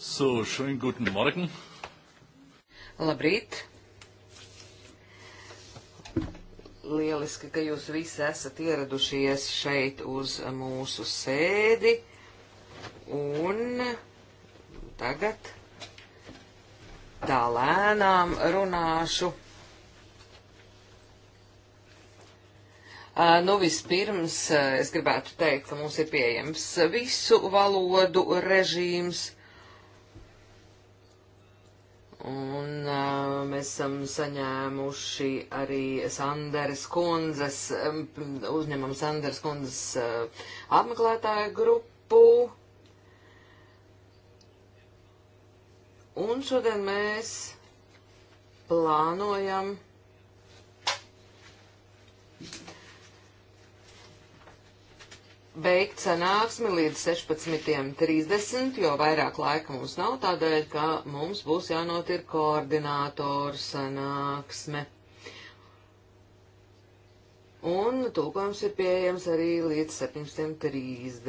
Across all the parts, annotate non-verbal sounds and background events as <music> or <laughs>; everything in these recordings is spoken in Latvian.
So, schönen guten Morgen. Labrīt. Lieliski, ka jūs visi esat ieradušies šeit uz mūsu sēdi. Un tagad tā lēnām runāšu. Nu, vispirms es gribētu teikt, ka mums ir pieejams visu valodu režīms Un uh, mēs esam saņēmuši arī Sanderes kundzes, um, uzņemam Sanderes kundzes uh, apmeklētāju grupu. Un šodien mēs plānojam beigt sanāksmi līdz 16.30, jo vairāk laika mums nav tādēļ, ka mums būs jānotir koordinātoru sanāksme. Un tūkojums ir pieejams arī līdz 17.30.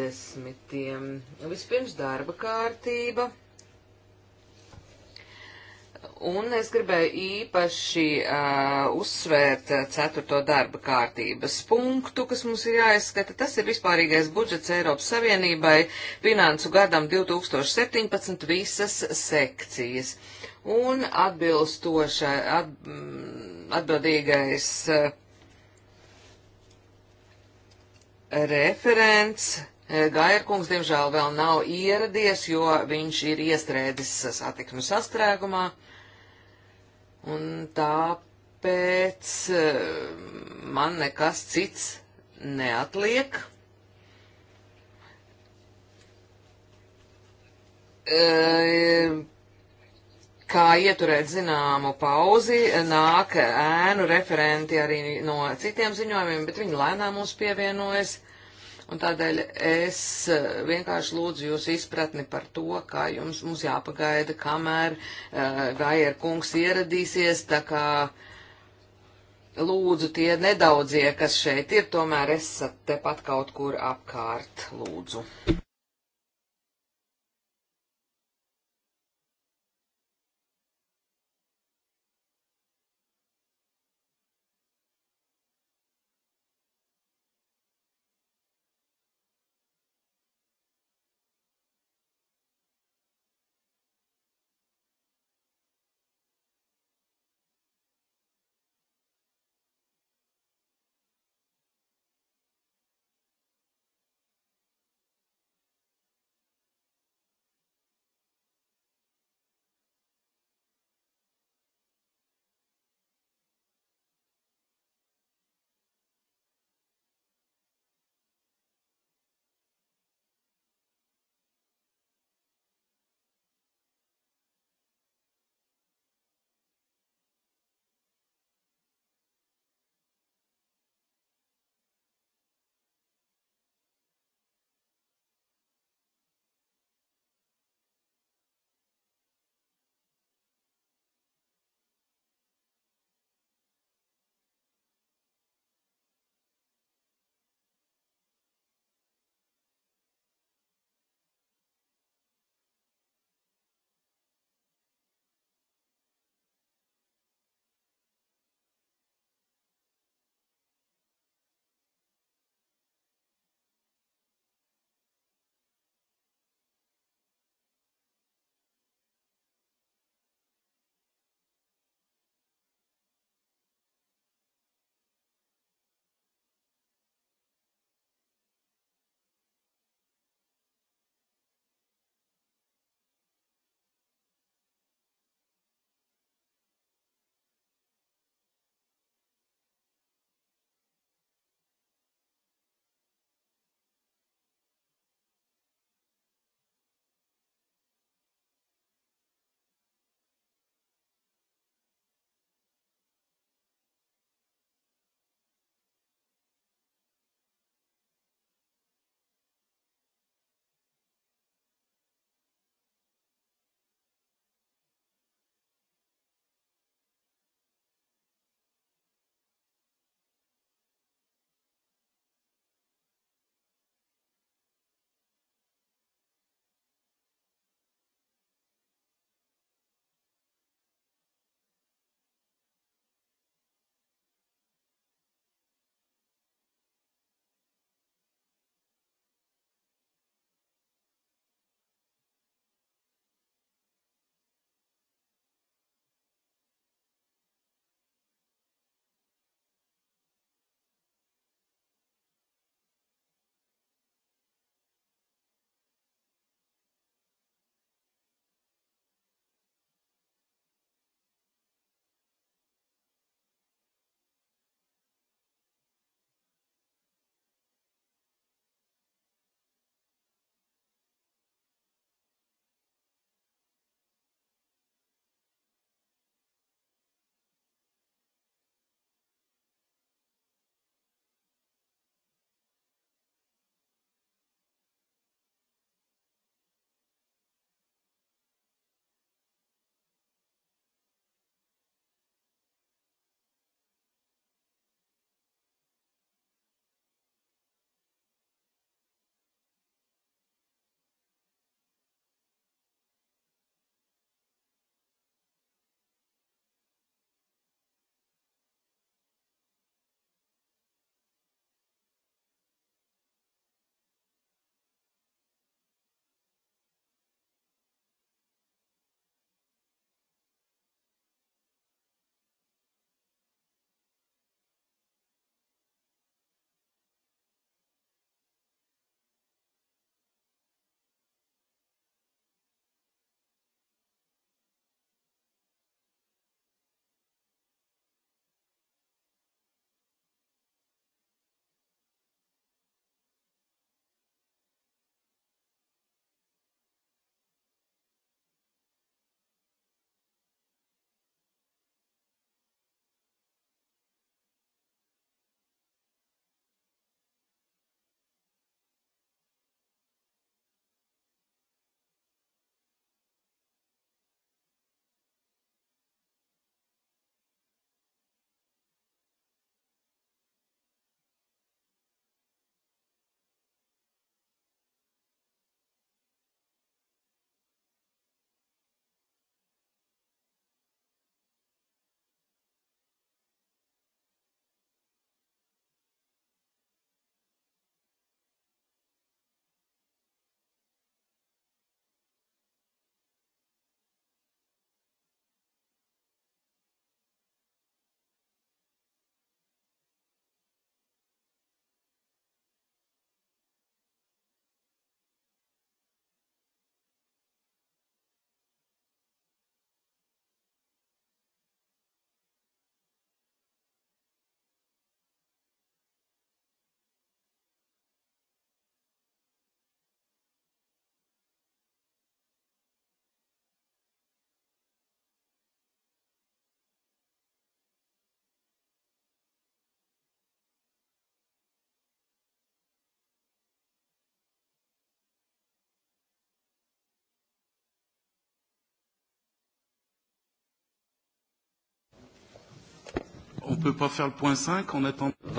Vispirms darba kārtība. Un es gribēju īpaši uh, uzsvērt ceturto darba kārtības punktu, kas mums ir jāizskata. Tas ir vispārīgais budžets Eiropas Savienībai finansu gadam 2017 visas sekcijas. Un atbilstoša at, mm, atbildīgais uh, referents. Gairkungs, diemžēl, vēl nav ieradies, jo viņš ir iestrēdis satiksmes sastrēgumā. Uh, Un tāpēc eh, man nekas cits neatliek. Eh, kā ieturēt zināmu pauzi, nāk ēnu referenti arī no citiem ziņojumiem, bet viņi lēnām mums pievienojas un tādēļ es eh, vienkārši lūdzu jūs izpratni par to, kā jums mums jāpagaida, kamēr uh, Gaier kungs ieradīsies, tā kā lūdzu tie nedaudzie, kas šeit ir, tomēr esat tepat kaut kur apkārt, lūdzu.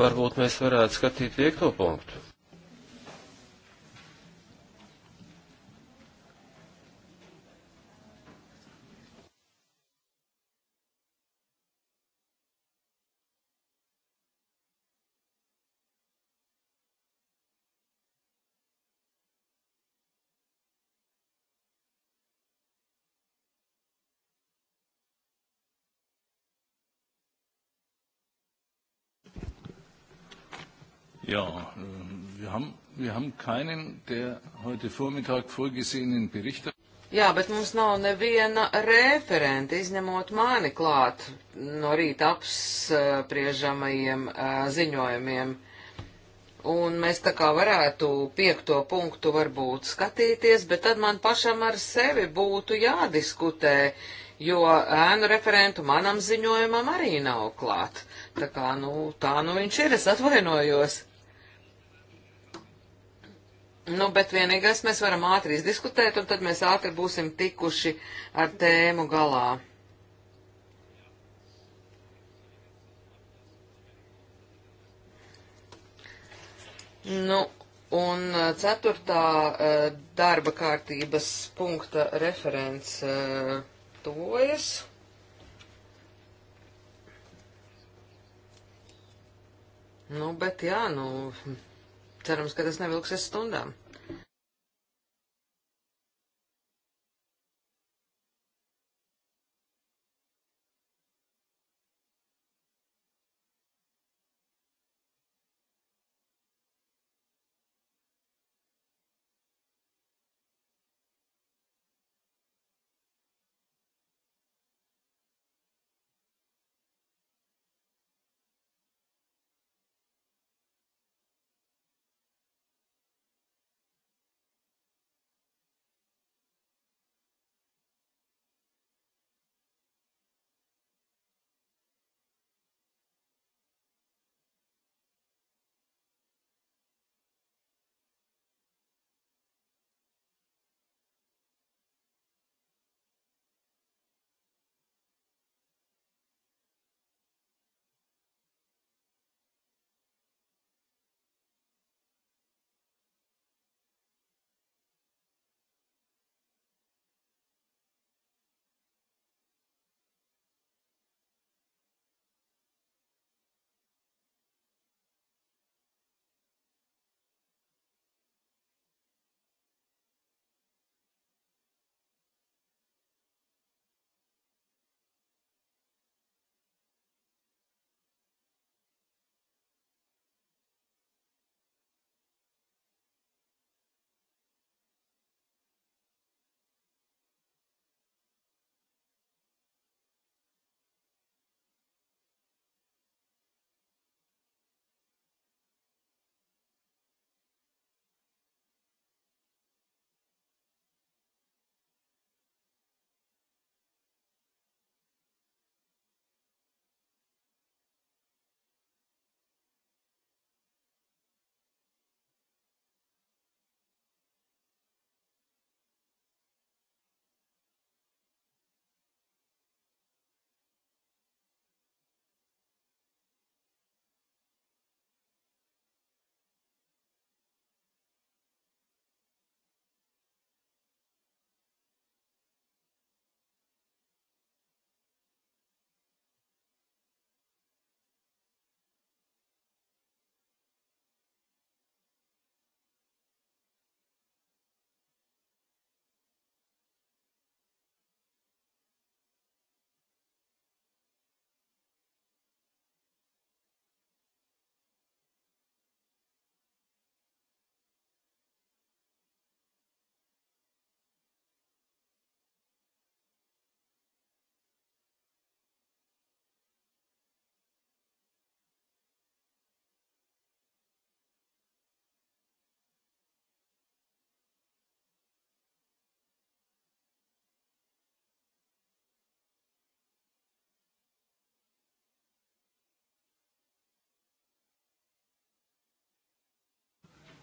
Varbūt mēs varētu skatīt piekto punktu. Ja, wir haben, wir haben keinen der heute Vormittag vorgesehenen Berichte. Jā, bet mums nav neviena referenta, izņemot mani klāt no rīta apspriežamajiem ziņojumiem. Un mēs tā kā varētu piekto punktu varbūt skatīties, bet tad man pašam ar sevi būtu jādiskutē, jo ēnu referentu manam ziņojumam arī nav klāt. Tā kā, nu, tā nu viņš ir, es atvainojos. Nu, bet vienīgais mēs varam ātri izdiskutēt, un tad mēs ātri būsim tikuši ar tēmu galā. Nu, un uh, ceturtā uh, darba kārtības punkta referents uh, tuvojas. Nu, bet jā, nu, cerams, ka tas nevilksies stundām.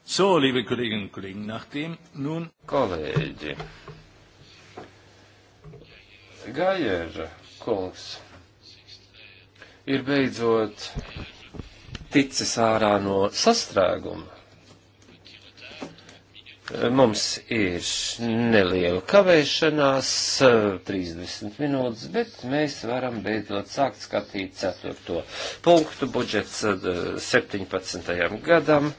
So, liebe Kolleginnen und Kollegen, nachdem nun. Kolēģi, Gaiera kungs ir beidzot ticis ārā no sastrēguma Mums ir neliela kavēšanās, 30 minūtes, bet mēs varam beidzot sākt skatīt 4. punktu budžets 17. Eh, gadam.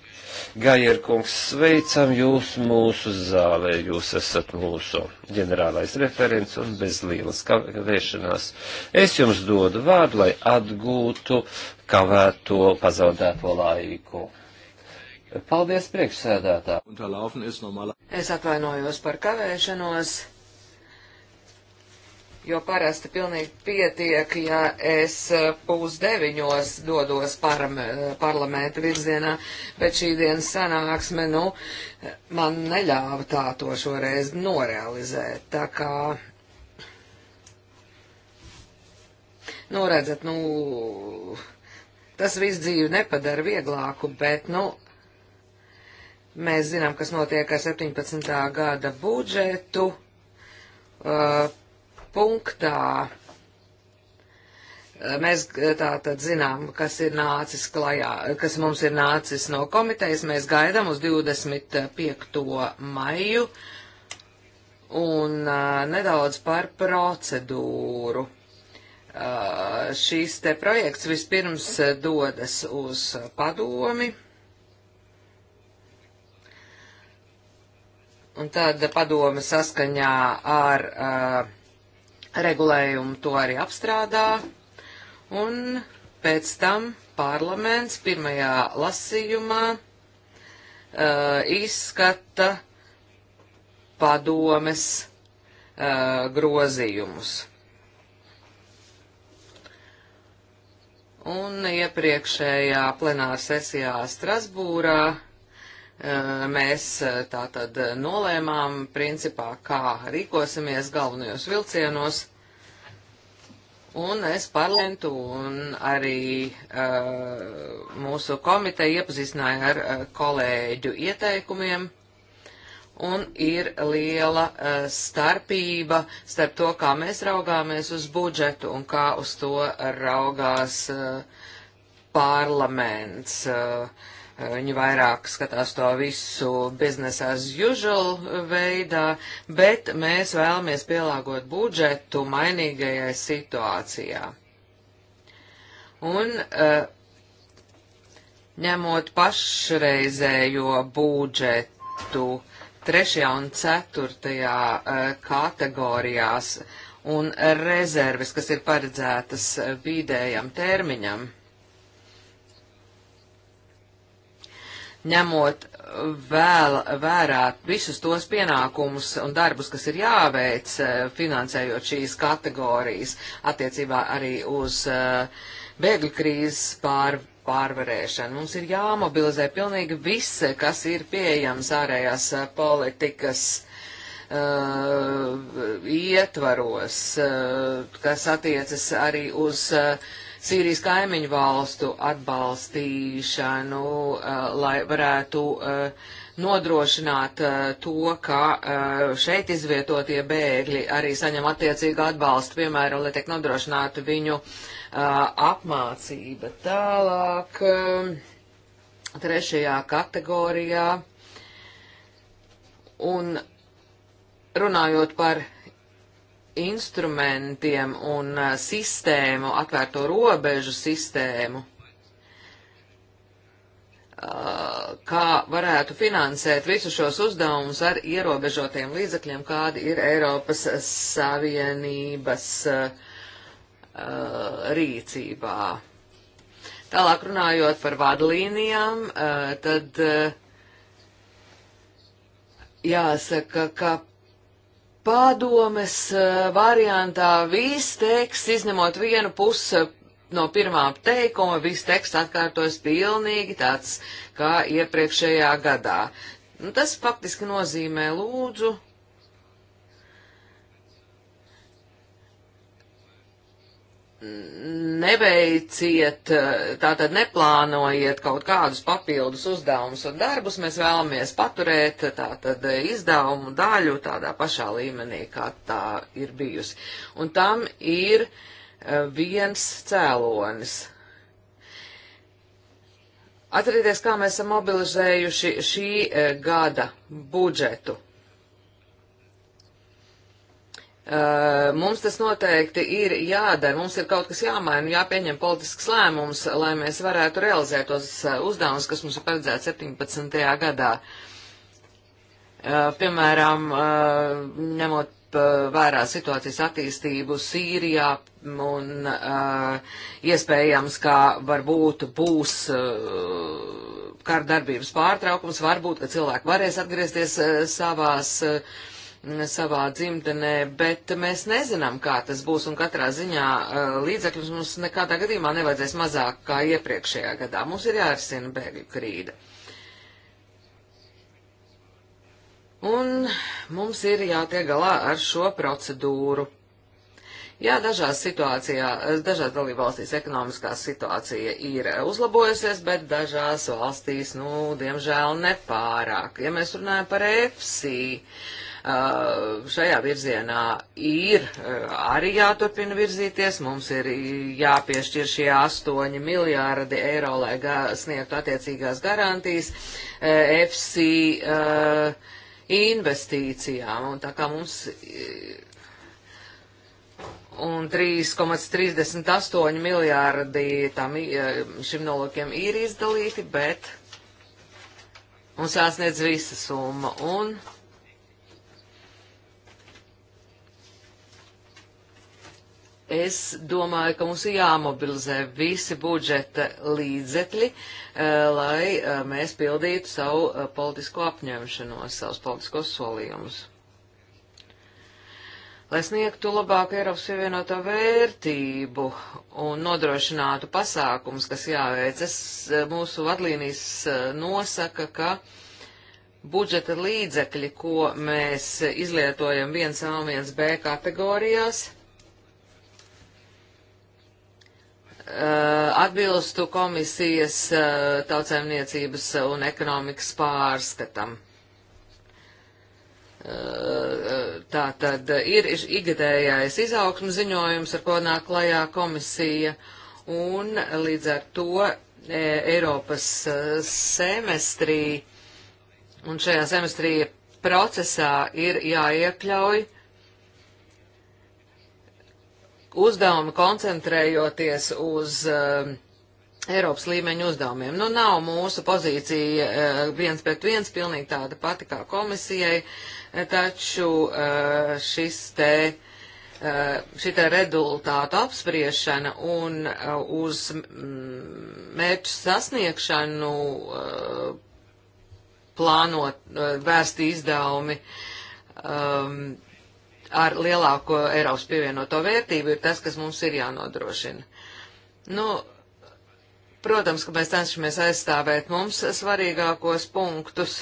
Gajerkungs, sveicam jūs mūsu zālē, jūs esat mūsu ģenerālais referents un bez lielas kavēšanās. Es jums dodu vārdu, lai atgūtu kavēto pazaudēto laiku. Paldies priekšsēdētā. Es atvainojos par kavēšanos, jo parasti pilnīgi pietiek, ja es eh, pusdeviņos dodos par, eh, parlamenta virzienā, bet šī dienas sanāksme, nu, man neļāva tā to šoreiz norealizēt. Tā kā nu, redzat, nu, tas viss dzīvi nepadara vieglāku, bet, nu, Mēs zinām, kas notiek ar 17. gada budžetu. Uh, punktā uh, mēs uh, tā tad zinām, kas ir nācis klajā, kas mums ir nācis no komitejas. Mēs gaidām uz 25. maiju un uh, nedaudz par procedūru. Uh, šīs te projekts vispirms uh, dodas uz padomi. Uh, Un tad padome saskaņā ar uh, regulējumu to arī apstrādā. Un pēc tam parlaments pirmajā lasījumā uh, izskata padomes uh, grozījumus. Un iepriekšējā plenāra sesijā Strasbūrā Eh, mēs eh, tā tad eh, nolēmām, principā, kā rīkosimies galvenajos vilcienos. Un es parlamentu un arī uh, mūsu komiteju iepazīstināju ar uh, kolēģu ieteikumiem. Un ir liela uh, starpība starp to, kā mēs raugāmies uz budžetu un kā uz to raugās uh, parlaments. Uh, Viņi vairāk skatās to visu business as usual veidā, bet mēs vēlamies pielāgot budžetu mainīgajai situācijā. Un eh, ņemot pašreizējo budžetu trešajā un ceturtajā eh, kategorijās un rezerves, kas ir paredzētas eh, vidējam termiņam ņemot vēl vērā visus tos pienākumus un darbus, kas ir jāveic, eh, finansējot šīs kategorijas attiecībā arī uz eh, bēgļu krīzes pār, pārvarēšanu. Mums ir jāmobilizē pilnīgi viss, kas ir pieejams ārējās eh, politikas uh, ietvaros, uh, kas attiecas arī uz uh, Sīrijas kaimiņu valstu atbalstīšanu, eh, lai varētu eh, nodrošināt eh, to, ka šeit izvietotie bēgļi arī saņem attiecīgu atbalstu, piemēram, lai tiek nodrošināta viņu apmācība. Tālāk, trešajā kategorijā, un runājot par instrumentiem un eh, sistēmu, atvērto robežu sistēmu, eh, kā varētu finansēt visus šos uzdevumus ar ierobežotiem līdzekļiem, kādi ir Eiropas Savienības eh, rīcībā. Tālāk runājot par vadlīnijām, tad jāsaka, ka padomes eh, variantā viss teksts, izņemot vienu pusi eh, no pirmā teikuma, viss teksts atkārtojas pilnīgi tāds kā iepriekšējā gadā. Nu, tas faktiski nozīmē lūdzu neveiciet, tātad neplānojiet kaut kādus papildus uzdevumus un darbus, mēs vēlamies paturēt tātad izdevumu daļu tādā pašā līmenī, kā tā ir bijusi. Un tam ir e, viens cēlonis. Atcerieties, kā mēs esam mobilizējuši šī e, gada budžetu Uh, mums tas noteikti ir jādara, mums ir kaut kas jāmaina, jāpieņem politisks lēmums, lai mēs varētu realizēt tos eh, uzdevumus, kas mums ir paredzēts 17. gadā. Uh, piemēram, uh, ņemot vērā situācijas attīstību Sīrijā un iespējams, ka varbūt būs kārdarbības pārtraukums, varbūt, ka cilvēki varēs atgriezties savās uh, savā dzimtenē, bet mēs nezinām, kā tas būs, un katrā ziņā eh, līdzekļus mums nekādā gadījumā nevajadzēs mazāk kā iepriekšējā gadā. Mums ir jārisina bēgļu krīda. Un mums ir jātiek galā ar šo procedūru. Jā, dažās situācijās, dažās dalībvalstīs ekonomiskā situācija ir uzlabojusies, bet dažās valstīs, nu, diemžēl nepārāk. Ja mēs runājam par EFSI, uh, Uh, šajā virzienā ir uh, arī jāturpina virzīties. Mums ir jāpiešķir šie 8 miljārdi eiro, lai sniegtu attiecīgās garantijas uh, FC investīcijām. Un tā kā mums un 3,38 miljārdi tam, šim nolūkiem ir izdalīti, bet un sāsniedz visa summa. Un Es domāju, ka mums ir jāmobilizē visi budžeta līdzekļi, eh, lai eh, mēs pildītu savu eh, politisko apņemšanos, savus politiskos solījumus. Lai sniegtu labāku Eiropas pievienoto vērtību un nodrošinātu pasākums, kas jāveic, es, mūsu vadlīnijas nosaka, ka budžeta līdzekļi, ko mēs izlietojam 1A un 1B kategorijās, Uh, atbilstu komisijas uh, tautsēmniecības un ekonomikas pārskatam. Uh, tā tad ir ikgadējais izaugsmu ziņojums, ar ko nāk klajā komisija, un līdz ar to e, Eiropas semestrī, un šajā semestrī procesā ir jāiekļauj uzdevumi koncentrējoties uz uh, Eiropas līmeņa uzdevumiem. Nu, nav mūsu pozīcija uh, viens pret viens pilnīgi tāda pati kā komisijai, eh, taču uh, šis te šī te rezultātu apspriešana un uz mērķu sasniegšanu plānot vērsti izdevumi um, ar lielāko Eiropas pievienoto vērtību ir tas, kas mums ir jānodrošina. Nu, Protams, ka mēs cenšamies aizstāvēt mums svarīgākos punktus,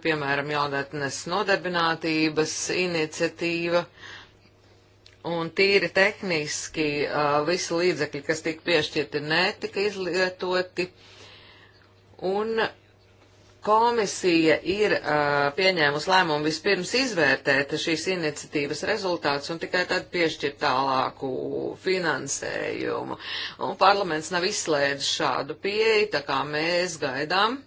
piemēram, jaunatnes nodarbinātības iniciatīva. Un tīri tehniski visi līdzekļi, kas tika piešķirti, netika izlietoti. Un Komisija ir uh, pieņēmusi lēmumu vispirms izvērtēt šīs iniciatīvas rezultātus un tikai tad piešķirt tālāku finansējumu. Un parlaments nav izslēdzis šādu pieeju, tā kā mēs gaidām.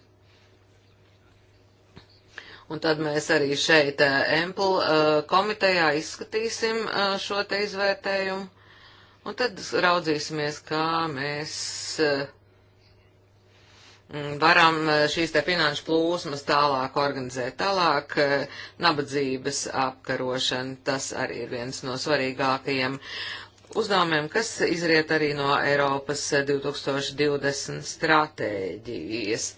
Un tad mēs arī šeit Empel uh, komitejā izskatīsim uh, šo te izvērtējumu. Un tad raudzīsimies, kā mēs. Uh, Mm, varam eh, šīs te finanšu plūsmas tālāk organizēt tālāk, eh, nabadzības apkarošana, tas arī ir viens no svarīgākajiem uzdevumiem, kas izriet arī no Eiropas 2020 eh, stratēģijas.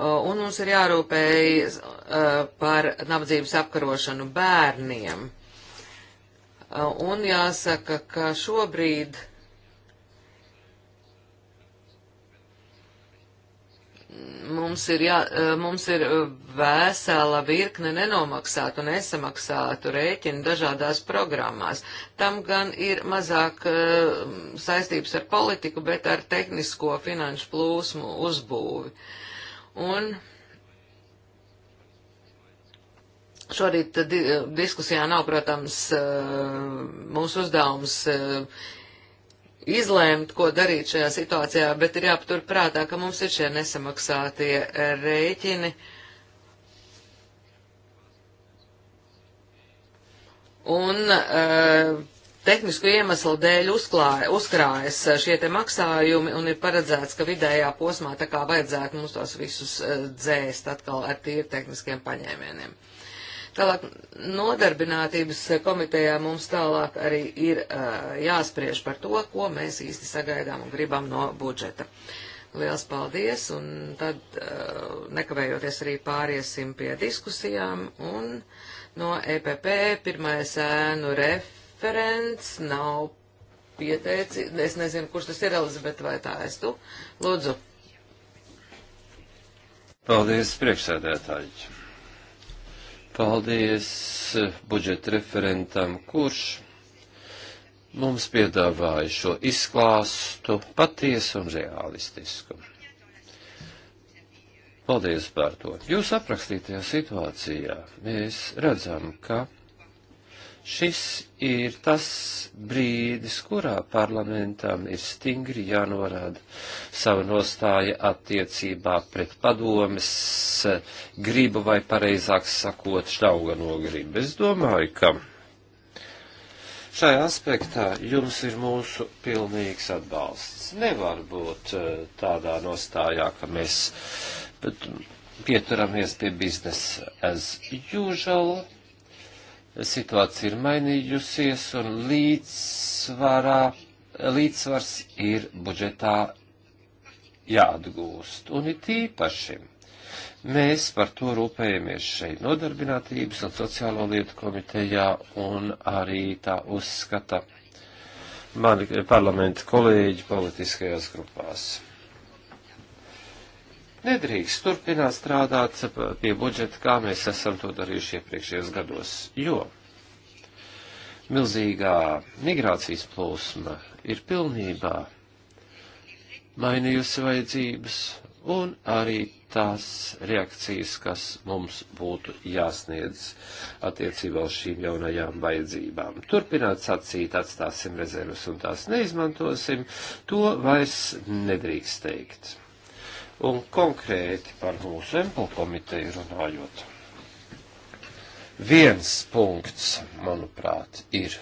Un mums ir jārūpējas par nabadzības apkarošanu bērniem. Un jāsaka, ka šobrīd mums ir, jā, e, mums ir e, vēsela virkne nenomaksātu, nesamaksātu rēķinu dažādās programmās. Tam gan ir mazāk uh, saistības ar politiku, bet ar tehnisko finanšu plūsmu uzbūvi. Un šorīt di diskusijā nav, protams, uh, mūsu uzdevums uh, izlēmt, ko darīt šajā situācijā, bet ir jāpatur prātā, ka mums ir šie nesamaksātie rēķini. Un uh, tehnisku iemeslu dēļ uzklāja, uzkrājas šie te maksājumi un ir paredzēts, ka vidējā posmā tā kā vajadzētu mums tos visus eh, dzēst atkal ar tīri tehniskiem paņēmieniem. Tālāk nodarbinātības komitejā mums tālāk arī ir uh, jāspriež par to, ko mēs īsti sagaidām un gribam no budžeta. Liels paldies, un tad uh, nekavējoties arī pāriesim pie diskusijām, un no EPP pirmais ēnu referents nav pieteici, es nezinu, kurš tas ir, Elizabete, vai tā es tu, lūdzu. Paldies, priekšsēdētāji. Paldies eh, budžeta referentam, kurš mums piedāvāja šo izklāstu patiesu un realistisku. Paldies par to. Jūs aprakstītajā situācijā mēs redzam, ka Šis ir tas brīdis, kurā parlamentam ir stingri jānorāda sava nostāja attiecībā pret padomes gribu vai pareizāk sakot štauga nogribu. Es domāju, ka šajā aspektā jums ir mūsu pilnīgs atbalsts. Nevar būt eh, tādā nostājā, ka mēs pieturamies pie biznesa as usual situācija ir mainījusies un līdzsvarā, līdzsvars ir budžetā jāatgūst. Un ir tīpaši mēs par to rūpējamies šeit nodarbinātības un sociālo lietu komitejā un arī tā uzskata mani parlamenta kolēģi politiskajās grupās. Nedrīkst turpināt strādāt pie budžeta, kā mēs esam to darījuši iepriekšējos gados, jo milzīgā migrācijas plūsma ir pilnībā mainījusi vajadzības un arī tās reakcijas, kas mums būtu jāsniedz attiecībā uz šīm jaunajām vajadzībām. Turpināt sacīt, atstāsim rezervas un tās neizmantosim, to vairs nedrīkst teikt un konkrēti par mūsu emplu komiteju runājot. Viens punkts, manuprāt, ir.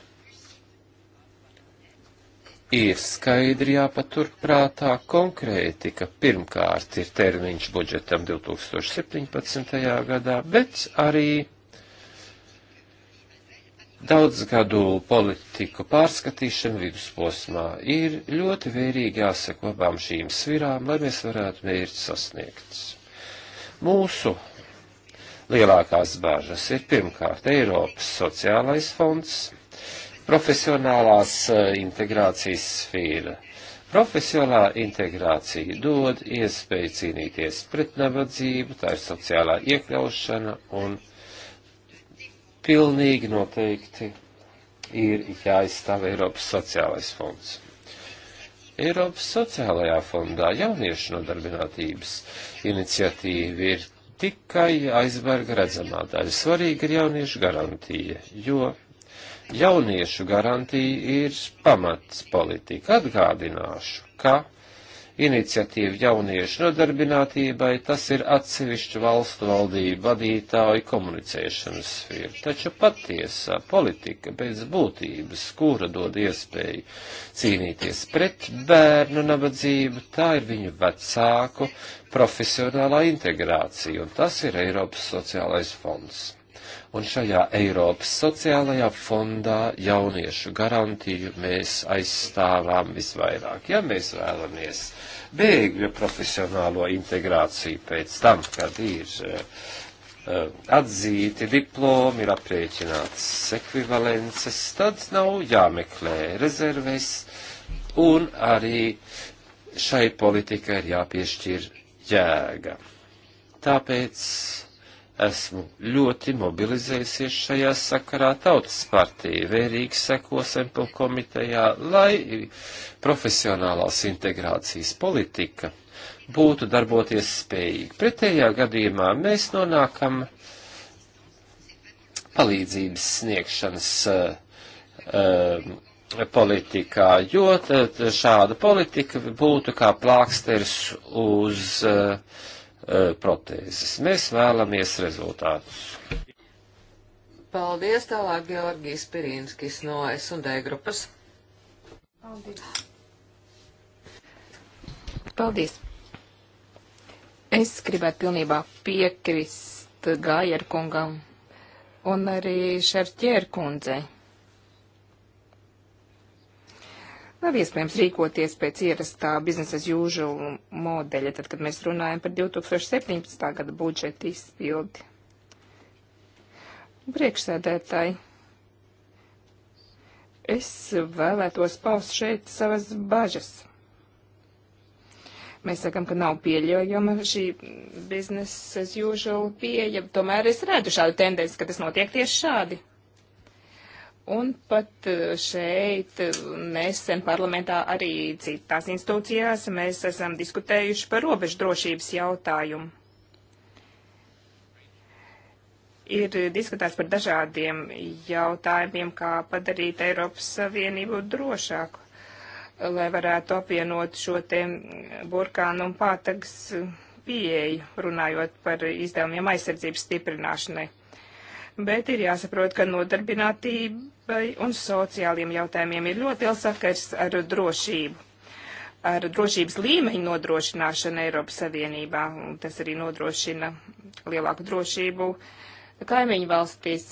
Ir skaidri jāpaturprātā konkrēti, ka pirmkārt ir termiņš budžetam 2017. gadā, bet arī Daudzgadu politiku pārskatīšana vidusposmā ir ļoti vērīgi jāseko abām šīm svirām, lai mēs varētu mērķi sasniegt. Mūsu lielākās bāžas ir pirmkārt Eiropas sociālais fonds, profesionālās eh, integrācijas sfīra. Profesionālā integrācija dod iespēju cīnīties pret nabadzību, tā ir sociālā iekļaušana un pilnīgi noteikti ir jāizstāv Eiropas sociālais fonds. Eiropas sociālajā fondā jauniešu nodarbinātības iniciatīva ir tikai aizberga redzamā daļa. Svarīga ir jauniešu garantija, jo jauniešu garantija ir pamats politika. Atgādināšu, ka iniciatīva jauniešu nodarbinātībai, tas ir atsevišķu valstu valdību vadītāju komunicēšanas sfēra. Taču patiesā politika pēc būtības, kura dod iespēju cīnīties pret bērnu nabadzību, tā ir viņu vecāku profesionālā integrācija, un tas ir Eiropas sociālais fonds. Un šajā Eiropas sociālajā fondā jauniešu garantiju mēs aizstāvām visvairāk. Ja mēs vēlamies bēgļu profesionālo integrāciju pēc tam, kad ir eh, eh, atzīti diplomi, ir aprēķināts ekvivalences, tad nav jāmeklē rezerves, un arī šai politikai ir jāpiešķir jēga. Tāpēc esmu ļoti mobilizējusies šajā sakarā tautas partija, vērīgi sekos MPL komitejā, lai profesionālās integrācijas politika būtu darboties spējīgi. Pretējā gadījumā mēs nonākam palīdzības sniegšanas uh, uh, politikā, jo šāda politika būtu kā plāksters uz uh, Eh, protēzes. Mēs vēlamies rezultātus. Paldies tālāk Georgijas Pirīnskis no S&D grupas. Paldies. Paldies. Es gribētu pilnībā piekrist Gajerkungam un arī Šerķierkundzei nav iespējams rīkoties pēc ierastā business as usual modeļa, tad, kad mēs runājam par 2017. gada budžeta izpildi. Priekšsēdētāji, es vēlētos paust šeit savas bažas. Mēs sakam, ka nav pieļaujama šī business as usual pieeja, tomēr es redzu šādu tendenci, ka tas notiek tieši šādi. Un pat e, šeit nesen e, parlamentā arī citās institūcijās mēs esam diskutējuši par robežu drošības jautājumu. Ir diskutēts par dažādiem jautājumiem, kā padarīt Eiropas Savienību drošāku, lai varētu apvienot šo te burkānu un pātags pieeju, runājot par izdevumiem aizsardzības stiprināšanai bet ir jāsaprot, ka nodarbinātībai un sociāliem jautājumiem ir ļoti liels sakars ar drošību, ar drošības līmeņu nodrošināšanu Eiropas Savienībā, un tas arī nodrošina lielāku drošību kaimiņu valstīs.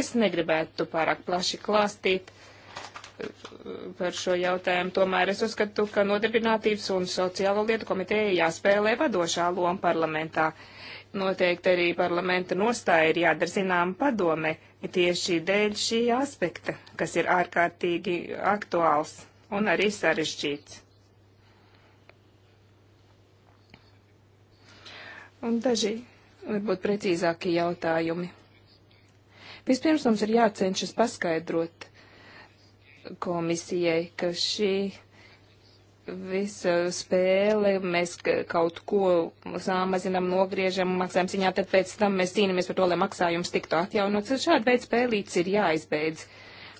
Es negribētu pārāk plaši klāstīt eh, par šo jautājumu. Tomēr es uzskatu, ka Nodarbinātības un sociālo lietu komiteja jāspēlē vadošā loma parlamentā. Uh, noteikti arī parlamenta nostāja ir jādara zinām padome tieši dēļ šī aspekta, kas ir ārkārtīgi aktuāls un arī sarežģīts. Un daži varbūt precīzāki jautājumi. Vispirms mums ir jācenšas paskaidrot komisijai, ka šī visa spēle, mēs kaut ko samazinām, nogriežam, maksājam ziņā, tad pēc tam mēs cīnāmies par to, lai maksājums tiktu atjaunots. Šāda veida spēlītes ir jāizbeidz.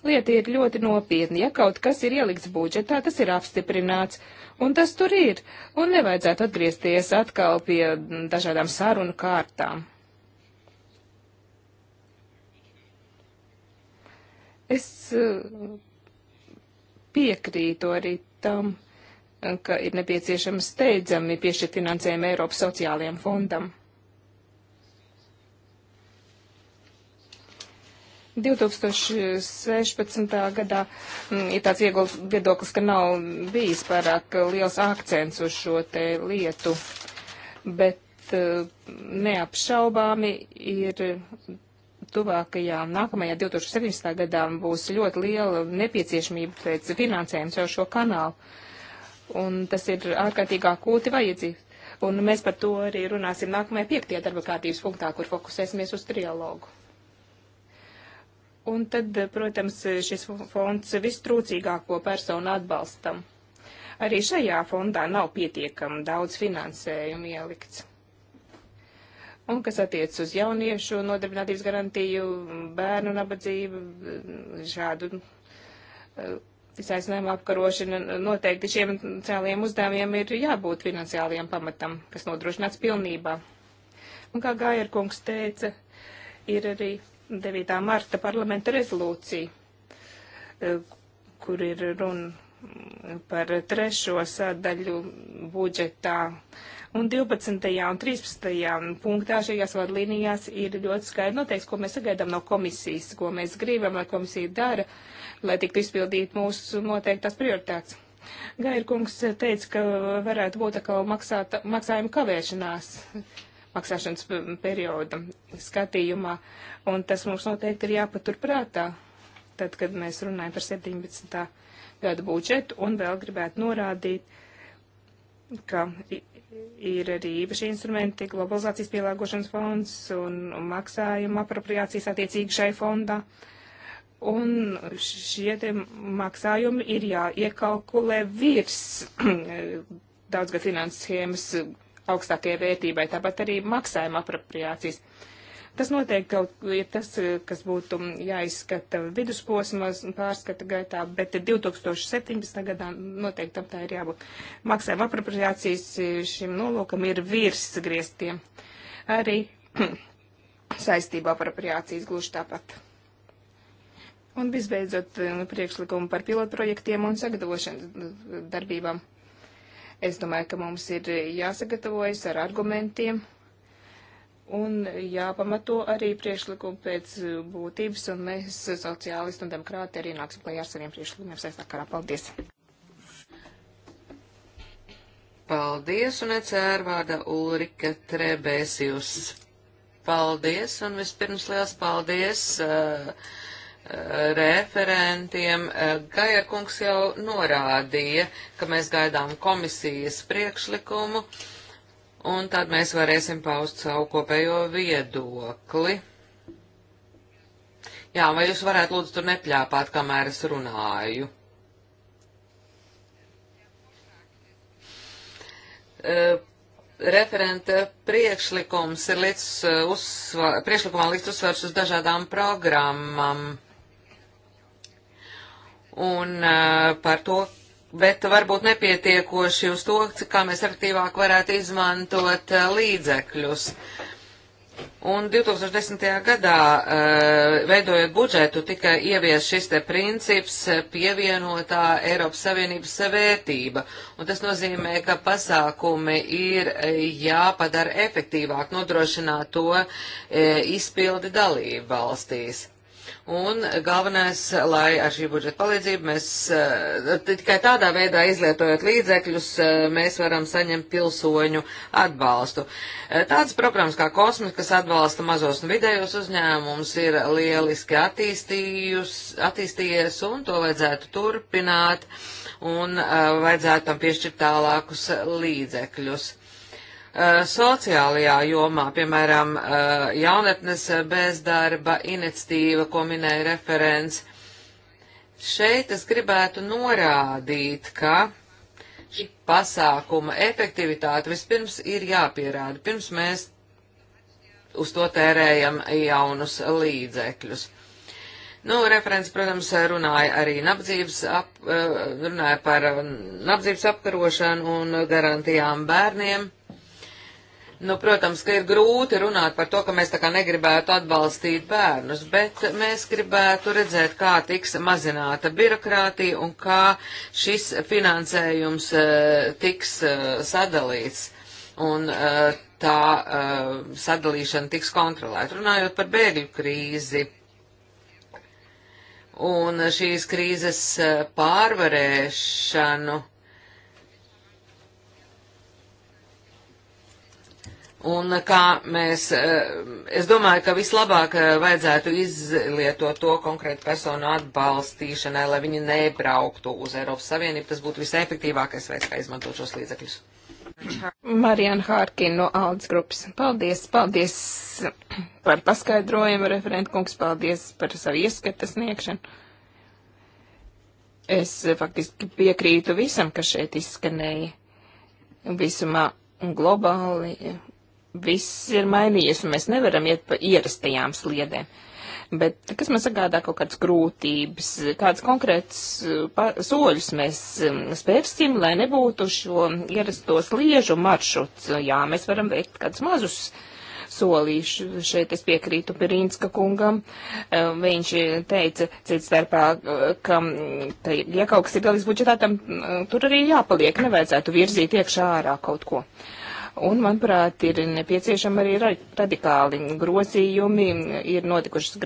Lieta ir ļoti nopietna. Ja kaut kas ir ielikts budžetā, tas ir apstiprināts, un tas tur ir, un nevajadzētu atgriezties atkal pie dažādām sarunu kārtām. Es eh, piekrītu arī tam. Uh, ka ir nepieciešams steidzami piešķirt finansējumu Eiropas sociālajiem fondam. 2016. gadā mm, ir tāds ieguls viedoklis, ka nav bijis pārāk liels akcents uz šo te lietu, bet eh, neapšaubāmi ir tuvākajā nākamajā 2017. gadā būs ļoti liela nepieciešamība pēc finansējuma jau šo kanālu. Uh, un tas ir ārkārtīgi akūti vajadzīgs. Un mēs par to arī runāsim nākamajā piektajā darba kārtības punktā, kur fokusēsimies uz trialogu. Un tad, protams, šis fonds vistrūcīgāko personu atbalstam. Arī šajā fondā nav pietiekami daudz finansējumu ielikts. Un kas attiec uz jauniešu nodarbinātības garantiju, bērnu nabadzību, šādu izaicinājuma apkarošana noteikti šiem cēliem uzdevumiem ir jābūt finansiālajiem pamatam, kas nodrošināts pilnībā. Un kā Gājerkungs teica, ir arī 9. marta parlamenta rezolūcija, e, kur ir runa par trešo sadaļu budžetā. Un 12. un 13. punktā šajās vadlīnijās ir ļoti skaidri noteikts, ko mēs sagaidām no komisijas, ko mēs gribam, lai komisija dara. Uh, lai tiktu izpildīt mūsu noteiktās prioritātes. Gairkungs teica, ka varētu būt atkal maksāt, maksājuma kavēšanās maksāšanas perioda skatījumā, un tas mums noteikti ir jāpaturprātā, tad, kad mēs runājam par 17. gada budžetu, un vēl gribētu norādīt, ka ir arī īpaši instrumenti, globalizācijas pielāgošanas fonds un maksājuma apropriācijas attiecīgi šai fondā. Uh, Un šie maksājumi ir jāiekalkulē virs <clears throat> daudzgad finanses schēmas augstākajai vērtībai, tāpat arī maksājuma apropriācijas. Tas noteikti kaut ir tas, kas būtu jāizskata vidusposmas pārskata gaitā, bet 2017. gadā noteikti tam tā ir jābūt. Maksājuma apropriācijas šim nolūkam ir virs grieztiem. Arī <clears throat> saistība apropriācijas gluži tāpat. Un visbeidzot, eh, priekšlikumu par pilotprojektiem un sagatavošanas eh, darbībām. Es domāju, ka mums ir eh, jāsagatavojas ar argumentiem un jāpamato arī priekšlikumu pēc būtības, un mēs, sociālisti un demokrāti, arī nāksim klajā ar saviem priekšlikumiem saistākarā. Paldies! Paldies, un ecērvārda Ulrika Trebēsijus. Paldies, un vispirms liels paldies! Uh, referentiem. Gajarkungs jau norādīja, ka mēs gaidām komisijas priekšlikumu, un tad mēs varēsim paust savu kopējo viedokli. Jā, vai jūs varētu lūdzu tur nepļāpāt, kamēr es runāju? Uh, referenta priekšlikums ir līdz e, uzsvar, priekšlikumā līdz uzsvars uz dažādām programmām un uh, par to, bet varbūt nepietiekoši uz to, kā mēs aktīvāk varētu izmantot uh, līdzekļus. Un 2010. gadā, uh, veidojot budžetu, tika ievies šis te princips pievienotā Eiropas Savienības vērtība. Un tas nozīmē, ka pasākumi ir jāpadara efektīvāk, nodrošināt to uh, izpildi dalību valstīs. Un galvenais, lai ar šī budžeta palīdzību mēs eh, tikai tādā veidā izlietojot līdzekļus, eh, mēs varam saņemt pilsoņu atbalstu. Eh, tādas programmas kā kosmos, kas atbalsta mazos un vidējos uzņēmumus, ir lieliski attīstījies un to vajadzētu turpināt un vajadzētu tam piešķirt tālākus līdzekļus. Eh, sociālajā jomā, piemēram, eh, jaunatnes bezdarba iniciatīva, ko minēja referents. Šeit es gribētu norādīt, ka šī pasākuma efektivitāte vispirms ir jāpierāda, pirms mēs uz to tērējam jaunus līdzekļus. Nu, referents, protams, runāja arī nabadzības ap, eh, runāja par nabadzības apkarošanu un garantijām bērniem. Nu, protams, ka ir grūti runāt par to, ka mēs tā kā negribētu atbalstīt bērnus, bet mēs gribētu redzēt, kā tiks mazināta birokrātija un kā šis finansējums uh, tiks uh, sadalīts un uh, tā sadalīšana tiks kontrolēta. Runājot par bēgļu krīzi un šīs krīzes pārvarēšanu Un kā mēs, eh, es domāju, ka vislabāk eh, vajadzētu izlietot to konkrētu personu atbalstīšanai, lai viņi nebrauktu uz Eiropas Savienību. Tas būtu visefektīvākais veids, kā izmantot šos līdzekļus. Marijana Hārkina no Aldas grupas. Paldies, paldies par paskaidrojumu, referentkungs, paldies par savu ieskatu sniegšanu. Es eh, faktiski piekrītu visam, kas šeit izskanēja. Visumā globāli viss ir mainījies, un mēs nevaram iet pa ierastajām sliedēm. Bet kas man sagādā kaut kādas grūtības, kādas konkrētas uh, soļus mēs um, spērsim, lai nebūtu šo ierasto sliežu maršruts? Jā, mēs varam veikt kādus mazus solīšu. Šeit es piekrītu Pirinska kungam. Uh, viņš teica, cits starpā, uh, ka, mm, tā, ja kaut kas ir galīgs budžetā, tam mm, tur arī jāpaliek, nevajadzētu virzīt iekšā ārā kaut ko. Uh, Un, manuprāt, ir nepieciešama arī radikāli grozījumi, ir notikušas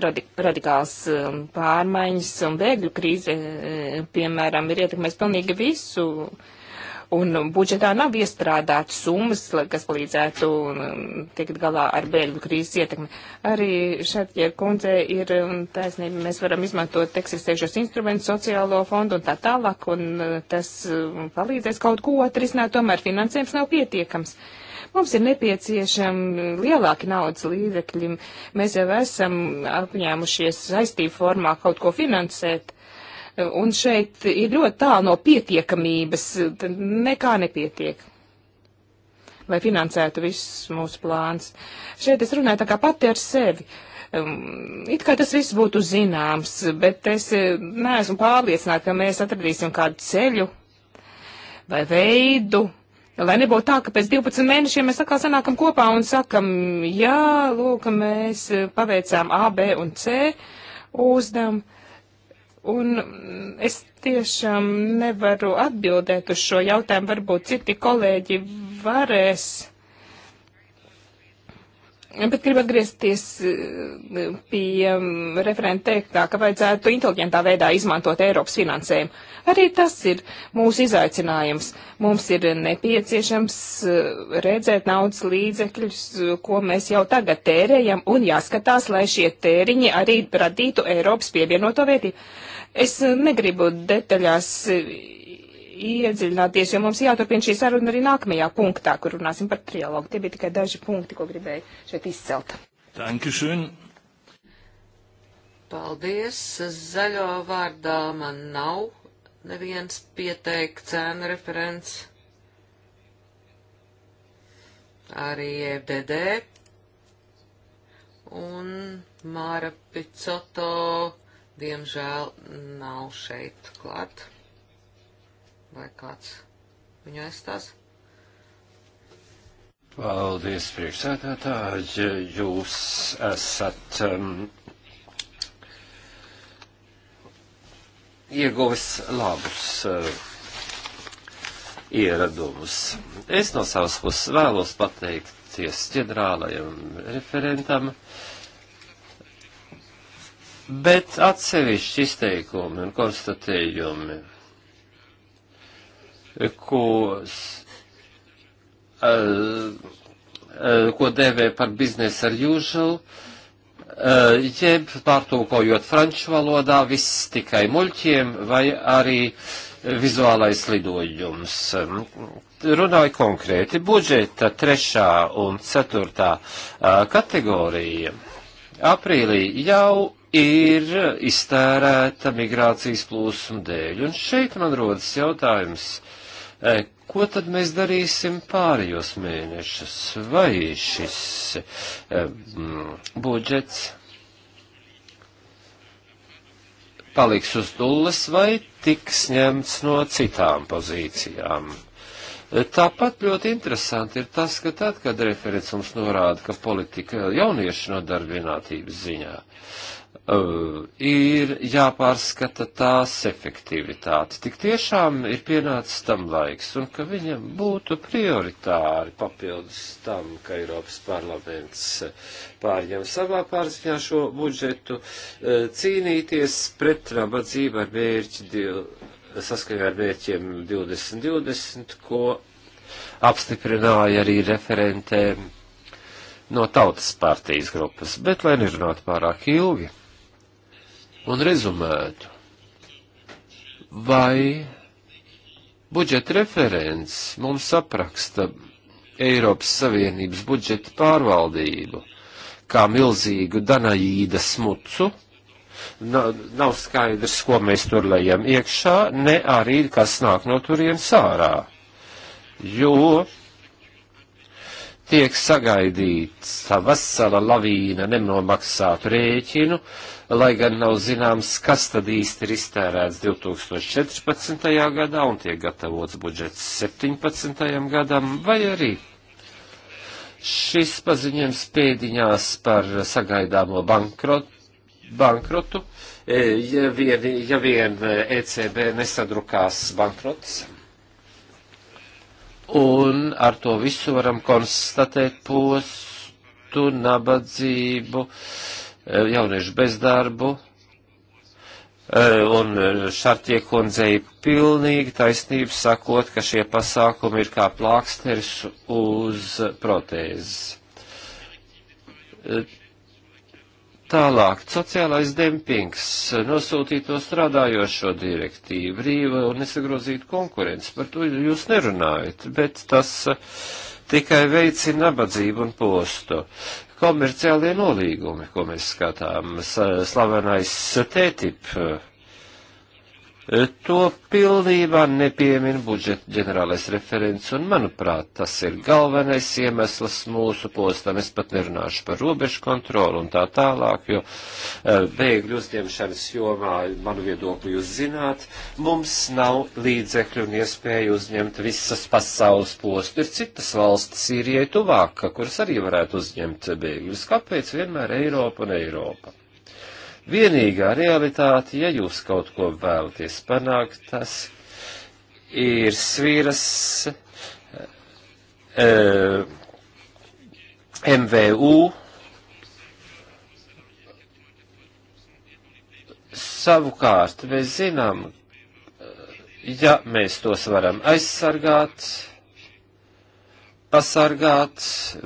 radikāls um, pārmaiņas un bēgļu krīze, eh, piemēram, ir ietekmēs pilnīgi visu un budžetā nav iestrādātas summas, kas palīdzētu um, tiekt galā ar bēgļu krīzes ietekmi. Arī šeit, ja kundze ir um, taisnība, mēs varam izmantot eksistējušos instrumentus, sociālo fondu un tā tālāk, un uh, tas um, palīdzēs kaut ko atrisināt, tomēr finansējums nav pietiekams. Mums ir nepieciešami lielāki naudas līdzekļi. Mēs jau esam apņēmušies saistību formā kaut ko finansēt Un šeit ir ļoti tālu no pietiekamības, nekā nepietiek, lai finansētu visus mūsu plāns. Šeit es runāju tā kā pati ar sevi. Um, it kā tas viss būtu zināms, bet es eh, neesmu pārliecināta, ka mēs atradīsim kādu ceļu vai veidu, Lai nebūtu tā, ka pēc 12 mēnešiem mēs atkal sanākam kopā un sakam, jā, lūk, mēs eh, paveicām A, B un C uzdevumu, Un es tiešām nevaru atbildēt uz šo jautājumu. Varbūt citi kolēģi varēs. Bet gribu atgriezties eh, pie mm, referenta teiktā, ka vajadzētu inteliģentā veidā izmantot Eiropas finansējumu. Arī tas ir mūsu izaicinājums. Mums ir nepieciešams eh, redzēt naudas līdzekļus, ko mēs jau tagad tērējam, un jāskatās, lai šie tēriņi arī radītu Eiropas pievienoto vērtību. Es negribu detaļās iedziļināties, jo mums jāturpina šī saruna arī nākamajā punktā, kur runāsim par trialogu. Tie bija tikai daži punkti, ko gribēju šeit izcelt. Dankeschön. Paldies. Zaļo vārdā man nav neviens pieteikt cēnu referents. Arī FDD. E Un Māra Picoto diemžēl nav šeit klāt. Vai kāds viņu aizstās? Paldies, priekšsēdētāji. Jūs esat um, ieguvis labus uh, ieradumus. Es no savas puses vēlos pateikties ģenerālajam referentam bet atsevišķi izteikumi un konstatējumi, ko, uh, eh, uh, eh, ko dēvē par biznesa ar usual, uh, jeb pārtulkojot franču valodā viss tikai muļķiem vai arī vizuālais lidojums. Runāju konkrēti, budžeta trešā un ceturtā kategorija aprīlī jau ir iztērēta migrācijas plūsmu dēļ. Un šeit man rodas jautājums, e, ko tad mēs darīsim pārējos mēnešus? Vai šis um, budžets paliks uz nulles vai tiks ņemts no citām pozīcijām? Tāpat ļoti interesanti ir tas, ka tad, kad referents mums norāda, ka politika jauniešu nodarbinātības ziņā uh, ir jāpārskata tās efektivitāte, tik tiešām ir pienācis tam laiks, un ka viņam būtu prioritāri papildus tam, ka Eiropas parlaments uh, pārņem savā pārziņā šo budžetu, uh, cīnīties pret nabadzību ar mērķi divu saskaņā ar mērķiem 2020, ko apstiprināja arī referentē no tautas partijas grupas, bet lai nerunātu pārāk ilgi un rezumētu, vai budžeta referents mums apraksta Eiropas Savienības budžeta pārvaldību kā milzīgu Danaīda smucu, nav skaidrs, ko mēs tur lejam iekšā, ne arī, kas nāk no turienes ārā. Jo tiek sagaidīts vesela lavīna nenomaksātu rēķinu, lai gan nav zināms, kas tad īsti ir iztērēts 2014. gadā un tiek gatavots budžets 17. gadam, vai arī šis paziņojums pēdiņās par sagaidāmo bankrotu bankrotu, e, ja vien, ja vien ECB e nesadrukās bankrots. Un ar to visu varam konstatēt postu, nabadzību, e, jauniešu bezdarbu. Un Šartie kundzei pilnīgi taisnība sakot, ka šie pasākumi ir kā plāksters uz protēzes Tālāk, sociālais dempings, nosūtīto strādājošo direktīvu, brīva un nesagrozīta konkurence, par to jūs nerunājat, bet tas tikai veicina nabadzību un postu. Komerciālie nolīgumi, ko mēs skatām, slavenais TTIP To pilnībā nepiemina budžeta ģenerālais referents, un, manuprāt, tas ir galvenais iemesls mūsu postam. Es pat nerunāšu par robežu kontroli un tā tālāk, jo e, bēgļu uzņemšanas jomā, manu viedokli jūs zināt, mums nav līdzekļu un iespēju uzņemt visas pasaules postu. Ir citas valstis, Sīrijai tuvāk, kuras arī varētu uzņemt bēgļus. Kāpēc vienmēr Eiropa un Eiropa? vienīgā realitāte, ja jūs kaut ko vēlaties panākt, tas ir svīras e, eh, MVU savukārt mēs zinām, eh, ja mēs tos varam aizsargāt, pasargāt,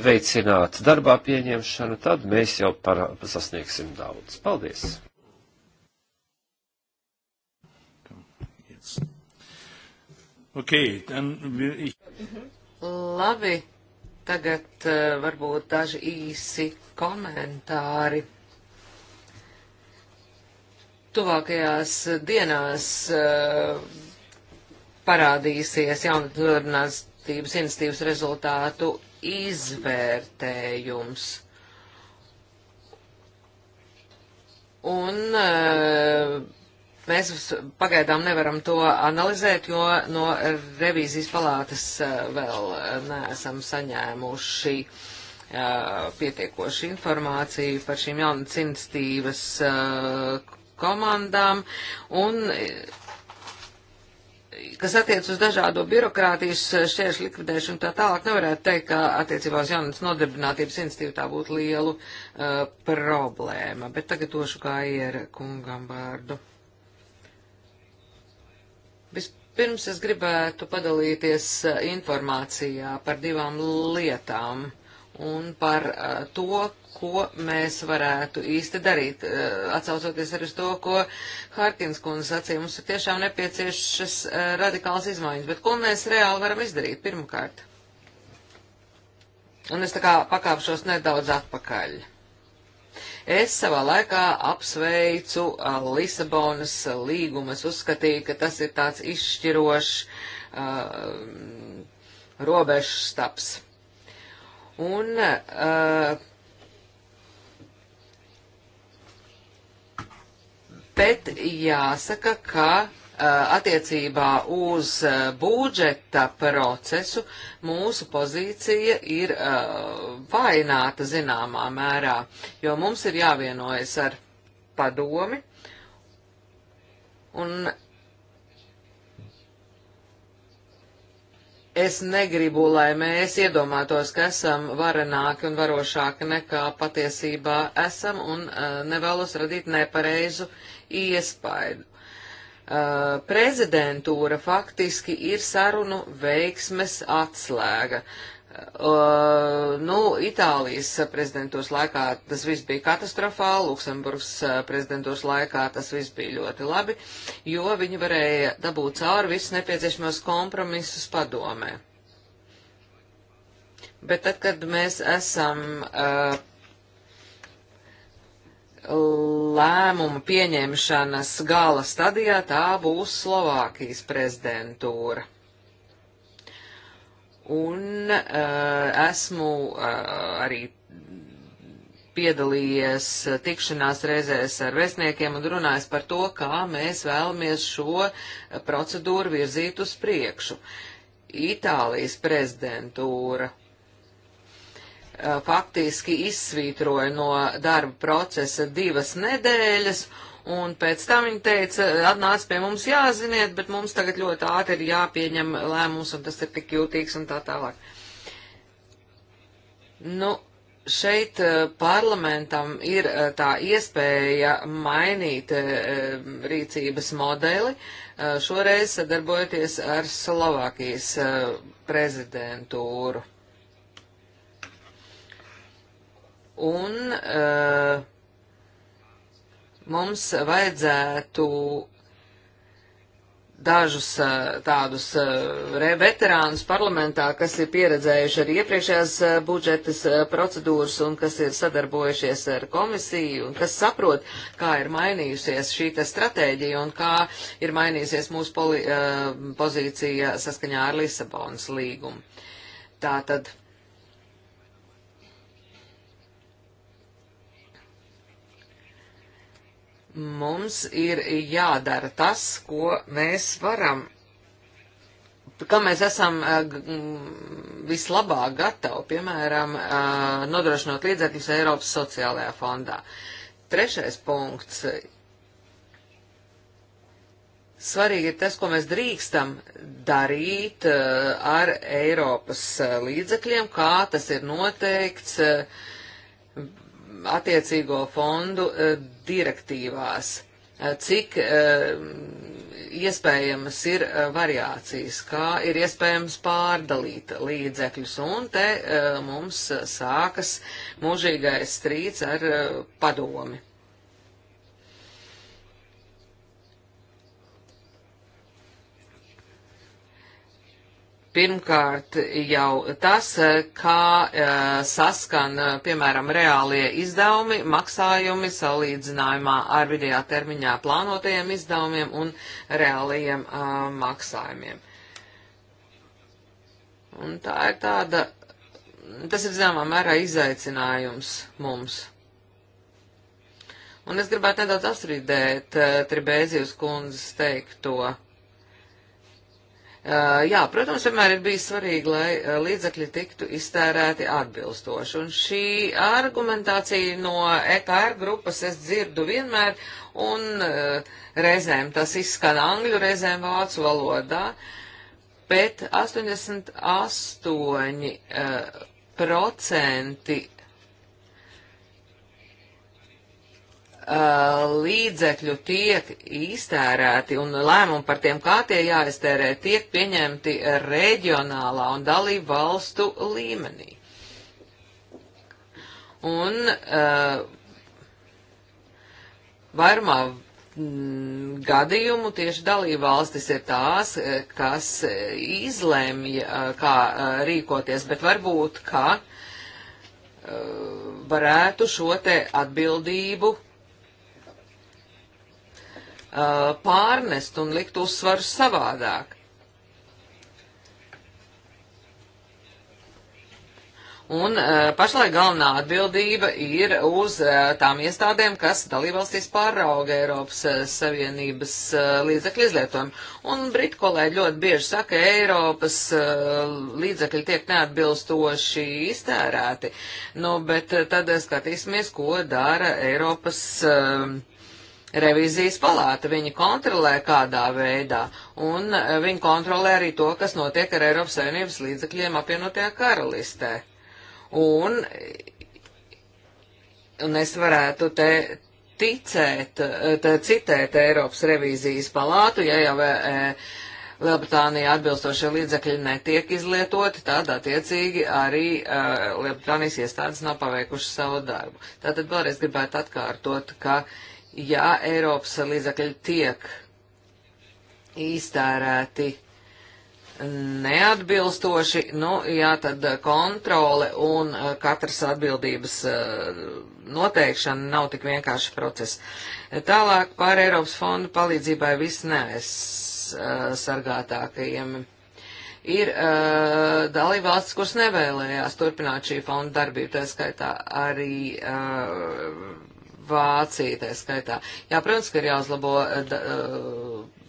veicināt darbā pieņemšanu, tad mēs jau para, sasniegsim daudz. Paldies! Okay, then we... Labi, tagad uh, varbūt daži īsi komentāri. Tuvākajās dienās uh, parādīsies jaunatnodarbināts izglītības institīvas rezultātu izvērtējums. Un eh, mēs pagaidām nevaram to analizēt, jo no revīzijas palātas eh, vēl neesam saņēmuši eh, pietiekoši informāciju par šīm jaunas institīvas komandām. Un kas attiec uz dažādo birokrātijas šķēršu likvidēšanu tā tālāk, nevarētu teikt, ka attiecībā uz jaunas nodarbinātības institīvu tā būtu lielu uh, problēma. Bet tagad došu kā iera kungam vārdu. Vispirms es gribētu padalīties uh, informācijā par divām lietām un par uh, to, ko mēs varētu īsti darīt. Eh, atsaucoties arī uz to, ko Harkins kundze sacīja, mums ir tiešām nepieciešas eh, radikāls izmaiņas, bet ko mēs reāli varam izdarīt pirmkārt? Un es tā kā pakāpšos nedaudz atpakaļ. Es savā laikā apsveicu eh, Lisabonas līgumu. Es uzskatīju, ka tas ir tāds izšķirošs uh, robežstaps. Un uh, bet jāsaka, ka attiecībā uz budžeta procesu mūsu pozīcija ir vaināta zināmā mērā, jo mums ir jāvienojas ar padomi un Es negribu, lai mēs iedomātos, ka esam varenāki un varošāki nekā patiesībā esam un uh, nevēlos radīt nepareizu uh, iespaidu. Uh, prezidentūra faktiski ir sarunu veiksmes atslēga. Uh, nu, Itālijas prezidentūras laikā tas viss bija katastrofāli, Luksemburgas uh, prezidentūras laikā tas viss bija ļoti labi, jo viņi varēja dabūt cauri visus nepieciešamos kompromisus padomē. Bet tad, kad mēs esam uh, lēmumu pieņemšanas gala stadijā tā būs Slovākijas prezidentūra. Un uh, esmu uh, arī piedalījies tikšanās reizēs ar vēstniekiem un runājis par to, kā mēs vēlamies šo procedūru virzīt uz priekšu. Itālijas prezidentūra Uh, faktiski izsvītroja no darba procesa divas nedēļas, un pēc tam viņa teica, atnāc pie mums jāziniet, bet mums tagad ļoti ātri ir jāpieņem lēmums, un tas ir tik jūtīgs un tā tālāk. Nu, šeit uh, parlamentam ir uh, tā iespēja mainīt rīcības modeli, šoreiz sadarbojoties ar Slovākijas prezidentūru. un uh, mums vajadzētu dažus eh, tādus eh, veterānus parlamentā, kas ir pieredzējuši arī iepriekšējās budžetas procedūras un kas ir sadarbojušies ar komisiju un kas saprot, kā ir mainījusies šī stratēģija un kā ir mainījusies mūsu poli, pozīcija saskaņā ar Lisabonas līgumu. Tātad Mums ir jādara tas, ko mēs varam, kā mēs esam eh, vislabāk gatavi, piemēram, eh, nodrošinot līdzekļus Eiropas sociālajā fondā. Trešais punkts Svarīgi ir tas, ko mēs drīkstam darīt eh, ar Eiropas līdzekļiem, kā tas ir noteikts attiecīgo fondu e, direktīvās, e, cik e, iespējamas ir variācijas, kā ir iespējams pārdalīt līdzekļus, un te mums sākas mūžīgais strīds ar padomi. Pirmkārt jau tas, kā e, saskan, e, piemēram, reālie izdevumi, maksājumi salīdzinājumā ar vidējā termiņā plānotajiem izdevumiem un reālajiem e, maksājumiem. Un tā ir tāda, tas ir zināmā mērā izaicinājums mums. Un es gribētu nedaudz apstrīdēt Tribēzijas kundzes teikto. to Jā, protams, vienmēr ir bijis svarīgi, lai līdzekļi tiktu iztērēti atbilstoši. Un šī argumentācija no EKR grupas es dzirdu vienmēr, un reizēm tas izskan angļu, reizēm vācu valodā, bet 88% Uh, līdzekļu tiek iztērēti un lēmumi par tiem, kā tie jāiztērē, tiek pieņemti reģionālā un dalību valstu līmenī. Un uh, vairumā mm, gadījumu tieši dalību valstis ir tās, eh, kas eh, izlēmj, eh, kā rīkoties, bet varbūt, ka uh, varētu šo te atbildību uh, Uh, pārnest un likt uzsvaru savādāk. Un uh, pašlaik galvenā atbildība ir uz uh, tām iestādēm, kas dalībvalstīs pārauga Eiropas uh, Savienības uh, līdzekļu izlietojumu. Un Brit kolēģi ļoti bieži saka, ka Eiropas uh, līdzekļi tiek neatbilstoši iztērēti. Nu, bet tad skatīsimies, ko dara Eiropas. Uh, revizijas palāta, viņi kontrolē kādā veidā, un e, viņi kontrolē arī to, kas notiek ar Eiropas Savienības līdzekļiem apvienotajā karalistē. Un, un es varētu te ticēt, e, te citēt Eiropas revīzijas palātu, ja jau e, e, Lielbritānija atbilstošie līdzekļi netiek izlietoti, tad attiecīgi arī uh, Lielbritānijas iestādes nav paveikuši savu darbu. Tātad vēlreiz gribētu atkārtot, ka uh, ja Eiropas līdzakļi tiek iztērēti neatbilstoši, nu, jā, tad kontrole un uh, katras atbildības uh, noteikšana nav tik vienkārši process. Tālāk par Eiropas fondu palīdzībai visneaizsargātākajiem uh, ir uh, dalībvalstis, kuras nevēlējās turpināt šī fonda darbību, tā skaitā arī uh, Vācija tā skaitā. Jā, protams, ka ir jāuzlabo eh, da, eh,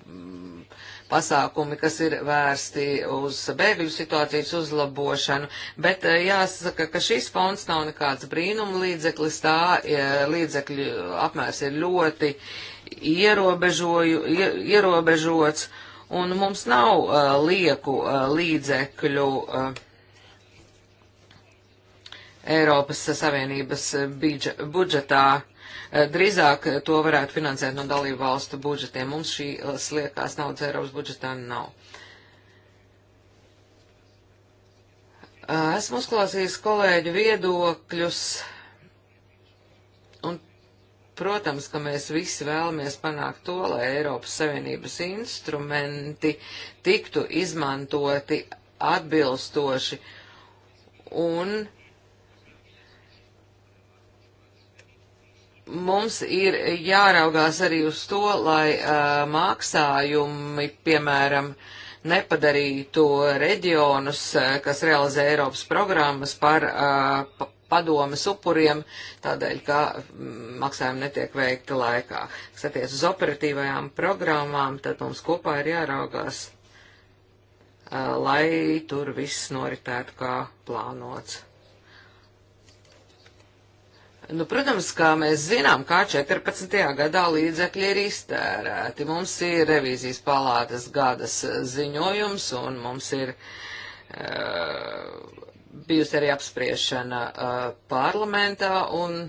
pasākumi, kas ir vērsti uz bēgļu situācijas uzlabošanu, bet eh, jāsaka, ka šis fonds nav nekāds brīnuma līdzeklis, tā līdzekļu apmērs ir ļoti ierobežoju, ierobežots, un mums nav uh, lieku uh, līdzekļu. Uh, Eiropas Savienības budžetā. Eh, drīzāk eh, to varētu finansēt no dalību valstu budžetiem. Mums šī eh, sliekās naudas Eiropas budžetā nav. Esmu uzklausījis kolēģu viedokļus, un, protams, ka mēs visi vēlamies panākt to, lai Eiropas Savienības instrumenti tiktu izmantoti atbilstoši un mums ir jāraugās arī uz to, lai uh, maksājumi, piemēram, nepadarītu reģionus, uh, kas realizē Eiropas programmas par uh, pa padomas upuriem, tādēļ, ka mm, maksājumi netiek veikti laikā. Kas attiec uz operatīvajām programmām, tad mums kopā ir jāraugās, uh, lai tur viss noritētu kā plānots. Nu, protams, kā mēs zinām, kā 14. gadā līdzekļi ir iztērēti. Mums ir revīzijas palātas gadas ziņojums un mums ir uh, bijusi arī apspriešana uh, parlamentā un,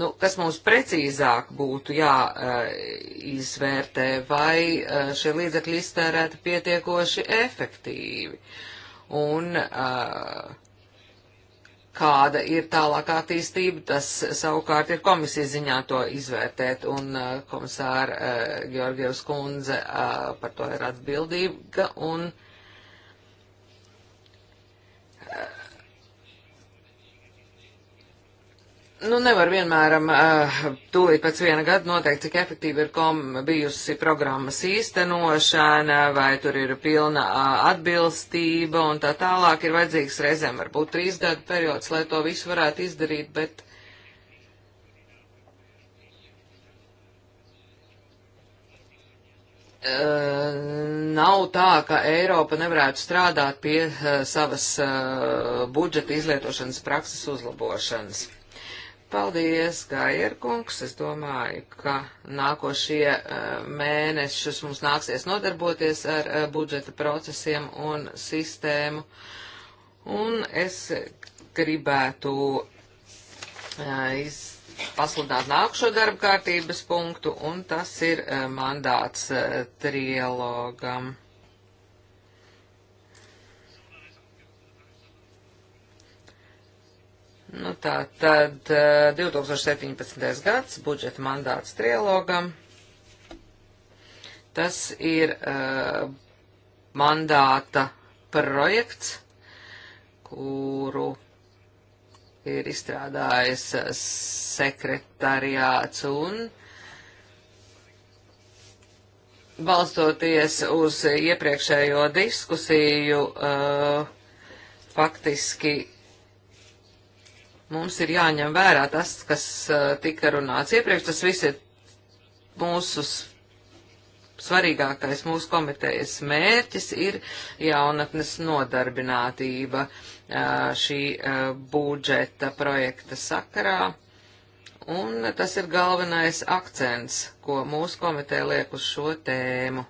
nu, kas mums precīzāk būtu jāizvērtē, eh, uh, vai uh, šie līdzekļi iztērēti pietiekoši efektīvi. Un, uh, Kāda ir tālākā attīstība, tas savukārt ir komisijas ziņā to izvērtēt, un uh, komisāra uh, Georgievs kundze uh, par to ir atbildīga, un uh, Nu, nevar vienmēram uh, tūlīt pēc viena gada noteikt, cik efektīva ir kom bijusi programmas īstenošana, vai tur ir pilna uh, atbilstība un tā tālāk. Ir vajadzīgs reizēm varbūt trīs gadu periods, lai to visu varētu izdarīt, bet eh, nav tā, ka Eiropa nevarētu strādāt pie uh, savas uh, budžeta izlietošanas prakses uzlabošanas. Paldies, Gairkungs. Es domāju, ka nākošie uh, mēnešus mums nāksies nodarboties ar uh, budžeta procesiem un sistēmu. Un es gribētu uh, pasludināt nākušo darba kārtības punktu, un tas ir mandāts trialogam. Nu, tā tad 2017. Eh, gads budžeta mandāts trilogam. Tas ir uh, mandāta projekts, kuru ir izstrādājis eh, sekretariāts un balstoties uz iepriekšējo diskusiju, uh, faktiski Mums ir jāņem vērā tas, kas uh, tika runāts iepriekš. Tas viss ir mūsu svarīgākais mūsu komitejas mērķis ir jaunatnes nodarbinātība uh, šī uh, budžeta projekta sakarā. Un tas ir galvenais akcents, ko mūsu komiteja liek uz šo tēmu.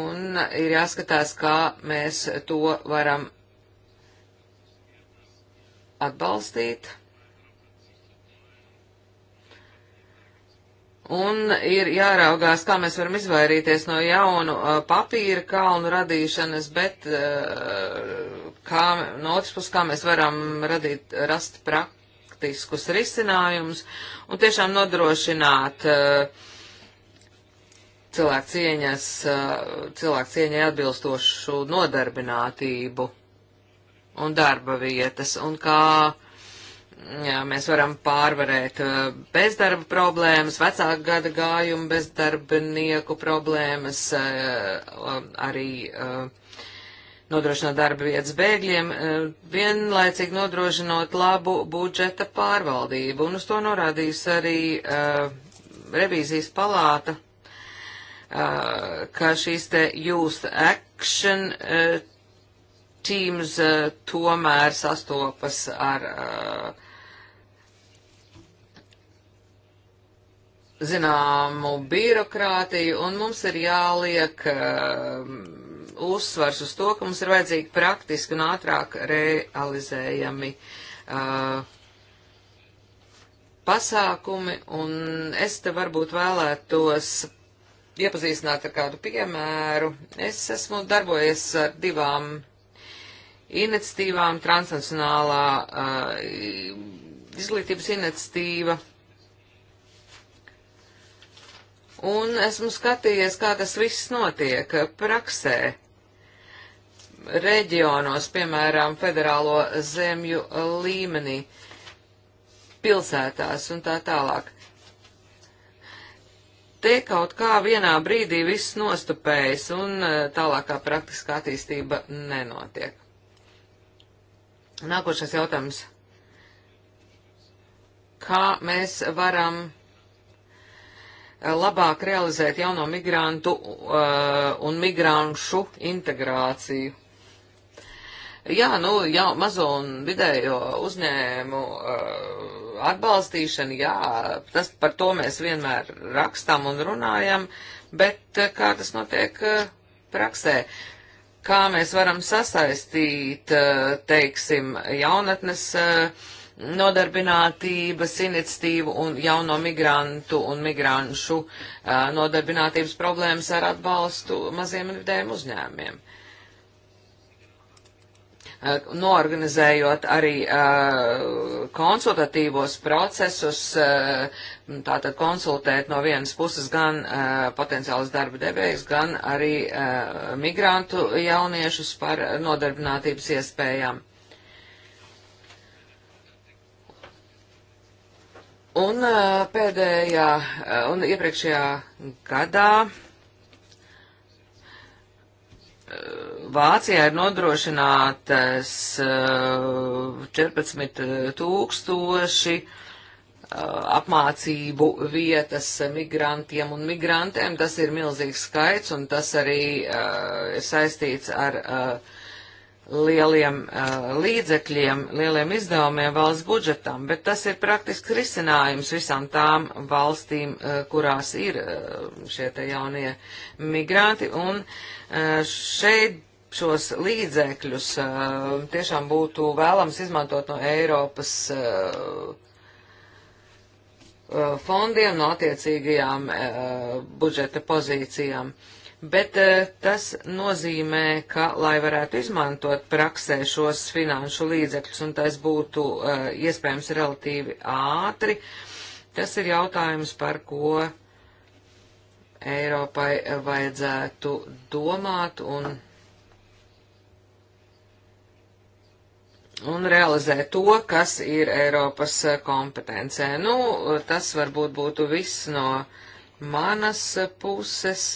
Un ir jāskatās, kā mēs to varam atbalstīt. Un ir jāraugās, kā mēs varam izvairīties no jaunu uh, papīra kalnu radīšanas, bet uh, kā, no otras puses, kā mēs varam radīt, rast praktiskus risinājumus un tiešām nodrošināt uh, cilvēku cieņas, uh, cilvēku cieņai atbilstošu nodarbinātību un darba vietas un kā jā, mēs varam pārvarēt uh, bezdarba problēmas, vecāku gada gājumu bezdarbinieku problēmas, uh, um, arī uh, nodrošināt darba vietas bēgļiem, vienlaicīgi nodrošinot labu budžeta pārvaldību. Un uz to norādījis arī revīzijas palāta, ka šīs te Youth Action Teams uh, tomēr sastopas ar uh, zināmu birokrātiju, un mums ir jāliek uh, uzsvars uz to, ka mums ir vajadzīgi praktiski un ātrāk realizējami uh, pasākumi, un es te varbūt vēlētos iepazīstināt ar kādu piemēru. Es esmu darbojies ar divām iniciatīvām, transnacionālā uh, izglītības iniciatīva. Un esmu skatījies, kā tas viss notiek praksē. Reģionos, piemēram, federālo zemju līmenī, pilsētās un tā tālāk. Te kaut kā vienā brīdī viss nostupējas un uh, tālākā praktiskā attīstība nenotiek. Nākošais jautājums. Kā mēs varam eh, labāk realizēt jauno migrantu uh, un migranšu integrāciju? Jā, nu, jau mazo un vidējo uzņēmu uh, atbalstīšana, jā, tas par to mēs vienmēr rakstam un runājam, bet uh, kā tas notiek uh, praksē? Uh, kā mēs varam sasaistīt, eh, teiksim, jaunatnes eh, nodarbinātības iniciatīvu un jauno migrantu un migranšu eh, nodarbinātības problēmas ar atbalstu maziem un vidējiem uzņēmiem. Eh, noorganizējot arī eh, konsultatīvos procesus, eh, tātad konsultēt no vienas puses gan potenciālus darba devējus, gan arī migrantu jauniešus par nodarbinātības iespējām. Un pēdējā un iepriekšējā gadā Vācijā ir nodrošinātas 14 eh, tūkstoši eh, apmācību vietas migrantiem un migrantiem. Tas ir milzīgs skaits un tas arī eh, ir saistīts ar uh, lieliem uh, līdzekļiem, lieliem izdevumiem valsts budžetam, bet tas ir praktisks risinājums visām tām valstīm, uh, kurās ir uh, šie te jaunie migranti, un uh, šeit šos līdzekļus uh, tiešām būtu vēlams izmantot no Eiropas uh, fondiem, no attiecīgajām budžeta pozīcijām. Uh, bet eh, tas nozīmē, ka, lai varētu izmantot praksē šos finanšu līdzekļus un tas būtu eh, iespējams relatīvi ātri, tas ir jautājums, par ko Eiropai vajadzētu domāt un. un realizē to, kas ir Eiropas kompetencē. Nu, tas varbūt būtu viss no manas puses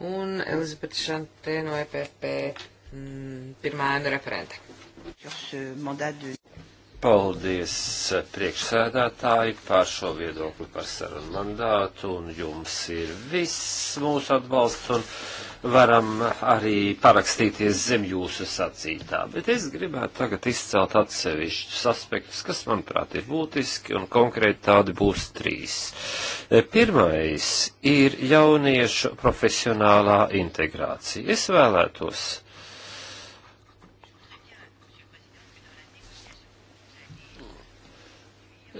un Elizabete Šantē no EPP mm, pirmā ēnu referente. Paldies eh, priekšsēdētāji par šo viedokli par sarunu mandātu, un jums ir viss mūsu atbalsts, un varam arī parakstīties zem jūsu sacītā. Bet es gribētu tagad izcelt atsevišķus aspektus, kas, manuprāt, ir būtiski, un konkrēti tādi būs trīs. Pirmais ir jauniešu profesionālā integrācija. Es vēlētos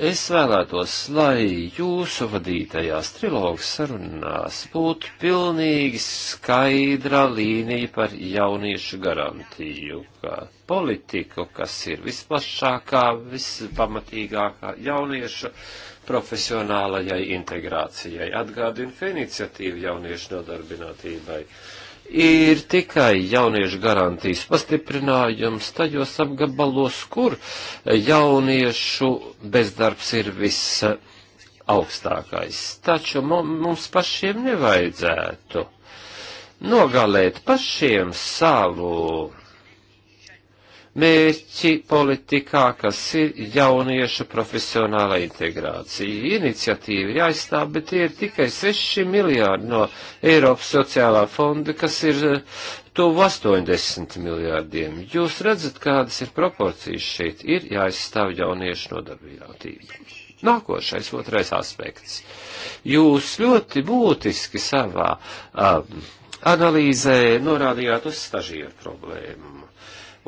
Es vēlētos, lai jūsu vadītajās trilogas sarunās būtu pilnīgi skaidra līnija par jauniešu garantiju, kā politiku, kas ir visplašākā, vispamatīgākā jauniešu profesionālajai integrācijai. Atgādinu iniciatīvu jauniešu nodarbinātībai. Uh, ir tikai jauniešu garantijas pastiprinājums tajos apgabalos, kur jauniešu bezdarbs ir viss augstākais. Taču mums pašiem nevajadzētu nogalēt pašiem savu mērķi politikā, kas ir jauniešu profesionāla integrācija. Iniciatīva ir jāizstāv, bet tie ir tikai 6 miljārdi no Eiropas sociālā fonda, kas ir eh, tuvu 80 miljārdiem. Jūs redzat, kādas ir proporcijas šeit. Ir jāizstāv jauniešu nodarbinātība. Nākošais, otrais aspekts. Jūs ļoti būtiski savā um, analīzē norādījāt uz stažieru problēmu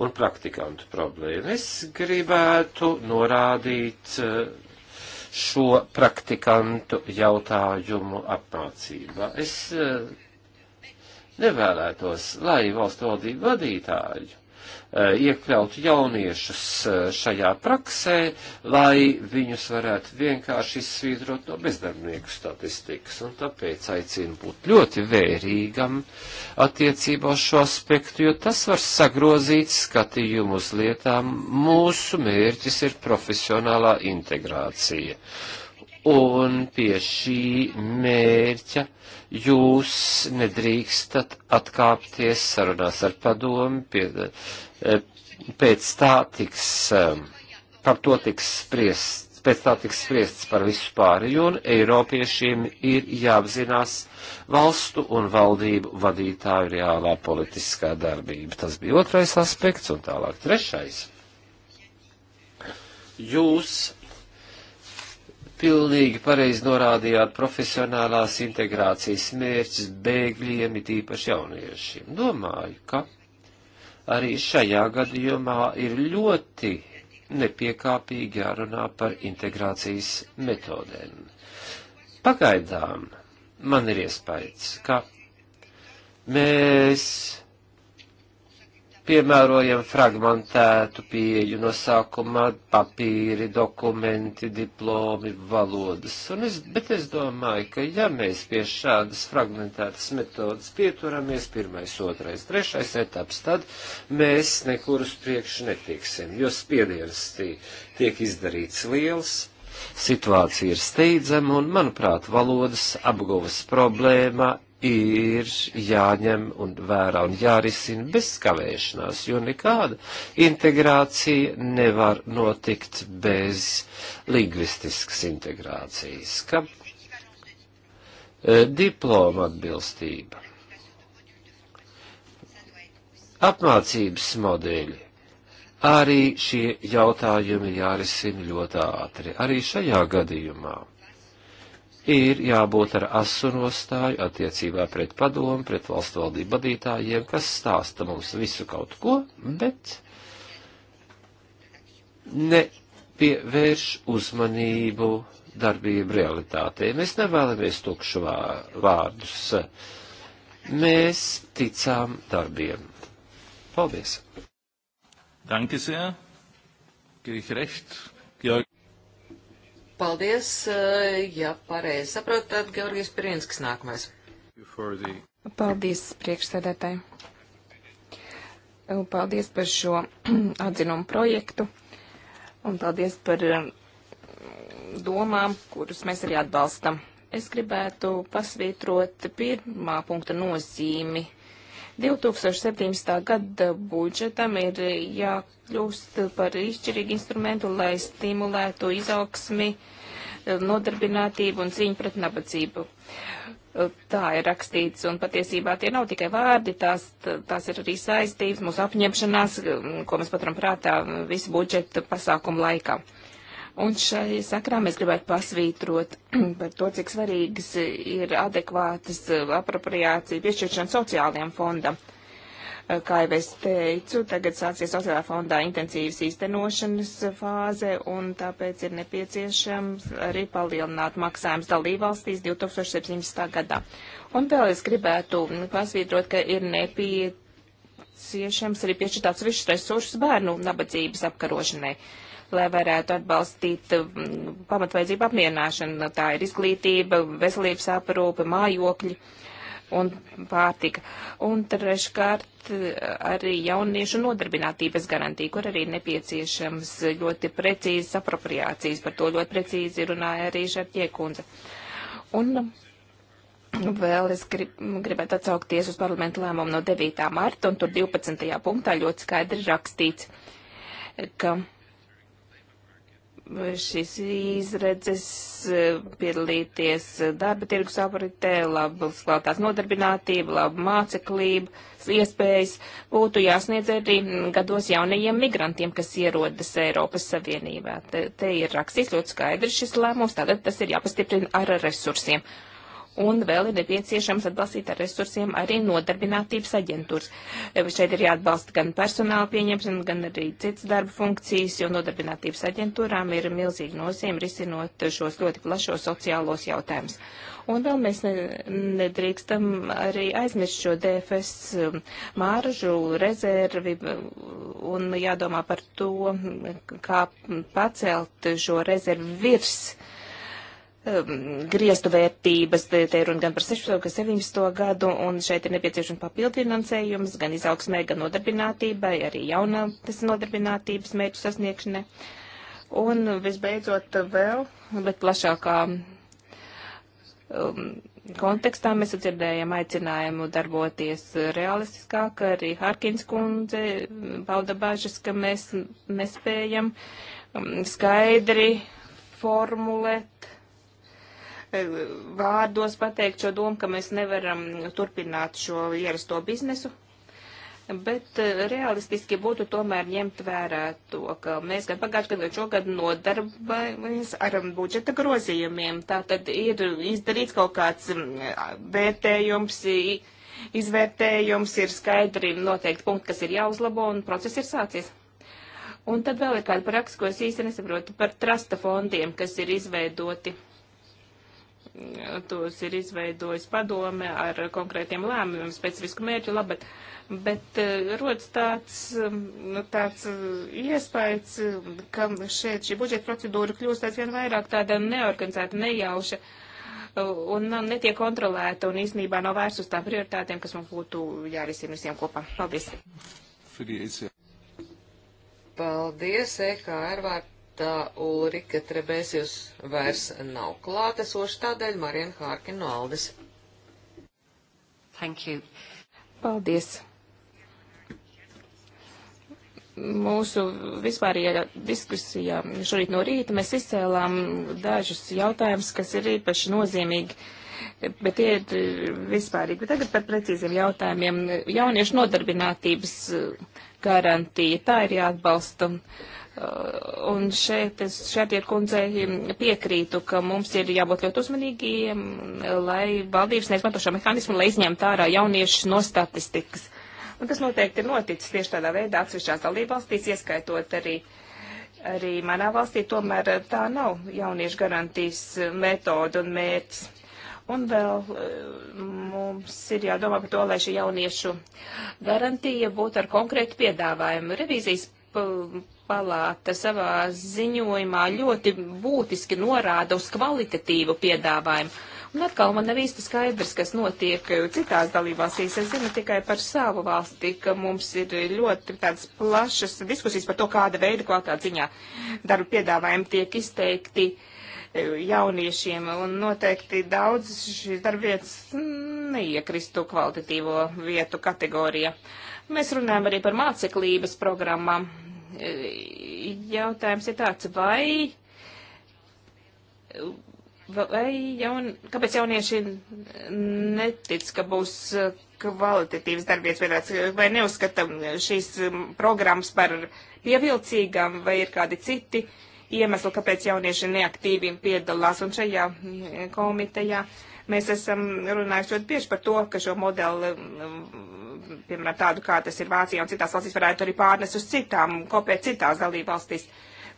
un praktikantu problēmu. Es gribētu norādīt eh, šo praktikantu jautājumu apmācībā. Es eh, nevēlētos, lai valstu valdību vadītāju Eh, iekļaut jauniešus eh, šajā praksē, lai viņus varētu vienkārši izsvītrot no bezdarbnieku statistikas. Un tāpēc aicinu būt ļoti vērīgam attiecībā uz šo aspektu, jo tas var sagrozīt skatījumu uz lietām. Mūsu mērķis ir profesionālā integrācija un pie šī mērķa jūs nedrīkstat atkāpties sarunās ar padomu, pie, eh, pēc tā tiks, eh, par to tiks spriest. Pēc tā tiks spriests par visu pārējo, un Eiropiešiem ir jāapzinās valstu un valdību vadītāju reālā politiskā darbība. Tas bija otrais aspekts, un tālāk trešais. Jūs pilnīgi pareizi norādījāt profesionālās integrācijas mērķis bēgļiem, it īpaši jauniešiem. Domāju, ka arī šajā gadījumā ir ļoti nepiekāpīgi jārunā par integrācijas metodēm. Pagaidām man ir iespējas, ka mēs piemērojam fragmentētu pieju no sākumā papīri, dokumenti, diplomi, valodas. Un es, bet es domāju, ka ja mēs pie šādas fragmentētas metodas pieturamies, pirmais, otrais, trešais etaps, tad mēs nekurus priekš netiksim, jo spiediens tiek izdarīts liels. Situācija ir steidzama un, manuprāt, valodas apguvas problēma ir jāņem un vērā un jārisina bez kavēšanās, jo nekāda integrācija nevar notikt bez lingvistiskas integrācijas. Ka, e, diploma atbilstība, apmācības modeļi, arī šie jautājumi jārisina ļoti ātri, arī šajā gadījumā ir jābūt ar asu nostāju attiecībā pret padomu, pret valstu valdību vadītājiem, kas stāsta mums visu kaut ko, bet nepievērš uzmanību darbību realitātei. Mēs nevēlamies tukšu vārdus. Mēs ticām darbiem. Paldies! Danke sehr. Gehe ich recht? Georg. Paldies, eh, ja pareizi saprotu, tad Georgijas Pirinskis nākamais. Paldies, priekšsēdētāji. Paldies par šo <clears throat> atzinumu projektu un paldies par eh, domām, kurus mēs arī atbalstam. Es gribētu pasvītrot pirmā punkta nozīmi 2017. gada budžetam ir jākļūst par izšķirīgu instrumentu, lai stimulētu izaugsmi, nodarbinātību un cīņu pret nabadzību. Tā ir rakstīts, un patiesībā tie nav tikai vārdi, tās, tās ir arī saistības, mūsu apņemšanās, ko mēs paturam prātā visu budžeta pasākumu laikā. Un šai sakrā mēs gribētu pasvītrot <clears throat> par to, cik svarīgas ir adekvātas eh, apropriācija piešķiršana sociālajiem fondam. Eh, kā jau es teicu, tagad sāksies sociālā fondā intensīvas īstenošanas fāze, un tāpēc ir nepieciešams arī palielināt maksājums dalībvalstīs 2017. gadā. Un vēl es gribētu mm, pasvītrot, ka ir nepieciešams arī piešķirt tāds višs resursus bērnu nabadzības apkarošanai. Uh, lai varētu atbalstīt um, pamatvajadzību apmierināšanu. Tā ir izglītība, veselības aprūpe, mājokļi un pārtika. Un treškārt arī jauniešu nodarbinātības garantija, kur arī nepieciešams ļoti precīzas apropriācijas. Par to ļoti precīzi runāja arī Žarķie kundze. Un um, vēl es grib, gribētu atsaukties uz parlamentu lēmumu no 9. marta, un tur 12. punktā ļoti skaidri rakstīts, ka šīs izredzes piedalīties darba tirgus apritē, labas kvalitātes nodarbinātība, laba māceklība, iespējas būtu jāsniedz arī gados jaunajiem migrantiem, kas ierodas Eiropas Savienībā. Te, te ir rakstīts ļoti skaidri šis lēmums, tātad tas ir jāpastiprina ar resursiem. Uh, un vēl ir nepieciešams atbalstīt ar resursiem arī nodarbinātības aģentūras. E, šeit ir jāatbalsta gan personāla pieņemšana, gan arī cits darba funkcijas, jo nodarbinātības aģentūrām ir milzīgi nozīme risinot šos ļoti plašos sociālos jautājumus. Un vēl mēs ne, nedrīkstam arī aizmirst šo DFS um, māržu, rezervi un jādomā par to, kā pacelt šo rezervi virs uh, Um, griestu vērtības, te ir un gan par 16. un 17. gadu, un šeit ir nepieciešama papildfinansējums gan izaugsmē, gan nodarbinātībai, arī jaunā tas nodarbinātības mērķu sasniegšanai. Un visbeidzot vēl, bet plašākā um, kontekstā mēs dzirdējam aicinājumu darboties realistiskāk, arī Harkins kundze pauda bažas, ka mēs nespējam um, skaidri formulēt Eh, vārdos pateikt šo domu, ka mēs nevaram turpināt šo ierasto biznesu, bet eh, realistiski būtu tomēr ņemt vērā to, ka mēs gan pagājušajā gadā, gan šogad nodarbojamies ar um, budžeta grozījumiem. Tā tad ir izdarīts kaut kāds um, vērtējums, izvērtējums, ir skaidri noteikti punkti, kas ir jāuzlabo, un process ir sācies. Un tad vēl ir kāda praksa, ko es īsti nesaprotu par trasta fondiem, kas ir izveidoti tos ir izveidojis padome ar konkrētiem lēmumiem, specifisku mērķu labad, bet eh, rodas tāds, um, nu, tāds uh, iespējas, um, ka šeit šī budžeta procedūra kļūst aizvien vairāk tāda neorganizēta, nejauša uh, un nu, netiek kontrolēta un īstenībā nav vērsts uz tām prioritātēm, kas mums būtu jārisina visiem kopā. Paldies! Paldies, EKR vārds tā Ulrika Trebēsjus vairs nav klātesoša, tādēļ Marina Hārkina no Aldes. Thank you. Paldies mūsu vispārējā diskusijā šorīt no rīta mēs izcēlām dažus jautājumus, kas ir īpaši nozīmīgi, bet tie ir vispārīgi. Bet tagad par precīziem jautājumiem. Jauniešu nodarbinātības garantija, tā ir jāatbalsta. Un, Eh, un šeit es Šatiet kundzei hm, piekrītu, ka mums ir jābūt ļoti uzmanīgiem, lai valdības neizmanto šo mehānismu, lai izņemtu ārā jauniešus no statistikas. Un tas noteikti ir noticis tieši tādā veidā atsevišķās dalībvalstīs, ieskaitot arī, arī manā valstī, tomēr eh, tā nav jauniešu garantijas eh, metoda un mērķis. Un vēl mums ir jādomā par to, lai šī jauniešu garantija būtu ar konkrētu piedāvājumu. Revīzijas palāta savā ziņojumā ļoti būtiski norāda uz kvalitatīvu piedāvājumu. Un atkal man nav īsti skaidrs, kas notiek citās dalībvalstīs. Es zinu tikai par savu valsti, ka mums ir ļoti tādas plašas diskusijas par to, kāda veida kvalitātes ziņā darba piedāvājumi tiek izteikti e, jauniešiem. Un noteikti daudz šīs darbvietas neiekristu kvalitatīvo vietu kategorijā. Mēs runājam arī par māceklības programmām jautājums ir tāds, vai, vai jaun, kāpēc jaunieši netic, ka būs kvalitatīvas darbvietas vienāds, vai neuzskatam šīs programmas par pievilcīgām, vai ir kādi citi uh, iemeslu, kāpēc jaunieši neaktīvi piedalās. Un šajā komitejā mēs esam runājuši ļoti bieži par to, ka šo modeli, piemēram, tādu kā tas ir Vācijā un citās valstīs, varētu arī pārnest uz citām, kopēt citās dalībvalstīs.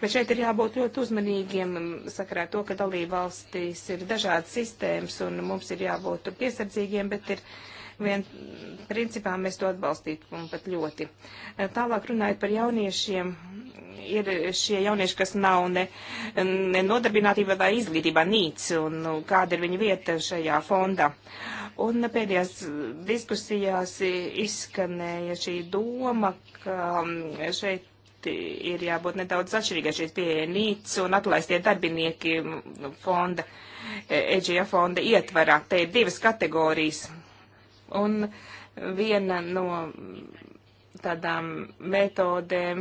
Bet šeit ir jābūt ļoti uzmanīgiem sakarā to, ka dalībvalstīs ir dažādas sistēmas un mums ir jābūt piesardzīgiem, bet ir Vien, principā mēs to atbalstītu un pat ļoti. Eh, tālāk runājot par jauniešiem, ir šie jaunieši, kas nav ne, ne nodarbinātībā vai izglītībā nīc, un nu, kāda ir viņa vieta šajā fondā. Un pēdējās diskusijās izskanēja šī doma, ka mm, šeit ir jābūt nedaudz atšķirīgai šīs pieeja nīc un atlaistie darbinieki mm, fonda, EGF fonda ietvarā. Te ir divas kategorijas Un viena no tādām metodēm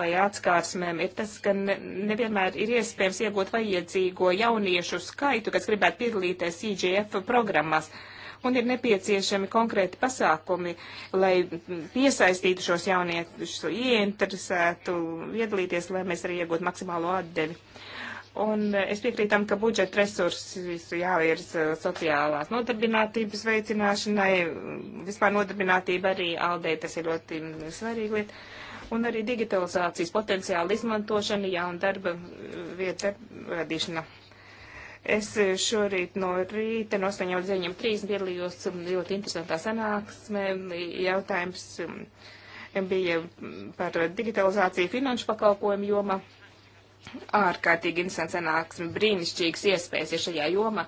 vai atskārsmēm ir tas, ka ne, nevienmēr ir iespējams iegūt vajadzīgo jauniešu skaitu, kas gribētu piedalīties IGF programmās. Un ir nepieciešami konkrēti pasākumi, lai piesaistītu šos jauniešus, ieinteresētu, iedalīties, lai mēs arī iegūtu maksimālo atdevi. Uh, Un e, es piekrītu tam, ka budžeta resursus jāvirza e, sociālās nodarbinātības veicināšanai, vispār nodarbinātība arī aldē, tas ir ļoti svarīga lieta. Un arī digitalizācijas potenciāla izmantošana, jauna darba e, vieta radīšana. Es šorīt no rīta no 8 līdz 9.30 piedalījos ļoti interesantā sanāksmē. Jautājums bija par digitalizāciju finanšu pakalpojumu jomā ārkārtīgi interesants sanāksmi, brīnišķīgas iespējas ir šajā jomā.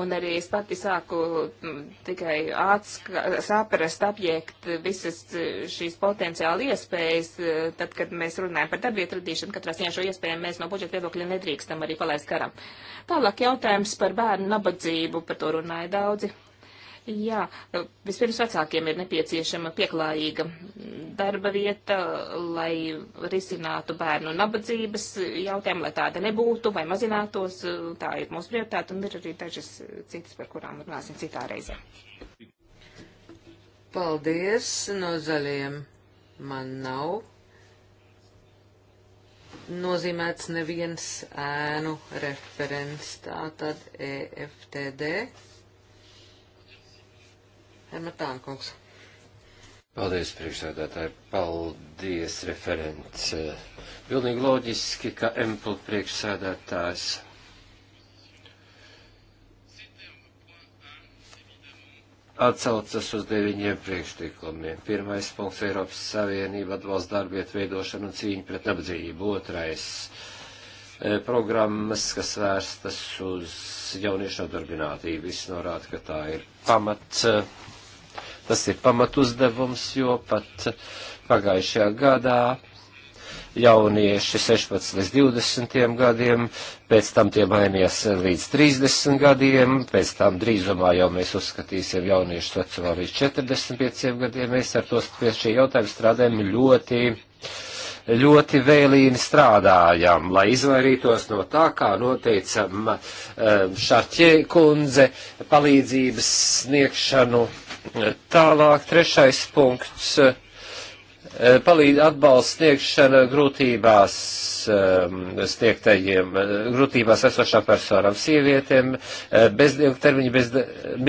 Un arī es pati sāku mm, tikai saprast, apjēgt visas e, šīs potenciāli iespējas, e, tad, kad mēs runājam par darbietu radīšanu, katrā ziņā šo iespēju mēs no budžeta viedokļa nedrīkstam arī palaist karam. Tālāk jautājums par bērnu nabadzību, par to runāja daudzi. Jā, vispirms vecākiem ir nepieciešama pieklājīga darba vieta, lai risinātu bērnu nabadzības jautājumu, lai tāda nebūtu vai mazinātos. Tā ir mūsu prioritāte un ir arī dažas citas, par kurām runāsim citā reizē. Paldies no zaļiem. Man nav nozīmēts neviens ēnu referents, tātad EFTD Matāna kungs. Paldies, priekšsēdētāji. Paldies, referents. Pilnīgi loģiski, ka Emplu priekšsēdētājs. Atcaucas uz deviņiem priekšlikumiem. Pirmais punkts Eiropas Savienība atbalsta darbietu veidošanu un cīņu pret nabadzību. Otrais programmas, kas vērstas uz jauniešu nodarbinātību. Viss norāda, ka tā ir pamats Tas ir pamatuzdevums, jo pat pagājušajā gadā jaunieši 16 līdz 20 gadiem, pēc tam tie mainījās līdz 30 gadiem, pēc tam drīzumā jau mēs uzskatīsim jauniešus vecumā līdz 45 gadiem. Mēs ar to pie šī jautājuma strādājam ļoti ļoti vēlīni strādājam, lai izvairītos no tā, kā noteica eh, Šarķē kundze palīdzības sniegšanu. Tālāk trešais punkts Eh, palīdz atbalsts sniegšana grūtībās ehm, sniegtajiem, eh, grūtībās esošām personām, sievietēm, beztermiņu eh, bez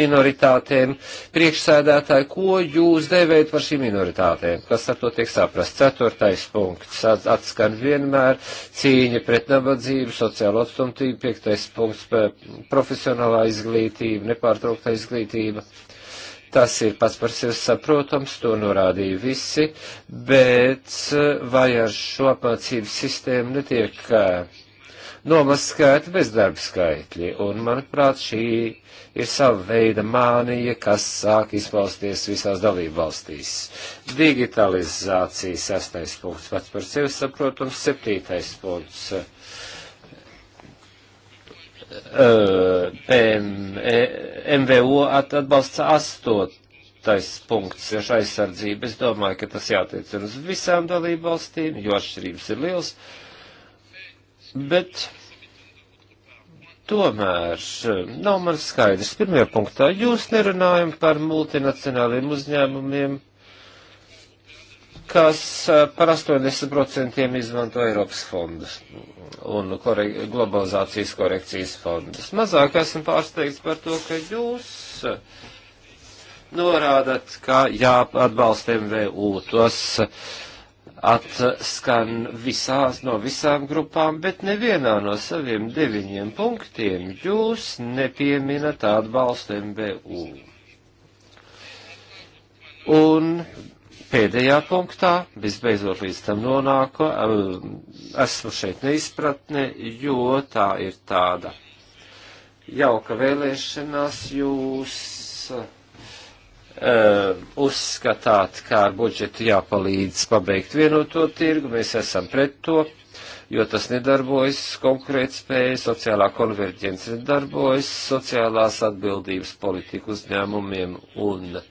minoritātēm, priekšsēdētāji, ko jūs devējat par šīm minoritātēm, kas ar to tiek saprast. Ceturtais punkts atskan vienmēr cīņa pret nabadzību, sociālo atstumtību, piektais punkts profesionālā izglītība, nepārtraukta izglītība. Uh, Tas ir pats par sevi saprotams, to norādīja visi, bet eh, vai ar šo apmācību sistēmu netiek eh, nomaskēti bezdarba skaitļi? Un, manuprāt, šī ir sava veida mānija, kas sāk izpausties visās dalību valstīs. Digitalizācija sastais punkts pats par sevi saprotams, septītais punkts MVO e, atbalsts astotais punkts, jo aizsardzība, es domāju, ka tas jātiec uz visām dalību valstīm, jo atšķirības ir liels, bet tomēr nav man skaidrs. Pirmajā punktā jūs nerunājam par multinacionāliem uzņēmumiem kas eh, par 80% izmanto Eiropas fondus un kore globalizācijas korekcijas fondus. Mazāk esmu pārsteigts par to, ka jūs norādat, ka jāatbalsta MVU. Tos atskan visās no visām grupām, bet nevienā no saviem deviņiem punktiem jūs nepieminat atbalstu MBU. Un pēdējā punktā, visbeidzot līdz tam nonāku, esmu šeit neizpratne, jo tā ir tāda jauka vēlēšanās jūs uzskatāt, kā ar budžetu jāpalīdz pabeigt vienoto tirgu, mēs esam pret to, jo tas nedarbojas, konkurētspēja, sociālā konverģence nedarbojas, sociālās atbildības politika uzņēmumiem un uh,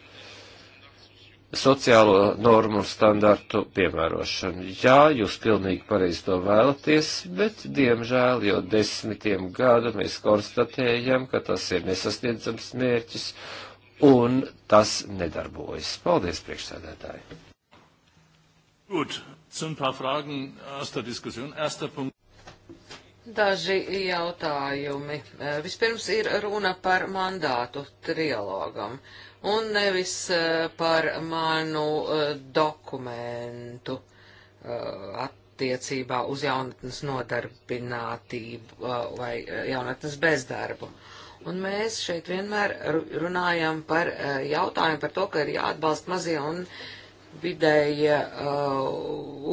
sociālo normu un standartu piemērošanu. Jā, jūs pilnīgi pareizi to vēlaties, bet, diemžēl, jau desmitiem gadu mēs konstatējam, ka tas ir nesasniedzams mērķis un tas nedarbojas. Paldies, priekšsēdētāji! Gut, sind paar Fragen aus der Diskussion. Erster Punkt. Daži jautājumi. Vispirms ir runa par mandātu trialogam. Uh, un nevis eh, par manu eh, dokumentu eh, attiecībā uz jaunatnes nodarbinātību vai jaunatnes bezdarbu. Un mēs šeit vienmēr runājam par jautājumu par to, ka ir jāatbalsta mazie un vidēji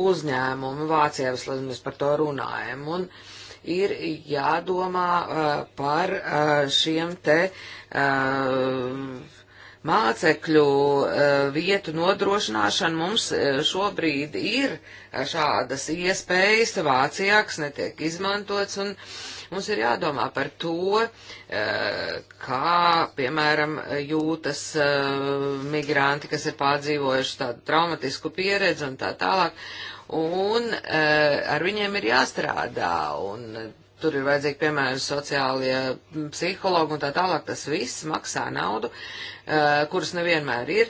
uzņēmumi Vācijā, vismaz mēs par to runājam. Un ir jādomā par šiem te mācekļu eh, vietu nodrošināšanu mums eh, šobrīd ir eh, šādas iespējas Vācijā, kas netiek izmantots, un mums ir jādomā par to, kā, piemēram, jūtas migranti, kas ir pārdzīvojuši tādu traumatisku pieredzi un tā tālāk, un ar viņiem ir jāstrādā, un tur ir vajadzīgi, piemēram, sociālie psihologi un tā tālāk, tas viss maksā naudu, eh, kuras nevienmēr ir,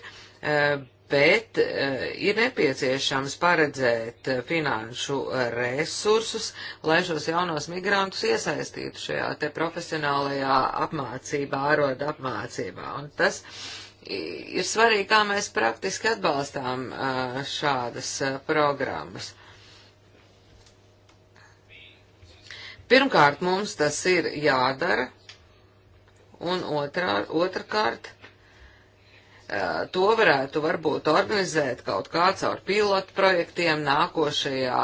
eh, bet eh, ir nepieciešams paredzēt finanšu resursus, lai šos jaunos migrantus iesaistītu šajā te profesionālajā apmācībā, āroda apmācībā. Un tas ir svarīgi, kā mēs praktiski atbalstām šādas programmas. Pirmkārt, mums tas ir jādara, un otrā, otrkārt, to varētu varbūt organizēt kaut kā caur pilotu projektiem nākošajā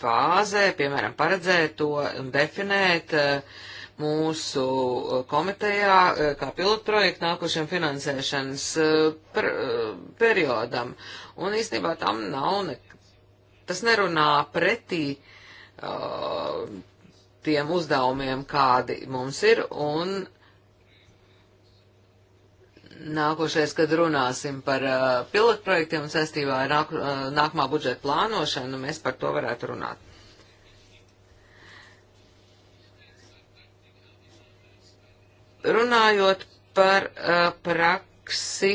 fāzē, piemēram, paredzēt to un definēt mūsu komitejā kā pilotu projektu nākošajam finansēšanas per, periodam. Un īstenībā tam nav, ne, tas nerunā pretī uh, Uh, tiem uzdevumiem, kādi mums ir, un nākošais, kad runāsim par uh, pilotprojektiem un saistībā ar nāk, uh, nākamā budžeta plānošanu, mēs par to varētu runāt. Runājot par praksi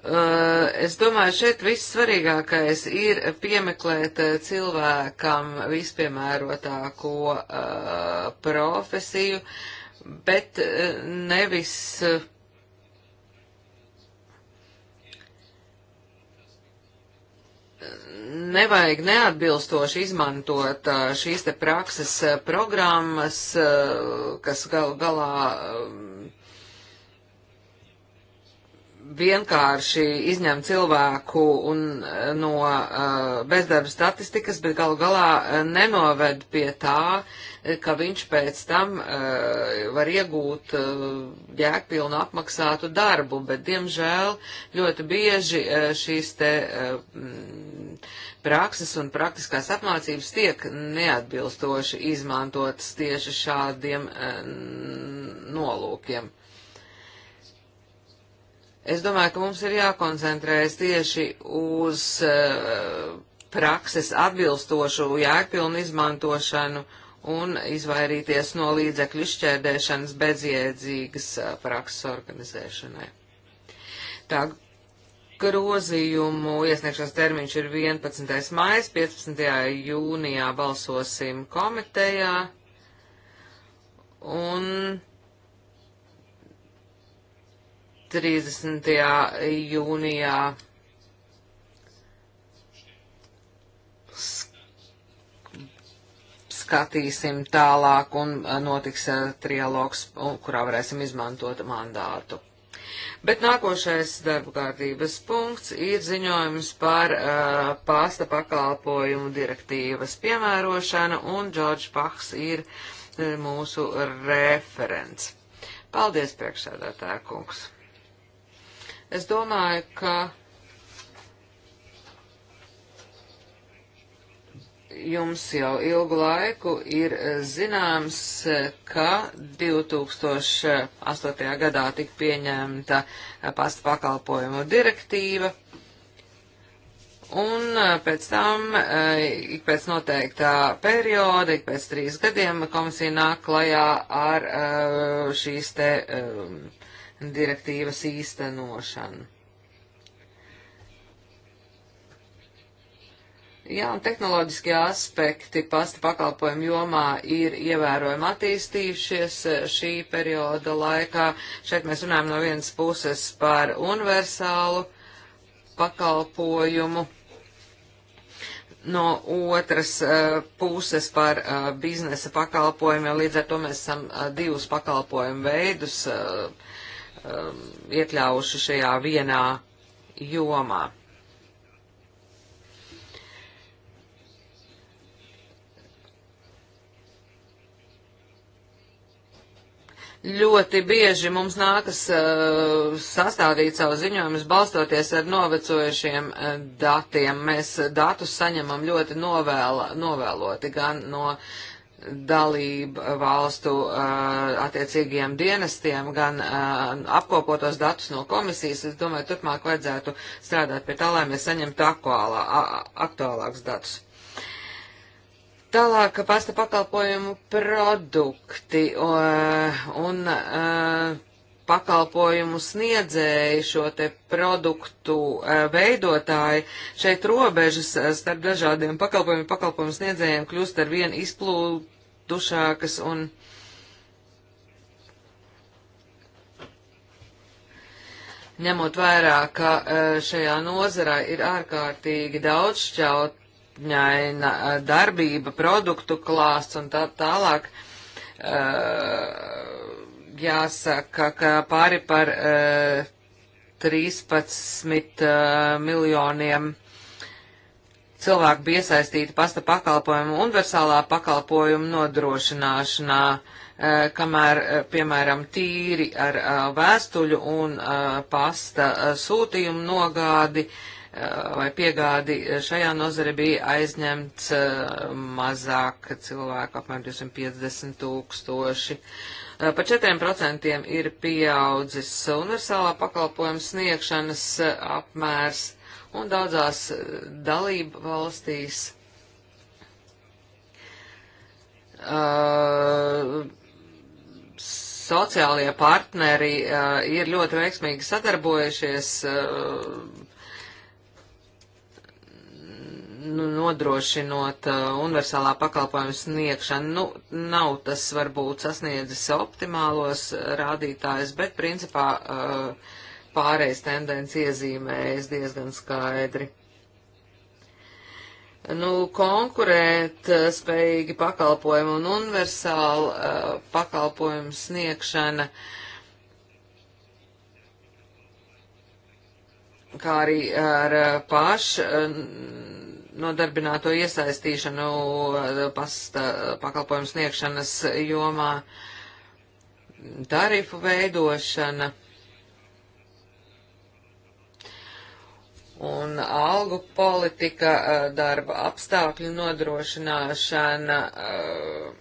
Eh, es domāju, šeit viss svarīgākais ir piemeklēt eh, cilvēkam vispiemērotāko uh, profesiju, bet nevis nevajag neatbilstoši izmantot šīs te prakses programmas, kas gal galā vienkārši izņem cilvēku un, eh, no uh, bezdarba statistikas, bet galu galā eh, nenoved pie tā, ka viņš pēc tam uh, var iegūt uh, jēgpilnu apmaksātu darbu, bet diemžēl ļoti bieži uh, šīs te uh, prakses un praktiskās apmācības tiek neatbilstoši izmantotas tieši šādiem uh, nolūkiem. Es domāju, ka mums ir jākoncentrējas tieši uz uh, prakses atbilstošu jēgpilnu izmantošanu un izvairīties no līdzekļu šķērdēšanas bezjēdzīgas eh, prakses organizēšanai. Tā grozījumu iesniegšanas termiņš ir 11. mājas, 15. jūnijā balsosim komitejā un 30. jūnijā skatīsim tālāk un notiks eh, trialogs, kurā varēsim izmantot mandātu. Bet nākošais darba kārtības punkts ir ziņojums par uh, eh, pāsta pakalpojumu direktīvas piemērošanu, un Džordžs Paks ir uh, mūsu referents. Paldies, priekšsēdētāja kungs! Es domāju, ka jums jau ilgu laiku ir zināms, ka 2008. gadā tika pieņemta pasta pakalpojumu direktīva, un e, pēc tam, e, ik pēc noteiktā perioda, ik pēc trīs gadiem, komisija nāk klajā ar e, šīs te direktīvas īstenošanu. Jā, un tehnoloģiskie aspekti pasta pakalpojumu jomā ir ievērojami attīstījušies e, šī perioda laikā. Šeit mēs runājam no vienas puses par universālu pakalpojumu, no otras uh, puses par uh, biznesa pakalpojumiem. Līdz ar to mēs esam uh, divus pakalpojumu veidus. Uh, um, iekļauši šajā vienā jomā. ļoti bieži mums nākas uh, sastādīt savu ziņojumus balstoties ar novecojušiem uh, datiem. Mēs datus saņemam ļoti novēla, novēloti gan no dalību valstu uh, eh, attiecīgajiem dienestiem, gan uh, apkopotos datus no komisijas. Es domāju, turpmāk vajadzētu strādāt pie tā, lai mēs saņemtu aktuālā, aktuālākus datus. Tālāk pasta pakalpojumu produkti uh, un eh, pakalpojumu sniedzēji, šo te produktu e, veidotāji, šeit robežas e, starp dažādiem pakalpojumiem, pakalpojumu sniedzējiem kļūst ar vien izplūdušākas un. Ņemot vērā, ka e, šajā nozarā ir ārkārtīgi daudz šķautņaina darbība, produktu klāsts un tā tālāk, uh, Jāsaka, ka pāri par uh, 13 uh, miljoniem cilvēku bija iesaistīti pasta pakalpojumu universālā pakalpojumu nodrošināšanā, uh, kamēr, uh, piemēram, tīri ar uh, vēstuļu un uh, pasta uh, sūtījumu nogādi uh, vai piegādi šajā nozare bija aizņemts uh, mazāk cilvēku, apmēram 250 tūkstoši. Uh, Par 4% ir pieaudzis universālā pakalpojuma sniegšanas apmērs un daudzās dalību valstīs. Uh, sociālie partneri uh, ir ļoti veiksmīgi sadarbojušies uh, nu, nodrošinot uh, universālā pakalpojuma sniegšanu, nu, nav tas varbūt sasniedzis optimālos rādītājus, bet principā uh, pārējais tendence iezīmējas diezgan skaidri. Nu, konkurēt uh, spējīgi pakalpojumu un universālu uh, pakalpojumu sniegšana uh, kā arī ar uh, pašu uh, nodarbināto iesaistīšanu eh, pasta pakalpojumu sniegšanas jomā, tarifu veidošana un algu politika, eh, darba apstākļu nodrošināšana, eh,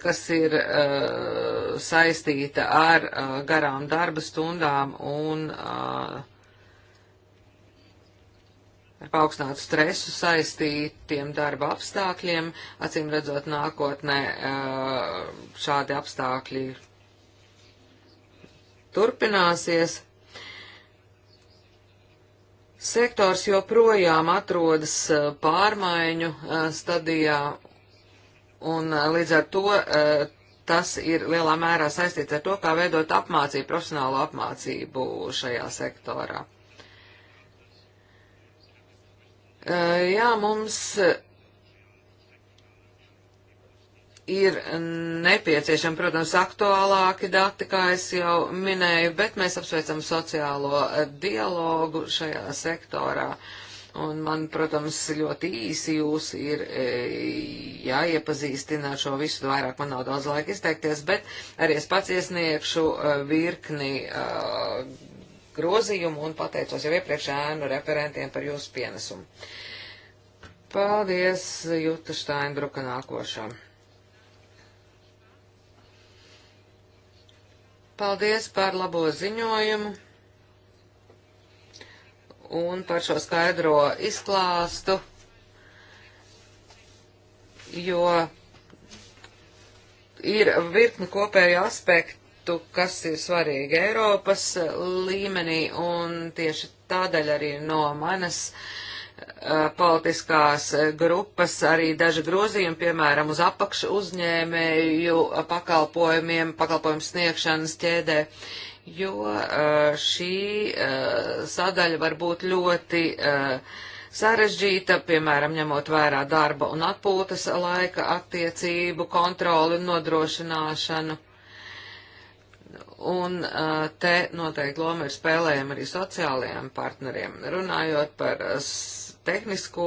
kas ir saistīta ar garām darba stundām un uh, ar paaugstinātu stresu saistītiem darba apstākļiem. Acīm redzot, nākotnē šādi apstākļi turpināsies. Sektors joprojām atrodas pārmaiņu stadijā, un līdz ar to tas ir lielā mērā saistīts ar to, kā veidot apmācību, profesionālu apmācību šajā sektorā. Eh, jā, mums eh, ir nepieciešami, protams, aktuālāki dati, kā es jau minēju, bet mēs apsveicam sociālo eh, dialogu šajā sektorā. Un man, protams, ļoti īsi jūs ir jāiepazīstina ar šo visu, vairāk man nav daudz laika izteikties, bet arī es pats iesniegšu virkni uh, grozījumu un pateicos jau iepriekš ēnu referentiem par jūsu pienesumu. Paldies, Juta Štainbruka nākošā. Paldies par labo ziņojumu un par šo skaidro izklāstu, jo ir virkni kopēju aspektu lietu, kas ir svarīga Eiropas eh, līmenī, un tieši tādēļ arī no manas uh, politiskās eh, grupas arī daži grozījumi, piemēram, uz apakšu uzņēmēju pakalpojumiem, pakalpojumu sniegšanas ķēdē, jo uh, šī uh, sadaļa var būt ļoti sarežģīta, piemēram, ņemot vērā darba un atpūtas laika attiecību kontroli un nodrošināšanu. Un te noteikti loma ir spēlējama arī sociālajiem partneriem. Runājot par tehnisko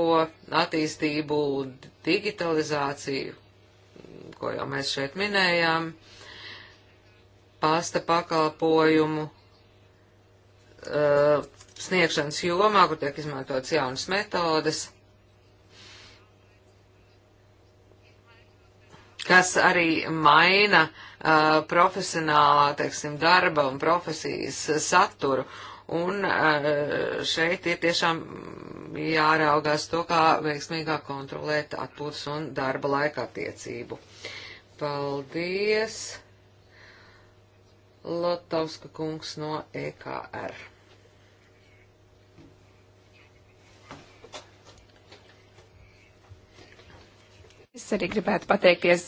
attīstību, digitalizāciju, ko jau mēs šeit minējām, pasta pakalpojumu sniegšanas jomā, kur tiek izmantotas jaunas metodes. kas arī maina uh, uh, profesionālā, teiksim, darba un profesijas saturu. Un uh, šeit ir tiešām jāraugās to, kā veiksmīgāk kontrolēt atpūtas un darba laika attiecību. Paldies! Lotovska kungs no EKR. Es arī gribētu pateikties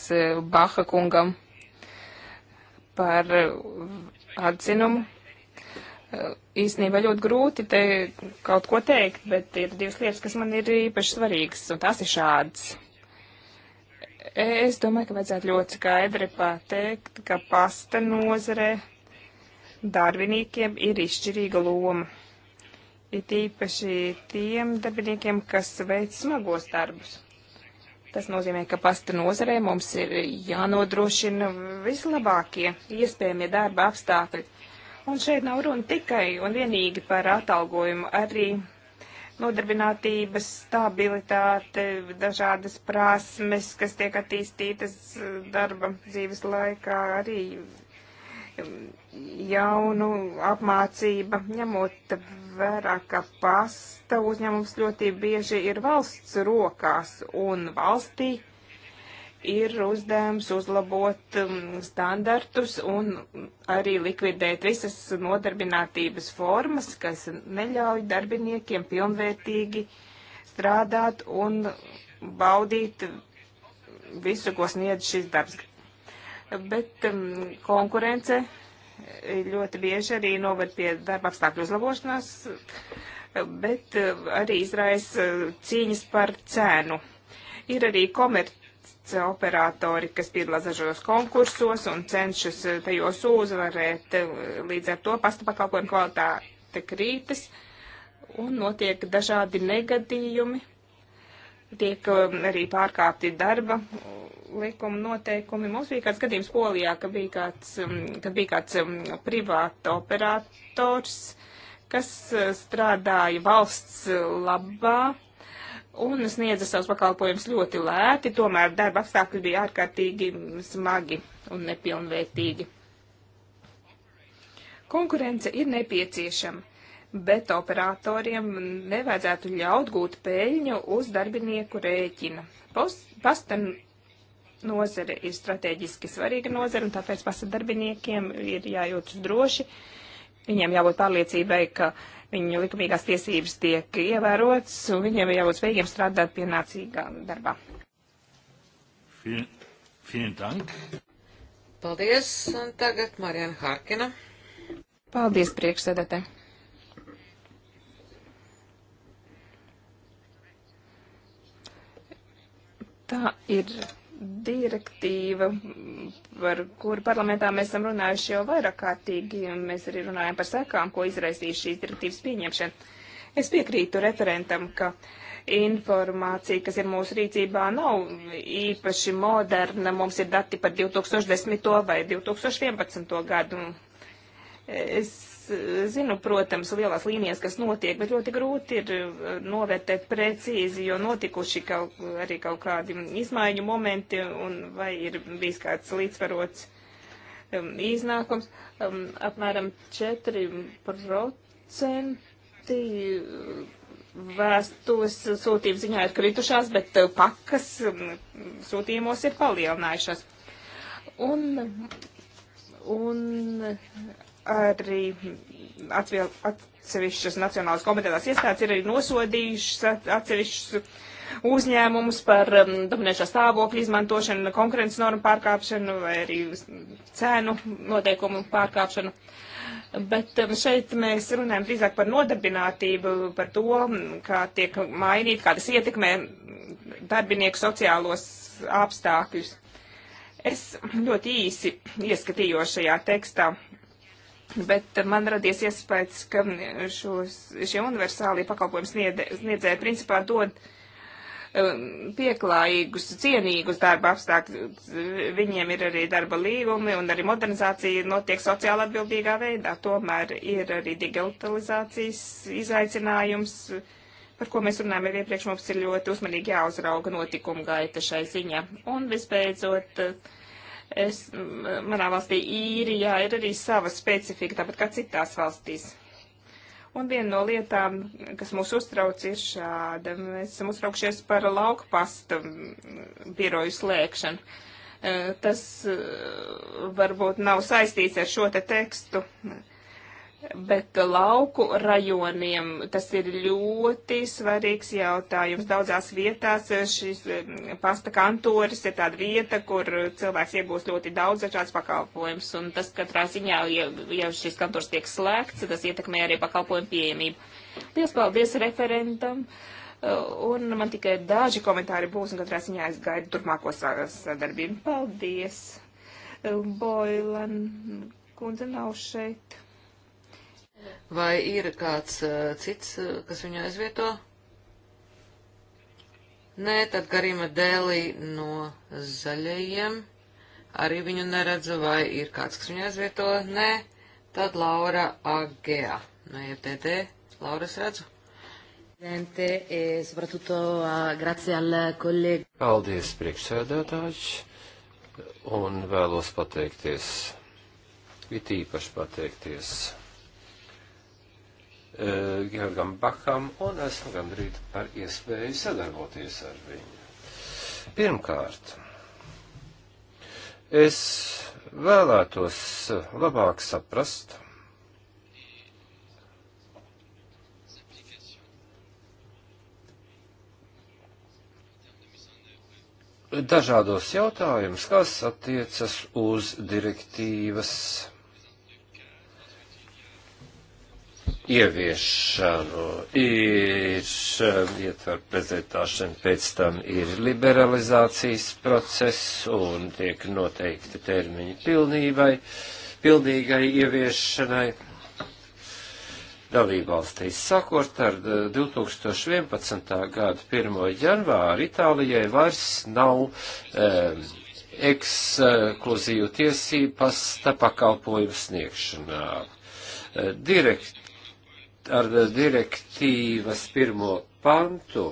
Baha kungam par eh, atzinumu. Eh, Īsnībā ļoti grūti te kaut ko teikt, bet ir divas lietas, kas man ir īpaši svarīgas, un tās ir šādas. Es domāju, ka vajadzētu ļoti skaidri pateikt, ka pasta nozare darbiniekiem ir izšķirīga loma. Ir īpaši tiem darbiniekiem, kas veic smagos darbus. Tas nozīmē, ka pasta nozarē mums ir jānodrošina vislabākie iespējamie darba apstākļi. Un šeit nav runa tikai un vienīgi par atalgojumu, arī nodarbinātības stabilitāte, dažādas prasmes, kas tiek attīstītas darba dzīves laikā, arī um, jaunu apmācība, ņemot vērā, ka pasta uzņēmums ļoti bieži ir valsts rokās un valstī ir uzdevums uzlabot um, standartus un arī likvidēt visas nodarbinātības formas, kas neļauj darbiniekiem pilnvērtīgi strādāt un baudīt visu, ko sniedz šis darbs. Bet um, konkurence ļoti bieži arī noved pie darba apstākļu uzlabošanās, bet eh, arī izraisa eh, cīņas par cēnu. Ir arī komerca operatori, kas piedalās dažādos konkursos un cenšas eh, tajos uzvarēt, līdz ar to pasta pakalpojumu kvalitāte krītas un notiek dažādi negadījumi, tiek arī pārkāpti darba likuma noteikumi. Mums bija kāds gadījums Polijā, ka bija kāds, um, kad bija kāds um, privāta operators, kas uh, strādāja valsts uh, labā un sniedza savus pakalpojumus ļoti lēti, tomēr darba apstākļi bija ārkārtīgi smagi un nepilnvērtīgi. Konkurence ir nepieciešama, bet operatoriem nevajadzētu ļaut gūt peļņu uz darbinieku rēķina. Post, pasta Nozare ir strateģiski svarīga nozare, un tāpēc pasadarbiniekiem ir jājūtas droši. Viņiem jābūt pārliecībai, ka viņu likumīgās tiesības tiek ievērotas, un viņiem ir jābūt spējīgiem strādāt pienācīgā darbā. Vielen, vielen Dank. Paldies, un tagad Marijana Harkina. Paldies, priekšsēdētē. Tā ir direktīva, par kuru parlamentā mēs esam runājuši jau vairāk kārtīgi, un mēs arī runājam par sekām, ko izraisīs šīs direktīvas pieņemšana. Es piekrītu referentam, ka informācija, kas ir mūsu rīcībā, nav īpaši moderna. Mums ir dati par 2010. vai 2011. gadu. Es zinu, protams, lielās līnijas, kas notiek, bet ļoti grūti ir eh, novērtēt precīzi, jo notikuši kaut, arī kaut kādi izmaiņu momenti un vai ir bijis kāds līdzsvarots um, iznākums. Um, apmēram 4% uh, vēstules sūtījumu ziņā ir kritušās, bet uh, pakas um, sūtījumos ir palielinājušās. Un, un arī atviel, atsevišķas nacionālas kompetentās iestādes ir arī nosodījušas atsevišķus uzņēmumus par um, dominēšā stāvokļa izmantošanu, konkurences normu pārkāpšanu vai arī cēnu noteikumu pārkāpšanu. Bet um, šeit mēs runājam drīzāk par nodarbinātību, par to, um, kā tiek mainīt, kā tas ietekmē darbinieku sociālos apstākļus. Es ļoti īsi ieskatījos šajā tekstā Bet man radies iespējas, ka šos, šie universālie pakalpojumi sniedzēji principā dod um, pieklājīgus, cienīgus darba apstākļus. Viņiem ir arī darba līgumi un arī modernizācija notiek sociāli atbildīgā veidā. Tomēr ir arī digitalizācijas izaicinājums, par ko mēs runājam jau iepriekš. Mums ir ļoti uzmanīgi jāuzrauga notikuma gaita šai ziņā. Un visbeidzot, uh, Es, manā valstī īrijā ir arī sava specifika, tāpat kā citās valstīs. Un viena no lietām, kas mūs uztrauc, ir šāda. Mēs esam uztraukšies par lauka pasta biroju slēgšanu. E, tas e, varbūt nav saistīts ar šo te tekstu, Bet lauku rajoniem tas ir ļoti svarīgs jautājums. Daudzās vietās šis mm, pasta kantoris ir tāda vieta, kur cilvēks iegūst ļoti daudz dažādas pakalpojumus. Un tas katrā ziņā, ja, ja šis kantors tiek slēgts, tas ietekmē arī pakalpojumu pieejamību. Lielas paldies referentam! Un man tikai daži komentāri būs, un katrā ziņā es gaidu turpmāko sadarbību. Paldies! Boilan kundze nav šeit. Vai ir kāds uh, cits, uh, kas viņu aizvieto? Nē, tad Karima Dēlī no zaļajiem. Arī viņu neredzu, vai ir kāds, kas viņu aizvieto? Nē, tad Laura Agea no FTD. E Laura, es redzu. Presidente, e soprattutto uh, grazie al collega. Paldies, priekšsēdētājs, un vēlos pateikties, it īpaši pateikties Eh, Georgam Bakam, un esmu gandrīz ar iespēju sadarboties ar viņu. Pirmkārt, es vēlētos labāk saprast, dažādos jautājumus, kas attiecas uz direktīvas ieviešanu ir um, ietver prezentāšana, pēc tam ir liberalizācijas process un tiek noteikti termiņi pilnībai, pilnīgai ieviešanai. Dalībvalstīs sakot ar 2011. Uh, gada 1. janvāru Itālijai vairs nav um, ekskluzīvu tiesību pasta pakalpojumu sniegšanā. Uh, direkt, ar direktīvas pirmo pantu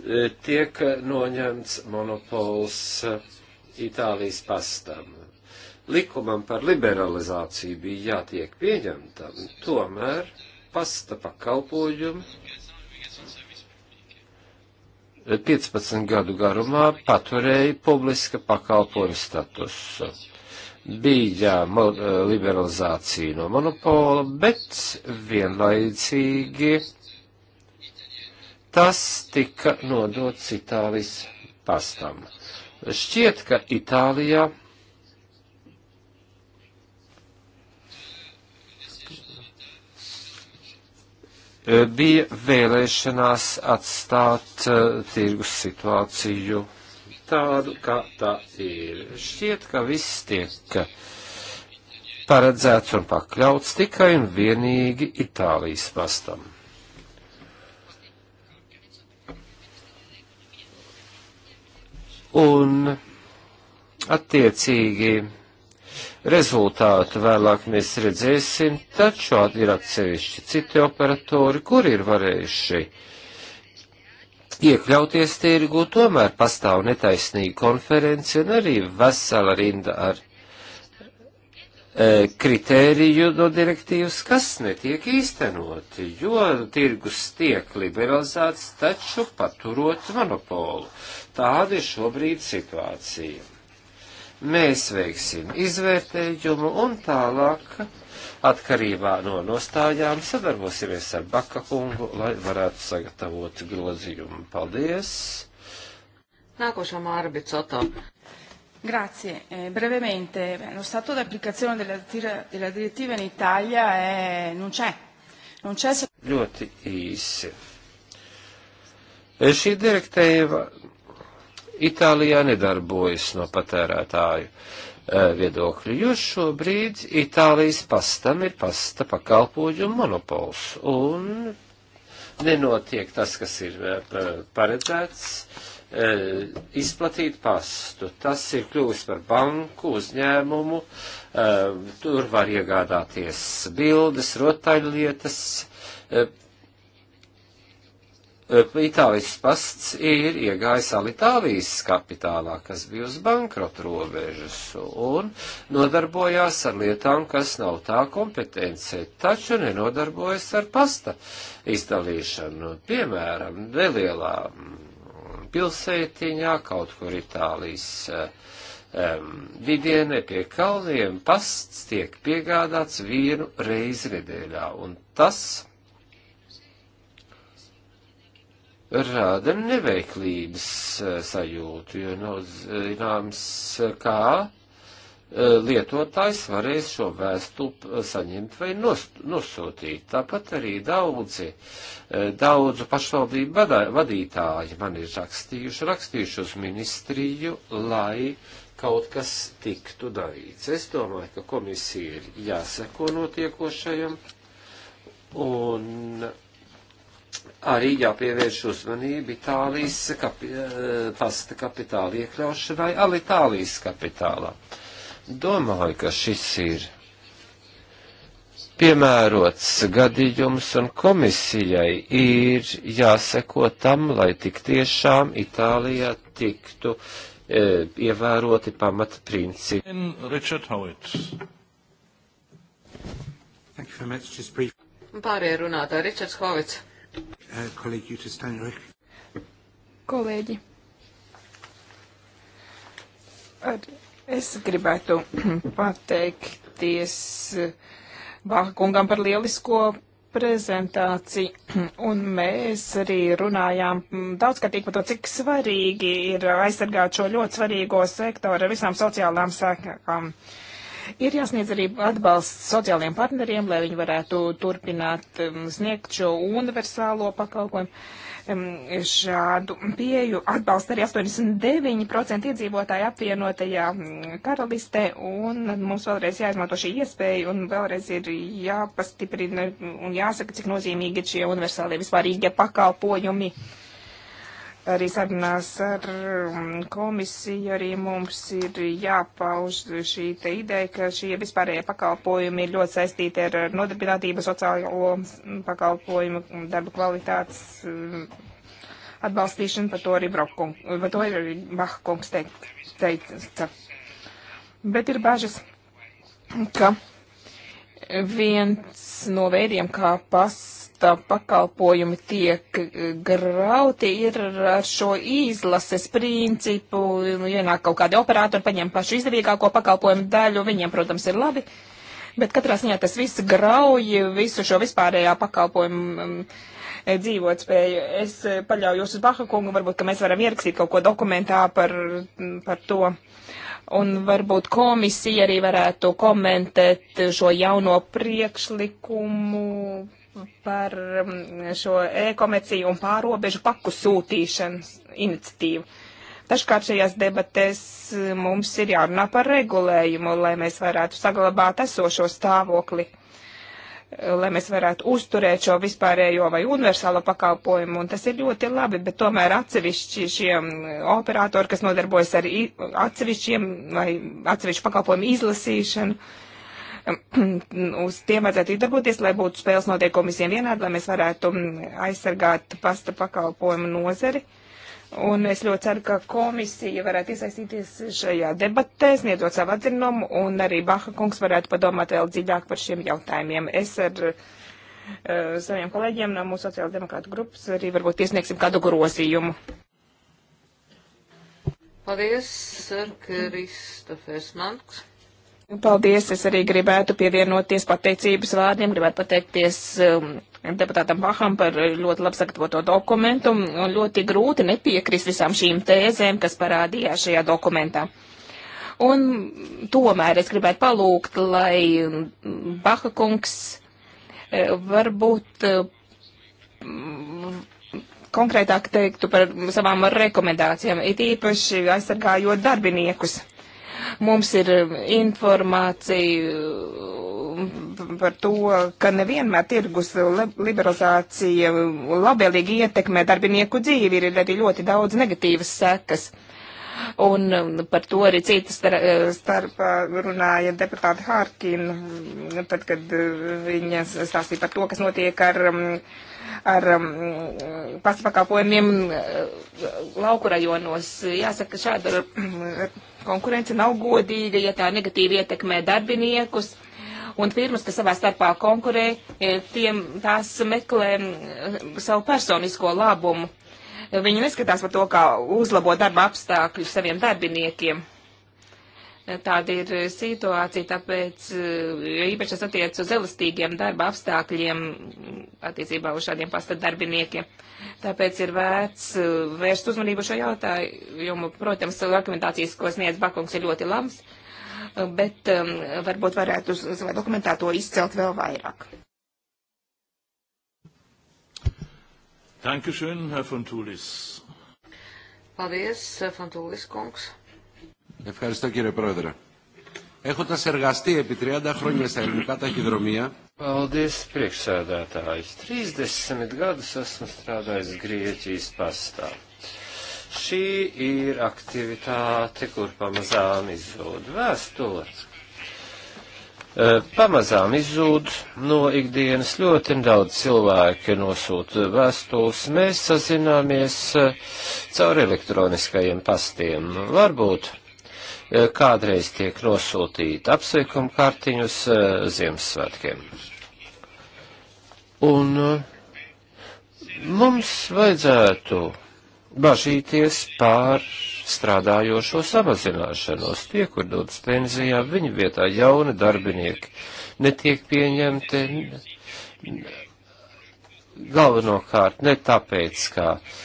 e, tiek noņemts monopols e, Itālijas pastam. Likumam par liberalizāciju bija jātiek pieņemtam, tomēr pasta pakalpojumi 15 gadu garumā paturēja publiska pakalpojuma statusu bija eh, eh, liberalizācija no monopola, bet vienlaicīgi tas tika nodots Itālijas pastam. Šķiet, ka Itālijā eh, bija vēlēšanās atstāt uh, tirgus situāciju tādu, kā tā ir. Šķiet, ka viss tiek paredzēts un pakļauts tikai un vienīgi Itālijas pastam. Un attiecīgi rezultātu vēlāk mēs redzēsim, taču ir atsevišķi citi operatori, kuri ir varējuši uh, iekļauties tirgu, tomēr pastāv netaisnīga konference un arī vesela rinda ar e, kritēriju no direktīvas, kas netiek īstenoti, jo tirgus tiek liberalizēts, taču paturot monopolu. Tāda ir šobrīd situācija. Mēs veiksim izvērtējumu un tālāk atkarībā no nostājām sadarbosimies ar Baka kungu, lai varētu sagatavot grozījumu. Paldies! Nākošā Māra Bicoto. Grazie. Eh, brevemente, lo stato d'applicazione della, della direttiva in Italia è, eh, non c'è. Non c'è... Ļoti īsi. Eh, šī direktīva Itālijā nedarbojas no patērētāju Uh, viedokļu, jo šobrīd Itālijas pastam ir pasta pakalpojumu monopols, un nenotiek tas, kas ir uh, paredzēts, uh, izplatīt pastu. Tas ir kļuvis par banku uzņēmumu, tur var iegādāties bildes, rotaļlietas, Eh, Itālijas pasts ir iegājis Alitālijas kapitālā, kas bija uz bankrota robežas, un nodarbojās ar lietām, kas nav tā kompetencē, taču nenodarbojas ar pasta izdalīšanu. Piemēram, nelielā mm, pilsētiņā kaut kur Itālijas um, vidienē pie kalniem pasts tiek piegādāts vienu reizi nedēļā, un tas rada neveiklības eh, sajūtu, jo nav zināms, eh, kā eh, lietotājs varēs šo vēstuli saņemt vai nosūtīt. Tāpat arī daudzi, daudzu pašvaldību vadītāji man ir rakstījuši, rakstījuši uz ministriju, lai kaut kas tiktu darīts. Es domāju, ka komisija ir jāseko notiekošajam un arī jāpievērš uzmanība Itālijas kapi, pasta eh, kapitāla iekļaušanai Alitālijas kapitālā. Domāju, ka šis ir piemērots gadījums un komisijai ir jāseko tam, lai tik tiešām Itālijā tiktu e, ievēroti pamata principi. Pārējie runātāji, Ričards Hovits. Uh, Kolēģi, Kolēģi. Ar, es gribētu <clears throat> pateikties eh, Bākungam par lielisko prezentāciju, <clears throat> un mēs arī runājām mm, daudzkārtīgi par to, cik svarīgi ir aizsargāt šo ļoti svarīgo sektoru ar visām sociālām sekām. Uh, Ir jāsniedz arī atbalsts sociālajiem partneriem, lai viņi varētu turpināt um, sniegt šo universālo pakalpojumu. Um, šādu pieju atbalsta arī 89% iedzīvotāji apvienotajā um, karalistē, un mums vēlreiz jāizmanto šī iespēja, un vēlreiz ir jāpastiprina un jāsaka, cik nozīmīgi ir šie universālie vispārīgie pakalpojumi. Uh, arī sarunās ar um, komisiju, arī mums ir jāpauž šī te ideja, ka šie vispārējie pakalpojumi ir ļoti saistīti ar nodarbinātību, sociālo mm, pakalpojumu, darba kvalitātes mm, atbalstīšanu, par to arī Brokkungs, par to ir arī Bahkungs teica. Bet ir bažas, ka viens no veidiem, kā pas transporta pakalpojumi tiek eh, grauti, ir ar šo izlases principu, nu, ienāk kaut kādi operātori, paņem pašu izdevīgāko pakalpojumu daļu, viņiem, protams, ir labi, bet katrā ziņā tas viss grauj visu šo vispārējā pakalpojumu mm, eh, dzīvot spēju. Es eh, paļaujos uz Baha kungu, varbūt, ka mēs varam ierakstīt kaut ko dokumentā par, mm, par to. Un varbūt komisija arī varētu komentēt šo jauno priekšlikumu par um, šo e-komerciju un pārobežu paku sūtīšanas iniciatīvu. Dažkārt šajās debatēs um, mums ir jārunā par regulējumu, lai mēs varētu saglabāt esošo stāvokli, uh, lai mēs varētu uzturēt šo vispārējo vai universālo pakalpojumu, un tas ir ļoti labi, bet tomēr atsevišķi šiem um, operatori, kas nodarbojas ar atsevišķiem vai atsevišķu pakalpojumu izlasīšanu, uh, uz tiem vajadzētu darboties, lai būtu spēles noteikumi visiem vienādi, lai mēs varētu mm, aizsargāt pasta pakalpojumu nozari. Un es ļoti ceru, ka komisija varētu iesaistīties šajā debatē, sniedzot savu atzinumu, un arī Baha kungs varētu padomāt vēl dziļāk par šiem jautājumiem. Es ar uh, saviem kolēģiem no mūsu sociāla demokrāta grupas arī varbūt iesniegsim kādu grozījumu. Paldies, Sir Kristofers Manks. Paldies, es arī gribētu pievienoties pateicības vārdiem, gribētu pateikties um, deputātam Baham par ļoti labi sagatavoto dokumentu un ļoti grūti nepiekrist visām šīm tēzēm, kas parādījās šajā dokumentā. Un tomēr es gribētu palūgt, lai um, Baha kungs eh, varbūt eh, konkrētāk teiktu par savām rekomendācijām, it īpaši aizsargājot darbiniekus. Mums ir um, informācija um, par to, ka nevienmēr tirgus liberalizācija um, labvēlīgi ietekmē darbinieku dzīvi, ir arī ļoti daudz negatīvas sekas. Un par to arī citas uh, starpā runāja deputāte Hārkina, tad, kad uh, viņa stāstīja par to, kas notiek ar, ar pastu pakalpojumiem uh, lauku rajonos. Jāsaka, šāda konkurence nav godīga, ja tā negatīvi ietekmē darbiniekus. Un firmas, kas savā starpā konkurē, e, tiem tās meklē e, savu personisko labumu. Viņi neskatās par to, kā uzlabot darba apstākļus saviem darbiniekiem. Tāda ir situācija, tāpēc eh, īpaši tas attiec uz elastīgiem darba apstākļiem mm, attiecībā uz šādiem pasta darbiniekiem. Tāpēc ir vērts eh, vērst uzmanību šo jautājumu. Protams, argumentācijas, ko sniedz Bakungs, ir ļoti labs, eh, bet um, varbūt varētu uz savā dokumentā to izcelt vēl vairāk. Dankeschön, Herr Fontulis. Paldies, Fontulis kungs. Ευχαριστώ κύριε Πρόεδρε. Έχοντας εργαστεί επί 30 χρόνια στα ελληνικά ταχυδρομεία... Paldies, priekšsēdētājs. 30 gadus esmu strādājis Grieķijas pastā. Šī ir aktivitāte, kur pamazām izzūd vēstules. E, pamazām izzūd no ikdienas ļoti daudz cilvēki nosūta vēstules. Mēs sazināmies e, caur elektroniskajiem pastiem. Varbūt Eh, kādreiz tiek nosūtīti apsveikuma kartiņus eh, Ziemassvētkiem. Un eh, mums vajadzētu bažīties pār strādājošo samazināšanos. Tie, kur dodas pensijā, viņu vietā jauni darbinieki netiek pieņemti galvenokārt ne tāpēc, ka uh,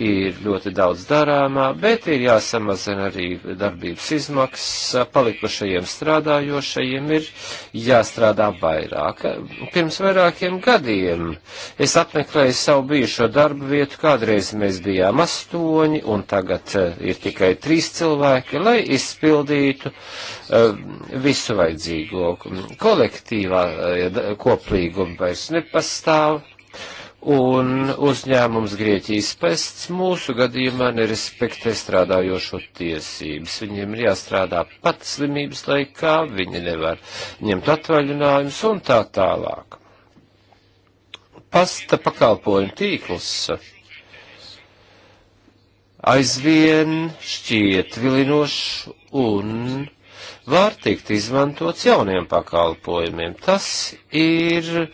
ir ļoti daudz darāmā, bet ir jāsamazina arī darbības izmaksas, palikušajiem strādājošajiem ir jāstrādā vairāk. Pirms vairākiem gadiem es apmeklēju savu bijušo darbu vietu, kādreiz mēs bijām astoņi, un tagad eh, ir tikai trīs cilvēki, lai izpildītu eh, visu vajadzīgo. Kolektīvā eh, koplīguma vairs nepastāv un uzņēmums Grieķijas pests mūsu gadījumā nerespektē strādājošo tiesības. Viņiem ir jāstrādā pat slimības laikā, viņi nevar ņemt atvaļinājumus un tā tālāk. Pasta pakalpojumu tīklus aizvien šķiet vilinošs un var tikt izmantots jauniem pakalpojumiem. Tas ir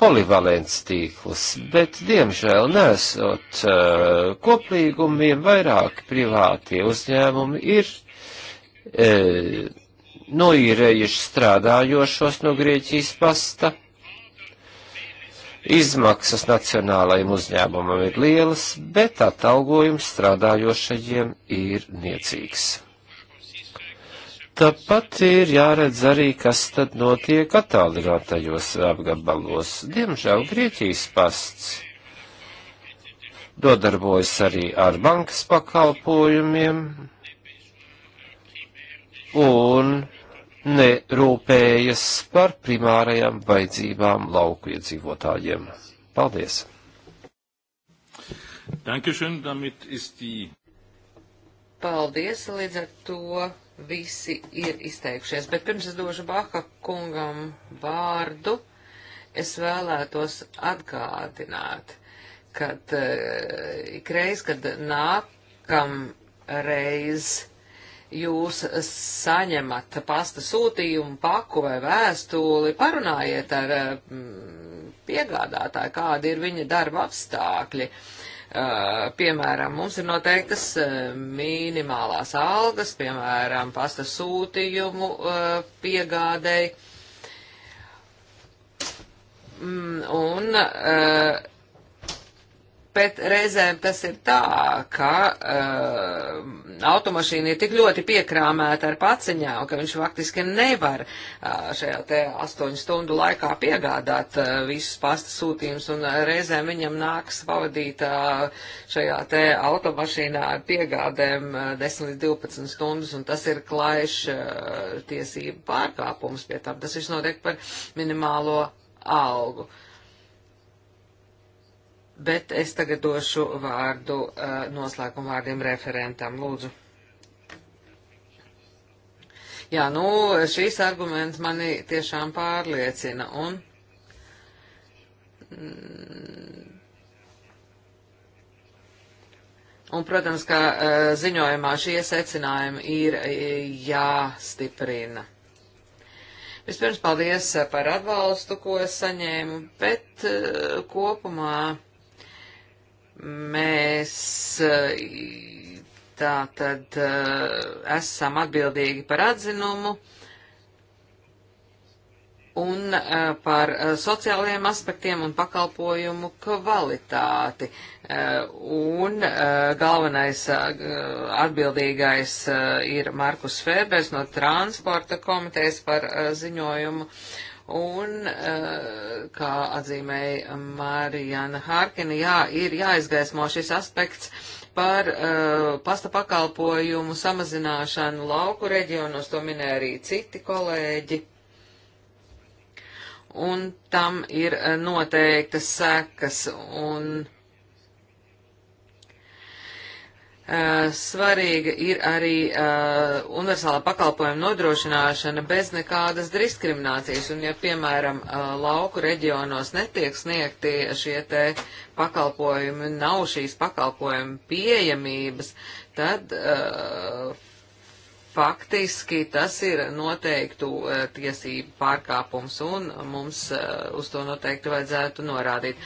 polivalents tīklus, bet diemžēl nesot uh, koplīgumiem vairāk privātie uzņēmumi ir uh, noīrējuši strādājošos no Grieķijas pasta. Izmaksas nacionālajiem uzņēmumam ir lielas, bet atalgojums strādājošajiem ir niecīgs. Tāpat ir jāredz arī, kas tad notiek attālinātajos apgabalos. Diemžēl Grieķijas pasts dodarbojas arī ar bankas pakalpojumiem un nerūpējas par primārajām vajadzībām lauku iedzīvotājiem. Paldies! Dankeschön, damit ist die. Paldies, līdz ar to visi ir izteikšies. Bet pirms es došu Baka kungam vārdu, es vēlētos atgādināt, kad eh, ikreiz, kad nākamreiz jūs saņemat pasta sūtījumu, paku vai vēstuli, parunājiet ar mm, piegādātāju, kādi ir viņa darba apstākļi. Uh, Piemēram, mums ir noteiktas minimālās algas, piemēram, pasta sūtījumu piegādēji. Mm, un Bet reizēm tas ir tā, ka uh, automašīna ir tik ļoti piekrāmēta ar paciņām, ka viņš faktiski nevar uh, šajā te astoņu stundu laikā piegādāt uh, visus pasta sūtījumus, un uh, reizēm viņam nāks pavadīt uh, šajā te automašīnā ar piegādēm uh, 10 līdz 12 stundas, un tas ir klaiš uh, tiesību pārkāpums pie tam. Tas viss notiek par minimālo algu bet es tagad došu vārdu eh, noslēguma vārdiem referentam. Lūdzu. Jā, nu, šīs arguments mani tiešām pārliecina, un mm, Un, protams, ka eh, ziņojumā šie secinājumi ir eh, jāstiprina. Vispirms paldies par atbalstu, ko es saņēmu, bet kopumā Mēs tā tad esam atbildīgi par atzinumu un par sociālajiem aspektiem un pakalpojumu kvalitāti. Un galvenais atbildīgais ir Markus Fēbers no transporta komitejas par ziņojumu Un, eh, kā atzīmēja Marijana Hārkina, jā, ir jāizgaismo šis aspekts par uh, pasta pakalpojumu samazināšanu lauku reģionos, to minēja arī citi kolēģi. Un tam ir eh, noteiktas sekas. Un, uh, Eh, svarīga ir arī uh, universālā pakalpojuma nodrošināšana bez nekādas diskriminācijas. Un, ja, piemēram, uh, lauku reģionos netiek sniegti šie te pakalpojumi, nav šīs pakalpojuma pieejamības, tad uh, faktiski tas ir noteiktu eh, tiesību pārkāpums, un mums eh, uz to noteikti vajadzētu norādīt.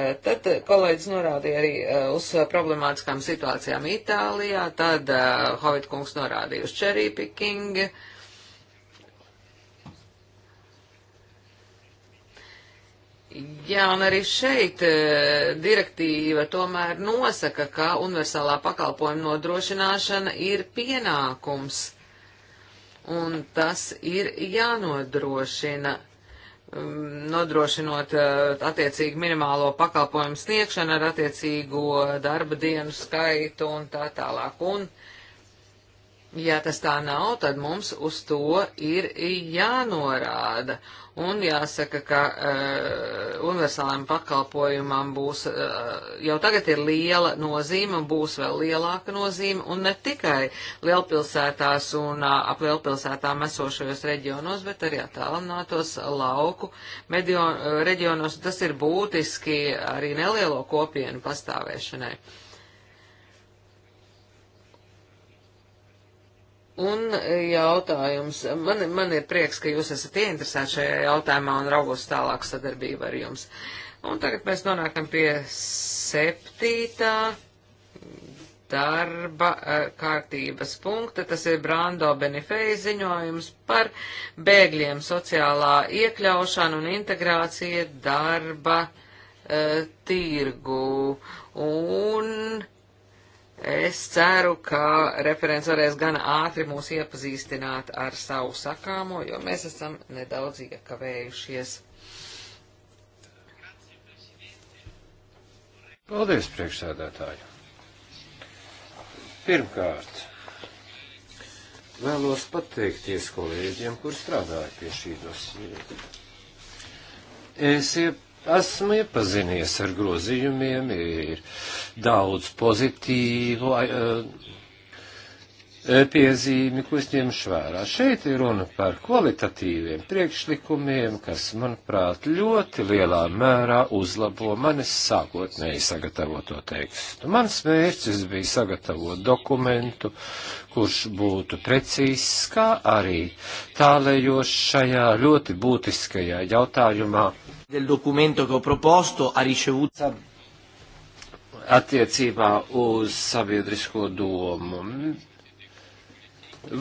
Eh, tad kolēģis norādīja arī uz problemātiskām situācijām Itālijā, tad Hovid kungs norādīja uz cherry picking, uh, Jā, un arī šeit e, direktīva tomēr nosaka, ka universālā pakalpojuma nodrošināšana ir pienākums, un tas ir jānodrošina, nodrošinot e, attiecīgi minimālo pakalpojumu sniegšanu ar attiecīgo darba dienu skaitu un tā tālāk. Un, uh, Ja tas tā nav, tad mums uz to ir jānorāda un jāsaka, ka uh, universālajam pakalpojumam būs, uh, jau tagad ir liela nozīme un būs vēl lielāka nozīme un ne tikai lielpilsētās un uh, ap lielpilsētām esošajos reģionos, bet arī attālinātos lauku medion, uh, reģionos. Tas ir būtiski arī nelielo kopienu pastāvēšanai. Uh, Un e, jautājums, man, man ir prieks, ka jūs esat ieinteresēti šajā jautājumā un raugos tālāk sadarbību ar jums. Un tagad mēs nonākam pie septītā darba e, kārtības punkta. Tas ir Brando Benifei ziņojums par bēgļiem sociālā iekļaušanu un integrācija darba uh, tirgu. Un Es ceru, ka referents varēs gana ātri mūs iepazīstināt ar savu sakāmo, jo mēs esam nedaudz iekavējušies. Paldies, priekšsēdētāji! Pirmkārt, vēlos pateikties kolēģiem, kur strādāju pie šī dosija. Es iep Esmu iepazinies ar grozījumiem, ir daudz pozitīvu eh, piezīmi, ko es ņemšu vērā. Šeit ir runa par kvalitatīviem priekšlikumiem, kas, manuprāt, ļoti lielā mērā uzlabo manis sākotnēji sagatavoto tekstu. Mans mērķis bija sagatavot dokumentu, kurš būtu precīzs, kā arī tālējošajā ļoti būtiskajā jautājumā del documento che ho proposto ha ricevuto attiecībā uz sabiedrisko domu.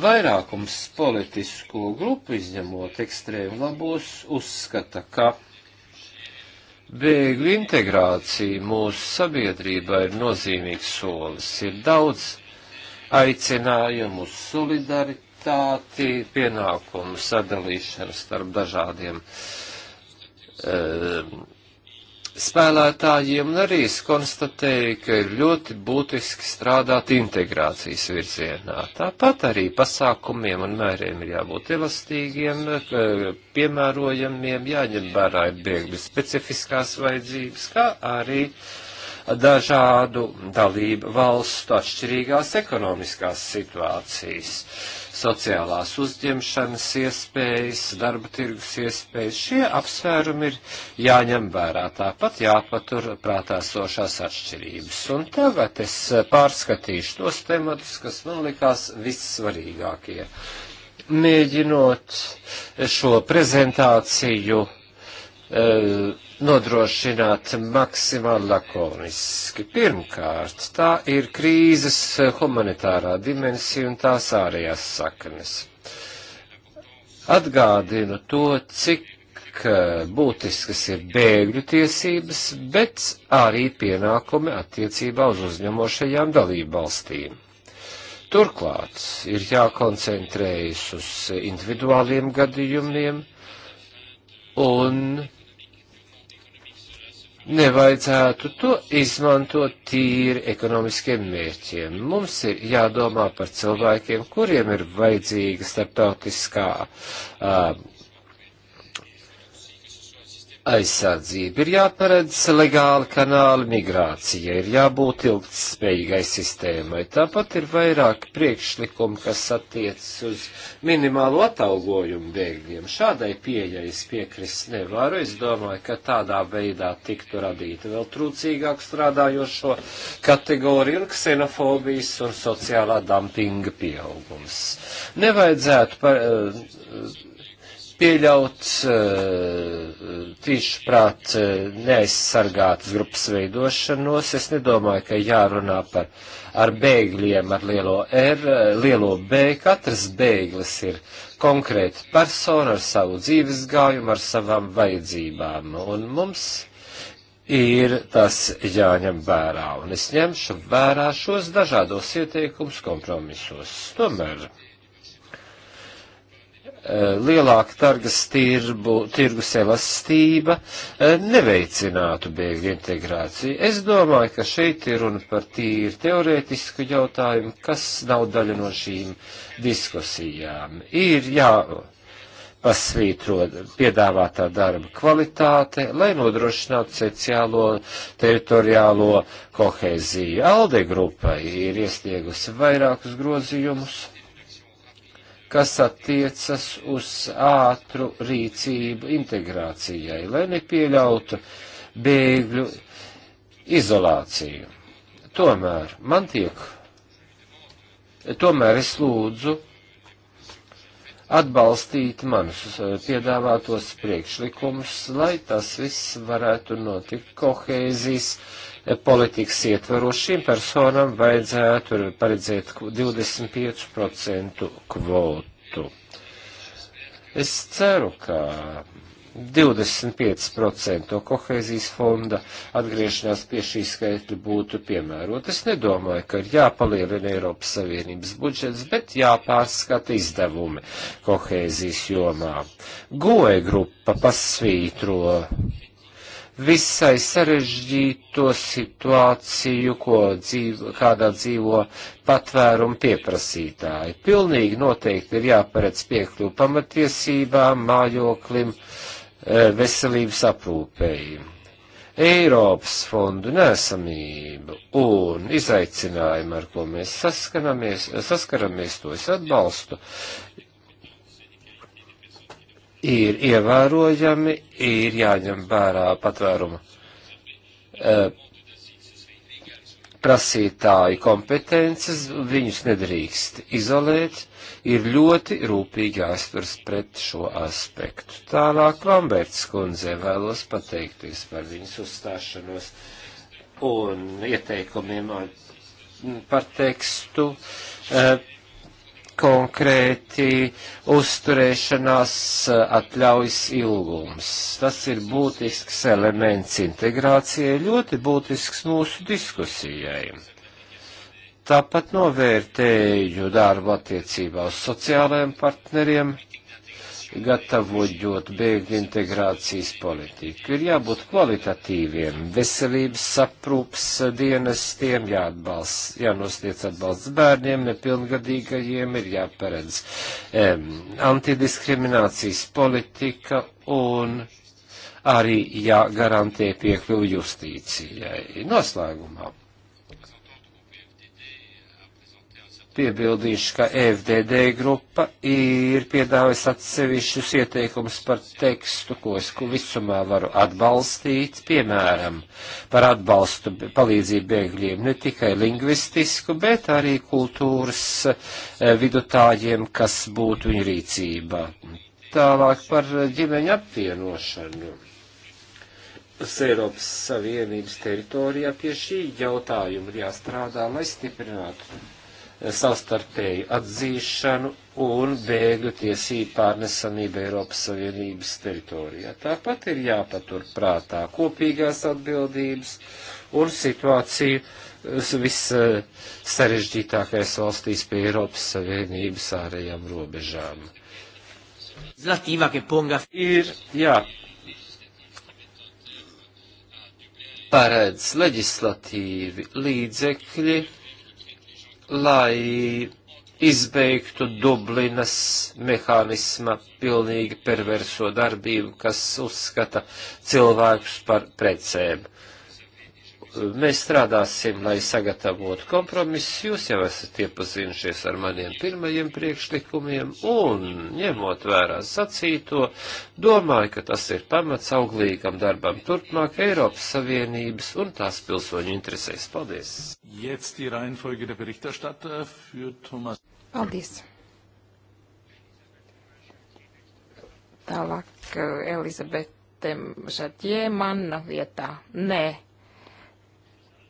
Vairākums politisko grupu izņemot ekstrēmu labos uzskata, ka bēgļu integrācija mūsu sabiedrībā ir nozīmīgs solis. Ir daudz aicinājumu uz solidaritāti, pienākumu sadalīšanu starp dažādiem uh, Eh, spēlētājiem, un arī es konstatēju, ka ir ļoti būtiski strādāt integrācijas virzienā. Tāpat arī pasākumiem un mēriem ir jābūt elastīgiem, eh, piemērojamiem, jāņem vērā ir bēgļu specifiskās vajadzības, kā arī dažādu dalību valstu atšķirīgās ekonomiskās situācijas sociālās uzņemšanas iespējas, darba tirgus iespējas. Šie apsvērumi ir jāņem vērā, tāpat jāpatur prātā sošās atšķirības. Un tagad es pārskatīšu tos tematus, kas man likās vissvarīgākie. Mēģinot šo prezentāciju. Uh, nodrošināt maksimāli lakoniski. Pirmkārt, tā ir krīzes humanitārā dimensija un tās ārējās saknes. Atgādinu to, cik būtiskas ir bēgļu tiesības, bet arī pienākumi attiecībā uz uzņemošajām dalību valstīm. Turklāt ir jākoncentrējas uz individuāliem gadījumiem un nevajadzētu to izmantot tīri ekonomiskiem mērķiem. Mums ir jādomā par cilvēkiem, kuriem ir vajadzīga starptautiskā uh, aizsardzība, ir jāparedz legāli kanāli migrācija, ir jābūt ilgtspējīgai sistēmai. Tāpat ir vairāk priekšlikumu, kas attiecas uz minimālo atalgojumu bēgļiem. Šādai pieejai es piekrist nevaru. Es domāju, ka tādā veidā tiktu radīta vēl trūcīgāk strādājošo kategoriju un ksenofobijas un sociālā dumpinga pieaugums. Nevajadzētu par, uh, eh, pieļaut eh, tīšprāt eh, neaizsargātas grupas veidošanos. Es nedomāju, ka jārunā par ar bēgļiem ar lielo R, eh, lielo B. Katrs bēglis ir konkrēta persona ar savu dzīves gājumu, ar savām vajadzībām. Un mums ir tas jāņem vērā. Un es ņemšu vērā šos dažādos ieteikumus kompromisos. Tomēr. Eh, lielāka targas tirbu, tirgus elastība eh, neveicinātu bēgļu integrāciju. Es domāju, ka šeit ir runa par tīri teorētisku jautājumu, kas nav daļa no šīm diskusijām. Ir jāpasvītro piedāvātā darba kvalitāte, lai nodrošinātu sociālo teritoriālo kohēziju. Alde grupai ir iesniegusi vairākus grozījumus kas attiecas uz ātru rīcību integrācijai, lai nepieļautu bēgļu izolāciju. Tomēr man tiek, tomēr es lūdzu atbalstīt manus eh, piedāvātos priekšlikumus, lai tas viss varētu notikt kohēzijas politikas ietvaros šīm personām vajadzētu paredzēt 25% kvotu. Es ceru, ka 25% no kohēzijas fonda atgriešanās pie šī skaitļa būtu piemērot. Es nedomāju, ka ir jāpalielina Eiropas Savienības budžets, bet jāpārskata izdevumi kohēzijas jomā. Goe grupa pasvītro visai sarežģīto situāciju, ko dzīvo, kādā dzīvo patvērumu pieprasītāji. Pilnīgi noteikti ir jāparedz piekļuvu pamatiesībām, mājoklim, eh, veselības aprūpēji. Eiropas fondu nesamību un izaicinājumu, ar ko mēs saskaramies, saskaramies to es atbalstu, ir ievērojami, ir jāņem vērā patvēruma e, prasītāju kompetences, viņus nedrīkst izolēt, ir ļoti rūpīgi jāizturas pret šo aspektu. Tālāk Lamberts kundzei vēlos pateikties par viņas uzstāšanos un ieteikumiem par tekstu. Uh, konkrēti uzturēšanās eh, atļaujas ilgums. Tas ir būtisks elements integrācijai, ļoti būtisks mūsu diskusijai. Tāpat novērtēju darbu attiecībā uz sociālajiem partneriem gatavoģot bēgļu integrācijas politiku. Ir jābūt kvalitatīviem veselības aprūps dienestiem, jāatbalsts, jānosniedz atbalsts bērniem, nepilngadīgajiem, ir jāparedz um, antidiskriminācijas politika un arī jāgarantē piekļuvi justīcijai. Noslēgumā Piebildīšu, ka FDD grupa ir piedāvājusi atsevišķus ieteikumus par tekstu, ko es visumā varu atbalstīt, piemēram, par atbalstu palīdzību bēgļiem ne tikai lingvistisku, bet arī kultūras eh, vidutājiem, kas būtu viņu rīcībā. Tālāk par ģimeņu apvienošanu. Eiropas Savienības teritorijā pie šī jautājuma jāstrādā, lai stiprinātu savstarpēju atzīšanu un bēgļu tiesību pārnesamību Eiropas Savienības teritorijā. Tāpat ir jāpatur prātā kopīgās atbildības un situāciju viss sarežģītākais valstīs pie Eiropas Savienības ārējām robežām. Zlatīva, ir jā, paredz leģislatīvi līdzekļi lai izbeigtu Dublinas mehānisma pilnīgi perverso darbību, kas uzskata cilvēkus par precēm mēs strādāsim, lai sagatavotu kompromisus. Jūs jau esat iepazinušies ar maniem pirmajiem priekšlikumiem un, ņemot vērā sacīto, domāju, ka tas ir pamats auglīgam darbam turpmāk Eiropas Savienības un tās pilsoņu interesēs. Paldies! Paldies! Tālāk eh, Elizabete Žaķie manna vietā. Nē.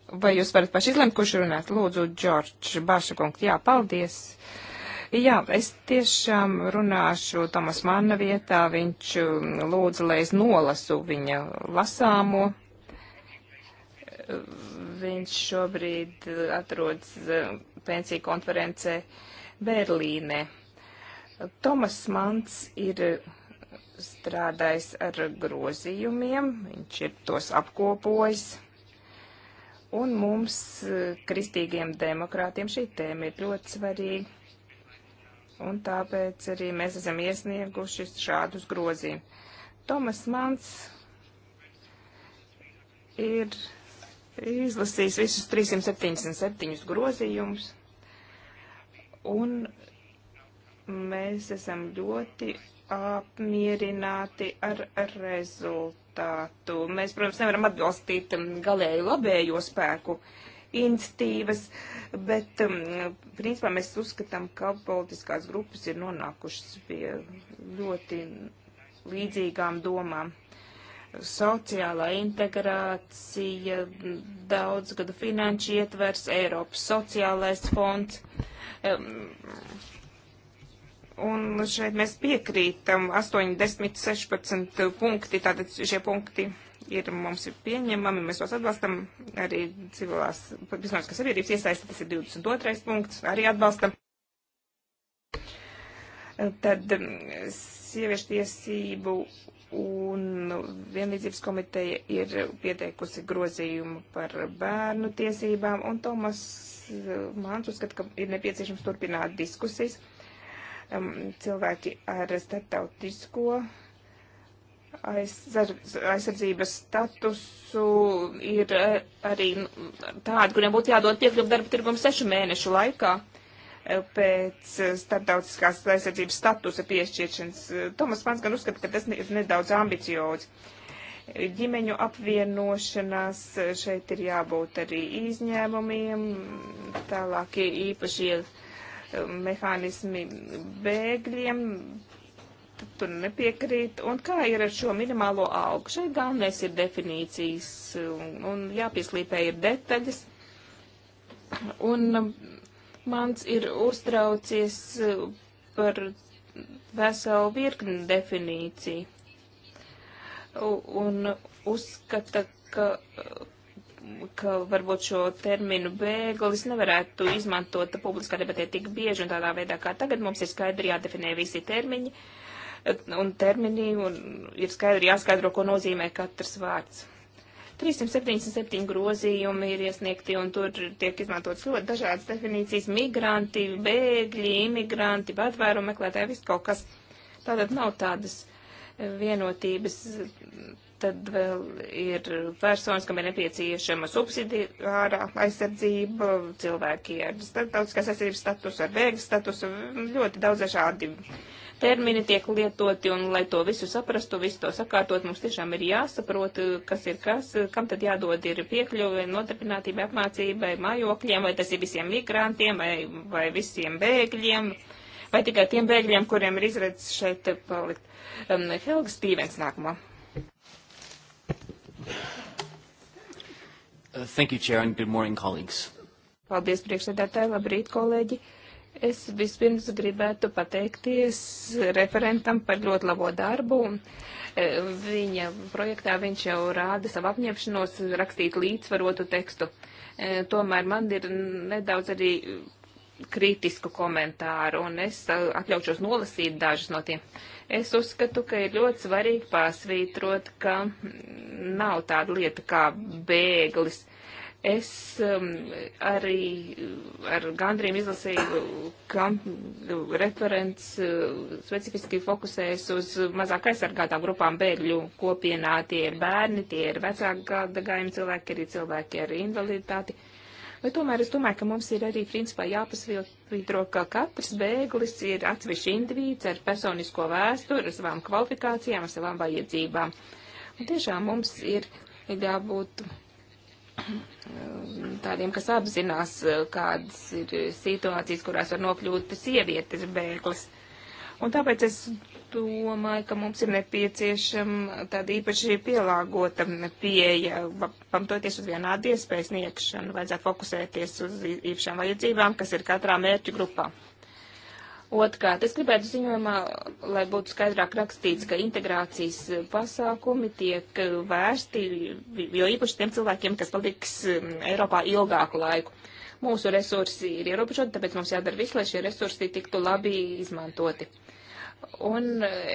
Vai jūs varat paši izlemt, kurš runāt? Lūdzu, Džordž Bašakungs. Jā, paldies. Jā, es tiešām runāšu Tomas Manna vietā. Viņš mm, lūdza, lai es nolasu viņa lasāmo. Viņš šobrīd atrodas mm, pensiju konferencē Berlīnē. Tomas Mans ir strādājis ar grozījumiem, viņš ir tos apkopojis Un mums, eh, kristīgiem demokrātiem, šī tēma ir ļoti svarīga. Un tāpēc arī mēs esam iesnieguši šādus grozījumus. Tomas Mans ir izlasījis visus 377 grozījumus. Un mēs esam ļoti apmierināti ar rezultātu. Mēs, protams, nevaram atbalstīt um, galēju labējo spēku iniciatīvas, bet, um, principā, mēs uzskatām, ka politiskās grupas ir nonākušas pie ļoti līdzīgām domām sociālā integrācija, daudzgada finanšu ietvers, Eiropas sociālais fonds. Um, Un šeit mēs piekrītam 8, 10, 16 punkti, tātad šie punkti ir mums ir pieņemami, mēs tos atbalstam, arī civilās, pilsoniskās sabiedrības iesaisti, tas ir 22. punkts, arī atbalstam. Tad um, sieviešu tiesību un vienlīdzības komiteja ir pieteikusi grozījumu par bērnu tiesībām, un Tomas uh, Mans uzskata, ka ir nepieciešams turpināt diskusijas cilvēki ar starptautisko aizsardzības statusu ir eh, arī tādi, kuriem būtu jādod piekļuvu darba tirgumu sešu mēnešu laikā eh, pēc eh, starptautiskās aizsardzības statusa piešķiršanas. Tomas Mans gan uzskata, ka tas ir nedaudz ambiciozi. Ģimeņu apvienošanās šeit ir jābūt arī izņēmumiem, tālāk īpašie. Ja mehānismi bēgļiem, tur nepiekrīt. Un kā ir ar šo minimālo algu? Šeit galvenais ir definīcijas un jāpieslīpē ir detaļas. Un um, mans ir uztraucies uh, par veselu virkni definīciju. Un uzskata, ka ka varbūt šo terminu bēglis nevarētu izmantot publiskā debatē tik bieži un tādā veidā kā tagad. Mums ir skaidri jādefinē visi termiņi un termini un ir skaidri jāskaidro, ko nozīmē katrs vārds. 377 grozījumi ir iesniegti, un tur tiek izmantotas ļoti dažādas definīcijas - migranti, bēgļi, imigranti, patvēru meklētāji, viss kaut kas. Tātad nav tādas vienotības Tad vēl ir personas, kam ir nepieciešama subsidiārā aizsardzība, cilvēki ar starptautiskās aizsardzības statusu, ar bēgļu statusu, ļoti daudz dažādi termini tiek lietoti, un lai to visu saprastu, visu to sakārtot, mums tiešām ir jāsaprot, kas ir kas, kam tad jādod ir piekļuve, nodarbinātība, apmācībai, mājokļiem, vai tas ir visiem migrantiem, vai, vai visiem bēgļiem, vai tikai tiem bēgļiem, kuriem ir izredzes šeit palikt. Um, Helga Stīvens nākamā. Uh, thank you, Chair, and good morning, colleagues. Paldies, priekšsēdētāji, labrīt, kolēģi. Es vispirms gribētu pateikties referentam par ļoti labo darbu. Uh, viņa projektā viņš jau rāda savu apņemšanos rakstīt līdzsvarotu tekstu. Uh, tomēr man ir nedaudz arī kritisku komentāru, un es uh, atļaušos nolasīt dažus no tiem. Es uzskatu, ka ir ļoti svarīgi pārsvītrot, ka nav tāda lieta kā bēglis. Es um, arī ar gandrīm izlasīju, ka referents uh, specifiski fokusējas uz mazāk aizsargātām grupām bēgļu kopienā. Tie ir bērni, tie ir vecāka gada gājuma cilvēki, arī cilvēki ar invaliditāti. Uh, Bet tomēr es domāju, ka mums ir arī principā jāpasvītro, ka katrs bēglis ir atsevišķi individs ar personisko vēsturi, ar savām kvalifikācijām, ar savām vajadzībām. Un tiešām mums ir jābūt eh, tādiem, kas apzinās, eh, kādas ir situācijas, kurās var nokļūt sievietes bēglis. Un tāpēc es domāju, ka mums ir nepieciešama tāda īpaši pielāgota pieeja, pamatoties uz vienādu iespēju sniegšanu, vajadzētu fokusēties uz īpašām vajadzībām, kas ir katrā mērķu grupā. Otkārt, es gribētu ziņojumā, lai būtu skaidrāk rakstīts, ka integrācijas pasākumi tiek vērsti, jo īpaši tiem cilvēkiem, kas paliks mm, Eiropā ilgāku laiku mūsu resursi ir ierobežoti, tāpēc mums jādara viss, lai šie resursi tiktu labi izmantoti. Un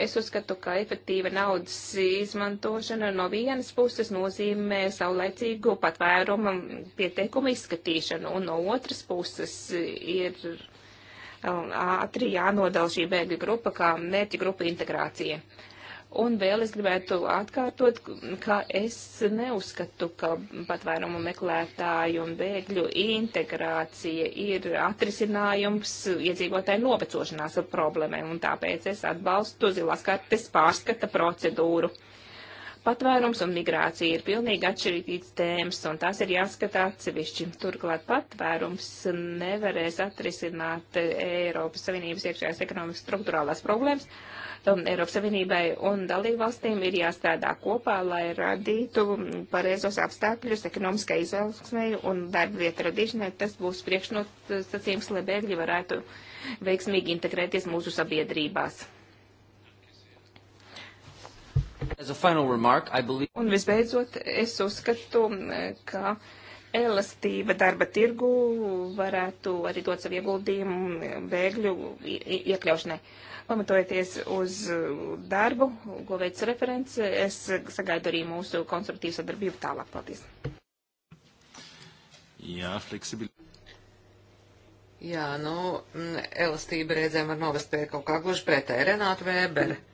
es uzskatu, ka efektīva naudas izmantošana no vienas puses nozīmē saulaicīgu patvērumu pieteikumu izskatīšanu, un no otras puses ir um, ātri jānodala šī bēgļu grupa kā mērķi grupa integrācija. Un vēl es gribētu atkārtot, ka es neuzskatu, ka patvērumu meklētāju un bēgļu integrācija ir atrisinājums iedzīvotāju novecošanās problēmai, un tāpēc es atbalstu zilās kartes pārskata procedūru. Patvērums un migrācija ir pilnīgi atšķirīgas tēmas, un tās ir jāskatā atsevišķi. Turklāt patvērums nevarēs atrisināt Eiropas Savienības iekšējās ekonomikas struktūrālās problēmas. Eiropas Savienībai un dalībvalstīm ir jāstrādā kopā, lai radītu pareizos apstākļus ekonomiskai izaugsmēji un darba vietu radīšanai. Tas būs priekšnosacījums, lai bēgļi varētu veiksmīgi integrēties mūsu sabiedrībās. Remark, believe... Un visbeidzot, es uzskatu, ka elastība darba tirgu varētu arī dot savu ieguldījumu bēgļu iekļaušanai. Pamatojoties uz darbu, ko veids referents, es sagaidu arī mūsu konstruktīvu sadarbību tālāk. Paldies. Jā, fleksibilitāte. Jā, nu, mm, elastība redzēm var novest pie kaut kā gluži pretēji. Renāta Vēbere. Mm.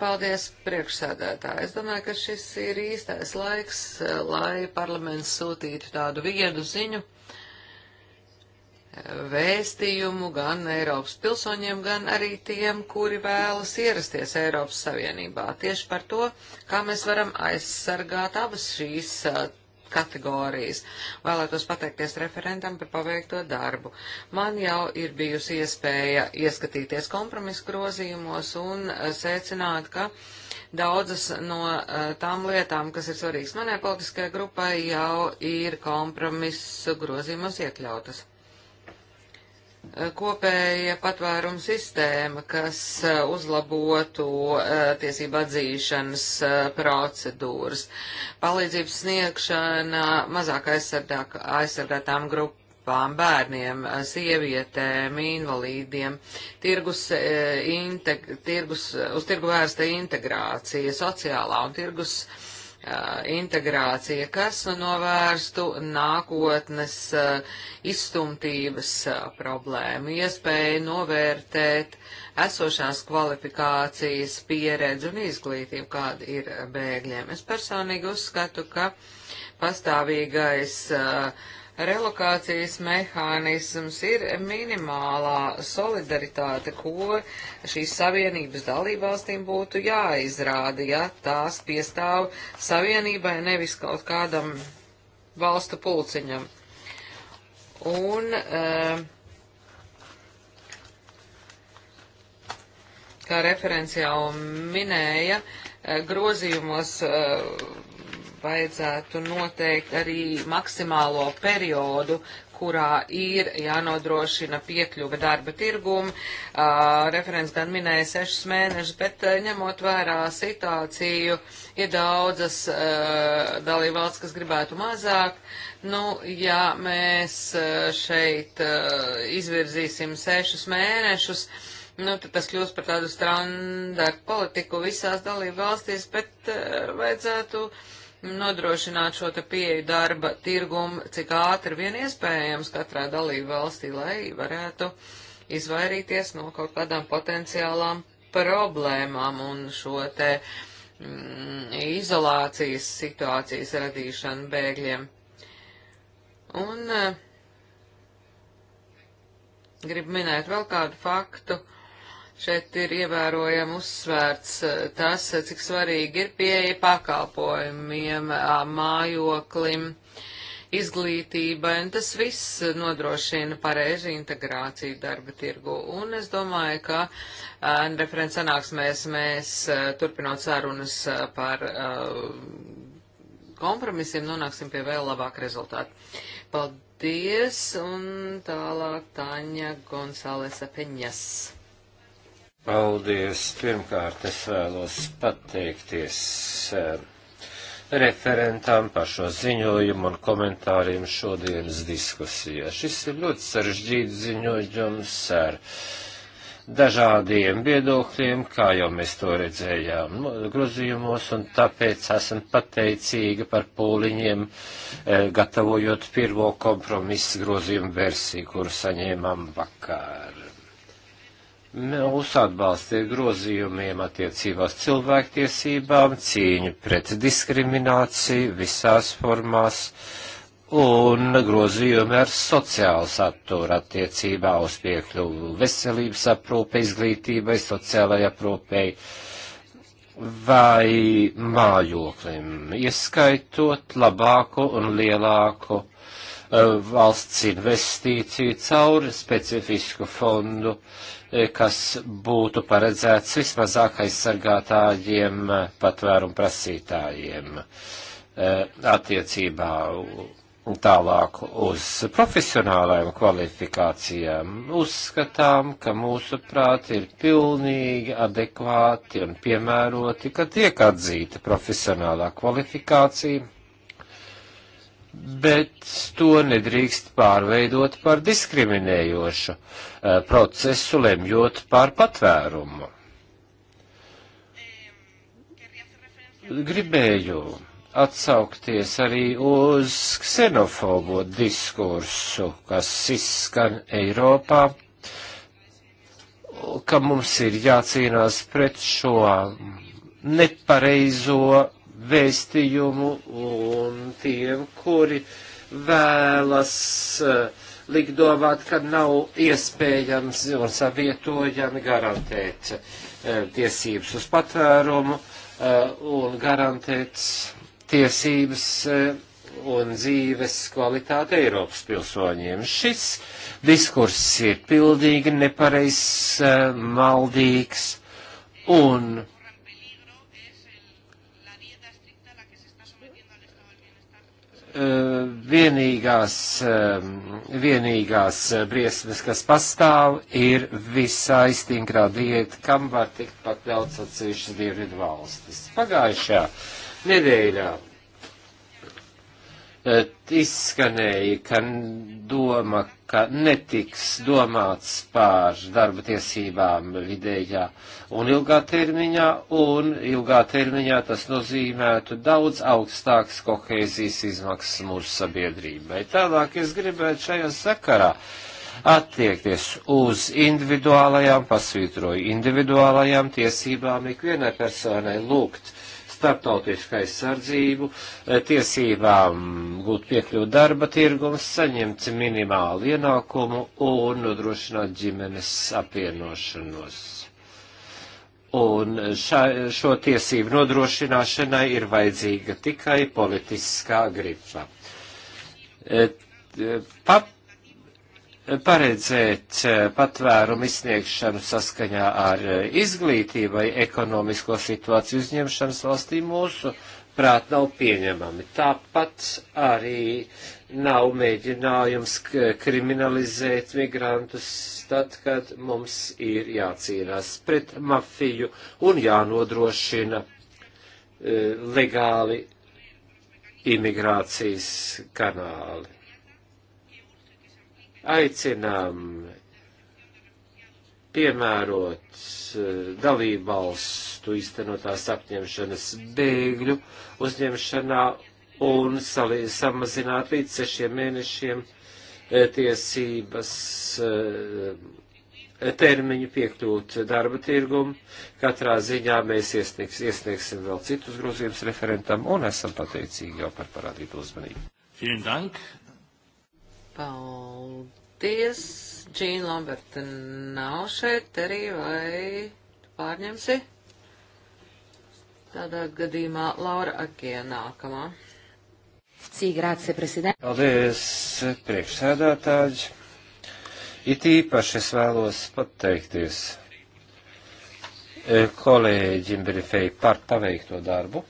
Paldies, priekšsēdētāji. Es domāju, ka šis ir īstais laiks, eh, lai parlaments sūtītu tādu vienu ziņu, eh, vēstījumu gan Eiropas pilsoņiem, gan arī tiem, kuri vēlas ierasties Eiropas Savienībā. Tieši par to, kā mēs varam aizsargāt abas šīs eh, kategorijas. Vēlētos pateikties referentam par paveikto darbu. Man jau ir bijusi iespēja ieskatīties kompromisu grozījumos un eh, secināt, ka daudzas no eh, tām lietām, kas ir svarīgas manai politiskajai grupai, jau ir kompromisu grozījumos iekļautas. Eh, kopēja patvērums sistēma, kas eh, uzlabotu eh, tiesību atzīšanas procedūras, palīdzības sniegšana mazāk aizsargātām grupām, bērniem, sievietēm, invalīdiem, tirgus, integ, tirgus, uz tirgu vērsta integrācija, sociālā un tirgus uh, integrācija, kas novērstu nākotnes izstumtības problēmu, iespēju novērtēt esošās kvalifikācijas pieredzi un izglītību, kāda ir bēgļiem. Es personīgi uzskatu, ka pastāvīgais uh, relokācijas mehānisms ir minimālā solidaritāte, ko šīs savienības dalībvalstīm būtu jāizrāda, ja tās piestāv savienībai, nevis kaut kādam valstu pulciņam. Un, eh, kā referents jau minēja, eh, grozījumos eh, vajadzētu noteikt arī maksimālo periodu, kurā ir jānodrošina piekļuva darba tirgumu. Uh, referents gan minēja sešus mēnešus, bet uh, ņemot vērā situāciju, ir daudzas uh, dalībvalsts, kas gribētu mazāk. Nu, ja mēs šeit izvirzīsim sešus mēnešus, nu, tad tas kļūst par tādu standartu politiku visās dalībvalstīs, bet vajadzētu. Uh, nodrošināt šo te pieeju darba tirgumu, cik ātri vien iespējams katrā dalību valstī, lai varētu izvairīties no kaut kādām potenciālām problēmām un šo te mm, izolācijas situācijas radīšanu bēgļiem. Un uh, gribu minēt vēl kādu faktu. Uh, Šeit ir ievērojami uzsvērts eh, tas, eh, cik svarīgi ir pieeja pakalpojumiem, eh, mājoklim, izglītībai, un tas viss nodrošina pareizi integrāciju darba tirgu. Un es domāju, ka referents sanāksmēs mēs, turpinot sarunas par kompromisiem, nonāksim pie vēl labāka rezultāta. Paldies, un tālāk Taņa Gonzālesa Peņas. Paldies! Pirmkārt, es vēlos pateikties eh, referentam par šo ziņojumu un komentāriem šodienas diskusijā. Šis ir ļoti sarežģīts ziņojums ar dažādiem viedokļiem, kā jau mēs to redzējām grozījumos, un tāpēc esam pateicīgi par pūliņiem, eh, gatavojot pirmo kompromisu grozījumu versiju, kuru saņēmām vakar. Mūsu atbalsts ir grozījumiem attiecībās cilvēktiesībām, cīņu pret diskrimināciju visās formās un grozījumi ar sociālu saturu attiecībā uz piekļuvu veselības aprūpei, izglītībai, sociālajai aprūpei vai mājoklim, ieskaitot labāku un lielāku Eh, valsts investīciju caur specifisku fondu, eh, kas būtu paredzēts vismazāk aizsargātājiem, patvērumu prasītājiem eh, attiecībā tālāk uz profesionālajām kvalifikācijām, uzskatām, ka mūsu prāti ir pilnīgi adekvāti un piemēroti, ka tiek atzīta profesionālā kvalifikācija bet to nedrīkst pārveidot par diskriminējošu eh, procesu, lemjot par patvērumu. Gribēju atsaukties arī uz ksenofobo diskursu, kas izskan Eiropā, ka mums ir jācīnās pret šo nepareizo vēstījumu un tiem, kuri vēlas eh, likt domāt, ka nav iespējams un savietojami garantēt eh, tiesības uz patvērumu eh, un garantēt tiesības un dzīves kvalitāti Eiropas pilsoņiem. Šis diskurss ir pildīgi nepareizs, maldīgs un vienīgās, vienīgās briesmas, kas pastāv, ir visai stingrā diēta, kam var tikt pakļauts atsevišķas dienvidu valstis. Pagājušajā nedēļā izskanēja, ka doma, ka netiks domāts pār darba tiesībām vidējā un ilgā termiņā, un ilgā termiņā tas nozīmētu daudz augstāks kohēzijas izmaksas mūsu sabiedrībai. Tālāk es gribētu šajā sakarā attiekties uz individuālajām, pasvītroju individuālajām tiesībām ikvienai personai lūgt starptautisku aizsardzību, eh, tiesībām gūt piekļūt darba tirgums, saņemt minimālu ienākumu un nodrošināt ģimenes apvienošanos. Un šā, šo tiesību nodrošināšanai ir vajadzīga tikai politiskā gripa. Eh, eh, Pap paredzēt eh, patvērumu izsniegšanu saskaņā ar eh, izglītību vai ekonomisko situāciju uzņemšanas valstī mūsu prāt nav pieņemami. Tāpat arī nav mēģinājums kriminalizēt migrantus tad, kad mums ir jācīnās pret mafiju un jānodrošina eh, legāli imigrācijas kanāli aicinām piemērot eh, dalību valstu īstenotās apņemšanas bēgļu uzņemšanā un salī, samazināt līdz sešiem mēnešiem eh, tiesības eh, termiņu piekļūt darba tirgumu. Katrā ziņā mēs iesniegs, iesniegsim vēl citus grozījumus referentam un esam pateicīgi jau par parādītu uzmanību. Vielen Dank. Paldies. Džīna Lamberta nav šeit arī, vai pārņemsi? Tādā gadījumā Laura Akie nākamā. Sīgrācija, prezidents. Paldies, priekšsēdētāji. It īpaši es vēlos pateikties e, kolēģim Brifei par paveikto darbu,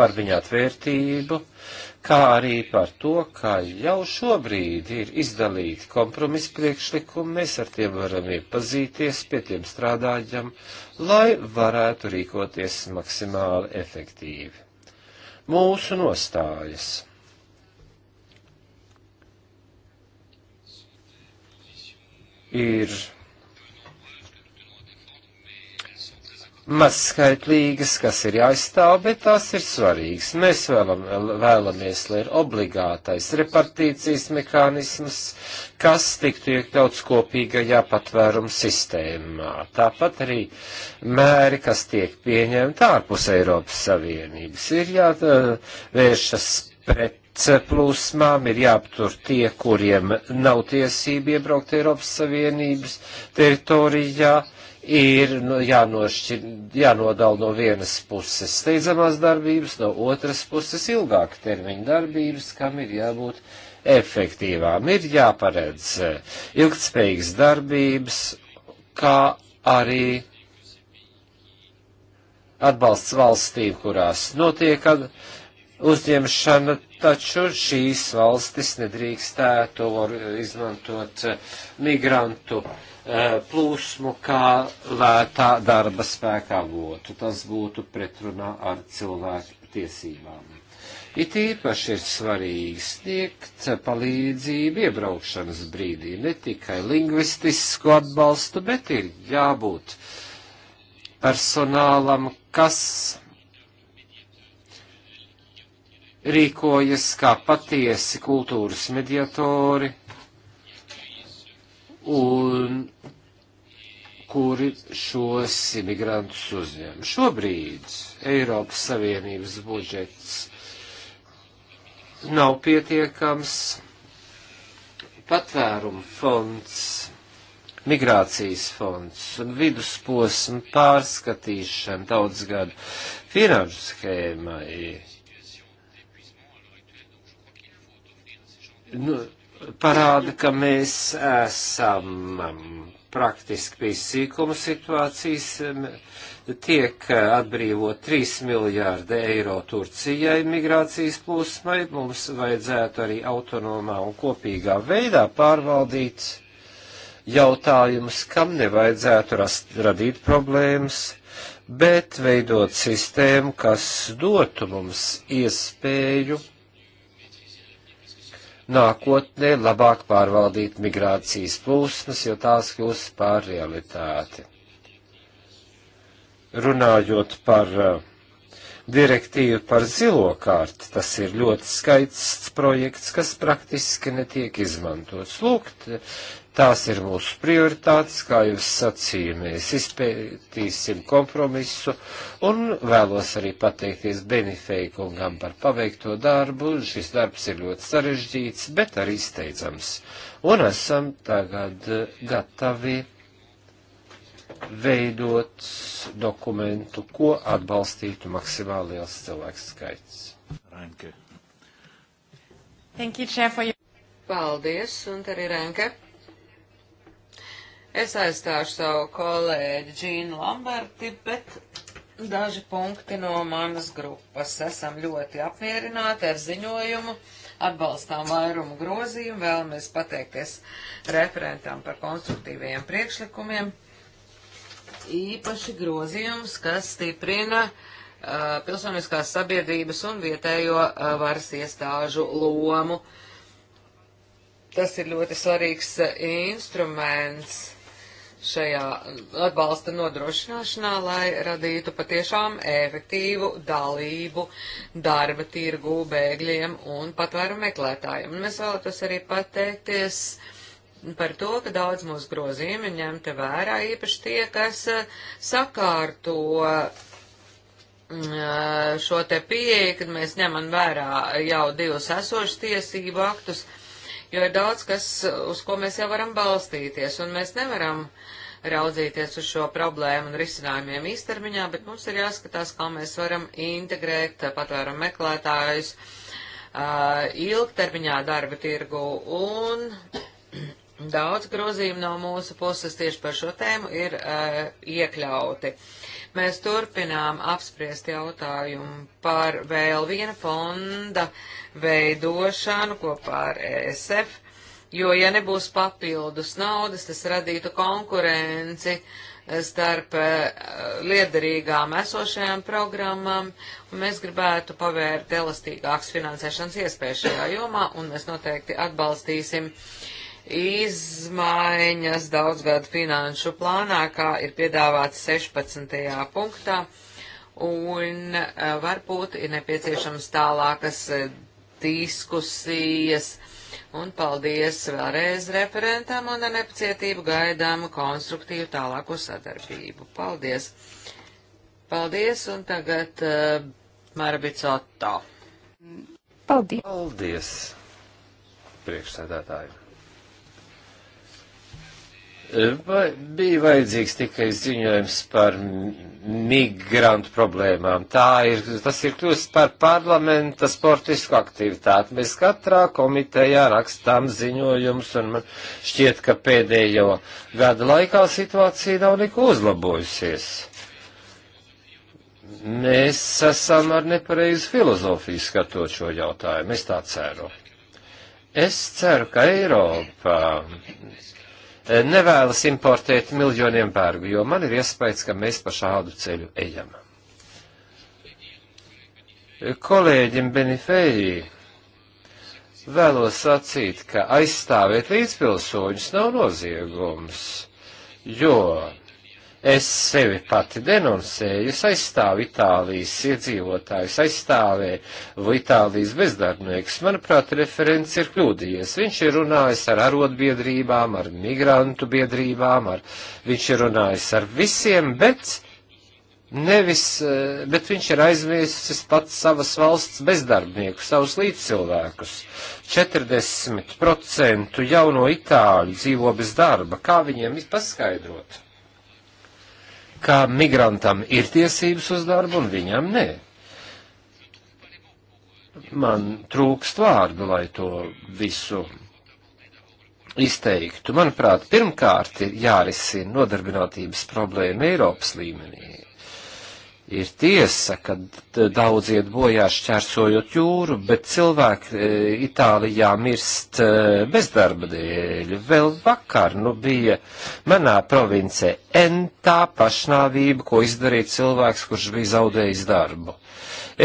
par viņa atvērtību. Uh, kā arī par to, ka jau šobrīd ir izdalīti kompromisa priekšlikumi, mēs ar tiem varam iepazīties, pie tiem strādājam, lai varētu rīkoties maksimāli efektīvi. Mūsu nostājas. Ir mazskaitlīgas, kas ir jāizstāv, bet tās ir svarīgas. Mēs vēlam, vēlamies, lai ir obligātais repartīcijas mehānisms, kas tiktu iekļauts kopīgajā patvērumu sistēmā. Tāpat arī mēri, kas tiek pieņemti ārpus Eiropas Savienības, ir jāvēršas pret plūsmām ir jāaptur tie, kuriem nav tiesība iebraukt Eiropas Savienības teritorijā, ir nu, jānošķir, jānodala no vienas puses steidzamās darbības, no otras puses ilgāka termiņa darbības, kam ir jābūt efektīvām. Ir jāparedz eh, ilgtspējīgas darbības, kā arī atbalsts valstīm, kurās notiek uzņemšana, taču šīs valstis nedrīkstētu izmantot eh, migrantu uh, E, plūsmu kā lētā darba spēkā votu. Tas būtu pretrunā ar cilvēku tiesībām. It īpaši ir svarīgi sniegt palīdzību iebraukšanas brīdī, ne tikai lingvistisku atbalstu, bet ir jābūt personālam, kas rīkojas kā patiesi kultūras mediatori un kuri šos imigrantus uzņem. Šobrīd Eiropas Savienības budžets nav pietiekams. Patvērumu fonds, migrācijas fonds un vidusposma pārskatīšana daudz gadu finanšu schēmai. Nu, parāda, ka mēs esam um, praktiski pie sīkuma situācijas. Um, tiek atbrīvot 3 miljārdi eiro Turcijai migrācijas plūsmai. Mums vajadzētu arī autonomā un kopīgā veidā pārvaldīt jautājumus, kam nevajadzētu rast, radīt problēmas, bet veidot sistēmu, kas dotu mums iespēju nākotnē labāk pārvaldīt migrācijas plūsmas, jo tās kļūs par realitāti. Runājot par eh, direktīvu par zilo kārtu, tas ir ļoti skaists projekts, kas praktiski netiek izmantots. Lūk, Tās ir mūsu prioritātes, kā jūs sacīja, mēs izpētīsim kompromisu un vēlos arī pateikties Benifei kungam par paveikto darbu. Šis darbs ir ļoti sarežģīts, bet arī steidzams. Un esam tagad gatavi veidot dokumentu, ko atbalstītu maksimāli liels cilvēks skaits. Ranke. Thank you, Chair, for your... Paldies, un arī Ranke Es aizstāšu savu kolēģi Džīnu Lamberti, bet daži punkti no manas grupas. Esam ļoti apmierināti ar ziņojumu, atbalstām vairumu grozījumu, vēlamies pateikties referentam par konstruktīviem priekšlikumiem, īpaši grozījums, kas stiprina uh, pilsoniskās sabiedrības un vietējo uh, varas iestāžu lomu. Tas ir ļoti svarīgs uh, instruments šajā atbalsta nodrošināšanā, lai radītu patiešām efektīvu dalību darba tirgū bēgļiem un patvēru meklētājiem. Un mēs vēlētos arī pateikties par to, ka daudz mūsu grozījumi ņemta vērā, īpaši tie, kas sakārto mm, šo te pieeju, kad mēs ņemam vērā jau divus esošus tiesību aktus, jo ir daudz, kas, uz ko mēs jau varam balstīties, un mēs nevaram uh, raudzīties uz šo problēmu un risinājumiem īstermiņā, bet mums ir jāskatās, kā mēs varam integrēt patvērumu meklētājus uh, ilgtermiņā darba tirgu un <clears throat> daudz grozījumu no mūsu puses tieši par šo tēmu ir uh, iekļauti. Mēs turpinām apspriest jautājumu par vēl viena fonda veidošanu kopā ar ESF jo, ja nebūs papildus naudas, tas radītu konkurenci eh, starp eh, liederīgām esošajām programmām, un mēs gribētu pavērt elastīgāks finansēšanas iespējas šajā jomā, un mēs noteikti atbalstīsim izmaiņas daudzgadu finanšu plānā, kā ir piedāvāts 16. punktā, un eh, varbūt ir nepieciešams tālākas diskusijas Un paldies vēlreiz referentam un ar nepacietību gaidām konstruktīvu tālāku sadarbību. Paldies! Paldies un tagad uh, eh, Marabicotto. Paldies! Paldies, priekšsēdētāji! Eh, vai bija vajadzīgs tikai ziņojums par migrantu problēmām. Tā ir, tas ir kļūst par parlamenta sportisku aktivitāti. Mēs katrā komitejā rakstām ziņojumus, un man šķiet, ka pēdējo gada laikā situācija nav neko uzlabojusies. Mēs esam ar nepareizu filozofiju skatot šo jautājumu. Es tā ceru. Es ceru, ka Eiropa Eh, nevēlas importēt miljoniem bērgu, jo man ir iespējas, ka mēs pa šādu ceļu ejam. Kolēģim Benifēji vēlos sacīt, ka aizstāvēt līdzpilsoņus nav noziegums, jo Es sevi pati denunsēju, es aizstāvu Itālijas iedzīvotājus, aizstāvēju Itālijas bezdarbniekus. Manuprāt, referents ir kļūdījies. Viņš ir runājis ar arotbiedrībām, ar migrantu biedrībām, ar, viņš ir runājis ar visiem, bet nevis, eh, bet viņš ir aizmirsis pats savas valsts bezdarbnieku, savus līdzcilvēkus. 40% jauno itāļu dzīvo bez darba. Kā viņiem paskaidrot? ka migrantam ir tiesības uz darbu un viņam nē. Man trūkst vārdu, lai to visu izteiktu. Manuprāt, pirmkārt ir jārisina nodarbinātības problēma Eiropas līmenī. Ir tiesa, ka daudz iet bojā šķērsojot jūru, bet cilvēki e, Itālijā mirst e, bezdarba dēļ. Vēl vakar nu bija manā provincē entā pašnāvība, ko izdarīja cilvēks, kurš bija zaudējis darbu.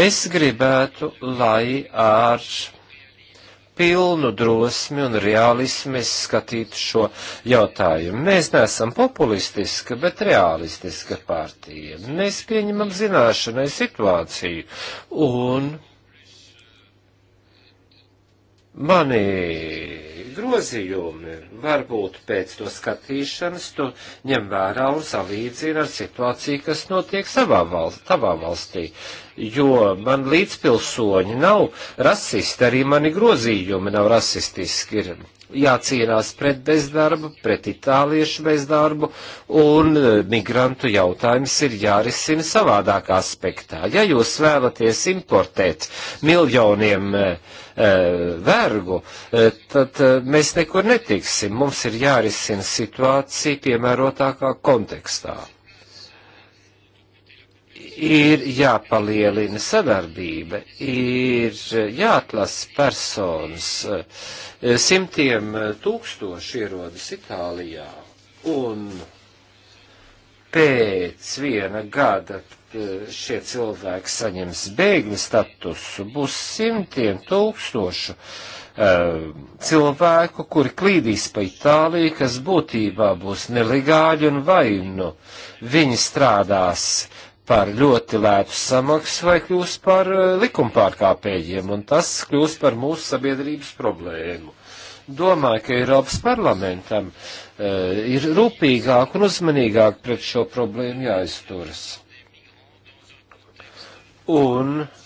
Es gribētu, lai ar. Ārš pilnu drosmi un realismi es skatītu šo jautājumu. Mēs neesam populistiska, bet realistiska partija. Mēs pieņemam zināšanai situāciju un Mani grozījumi varbūt pēc to skatīšanas tu ņem vērā un salīdzina ar situāciju, kas notiek savā valstī, tavā valstī, jo man līdzpilsoņi nav rasisti, arī mani grozījumi nav rasistiski, ir jācīnās pret bezdarbu, pret itāliešu bezdarbu, un e, migrantu jautājums ir jārisina savādāk aspektā. Ja jūs vēlaties importēt miljoniem e, e, vergu, e, tad e, mēs nekur netiksim. Mums ir jārisina situācija piemērotākā kontekstā ir jāpalielina sadarbība, ir jāatlasa personas. Simtiem tūkstoši ierodas Itālijā un pēc viena gada eh, šie cilvēki saņems bēgļu statusu, būs simtiem tūkstošu um, cilvēku, kuri klīdīs pa Itāliju, kas būtībā būs nelegāļi un vainu. Viņi strādās par ļoti lētu samaksu vai kļūst par eh, likumpārkāpējiem, un tas kļūst par mūsu sabiedrības problēmu. Domāju, ka Eiropas parlamentam uh, ir rūpīgāk un uzmanīgāk pret šo problēmu jāizturas. Un uh,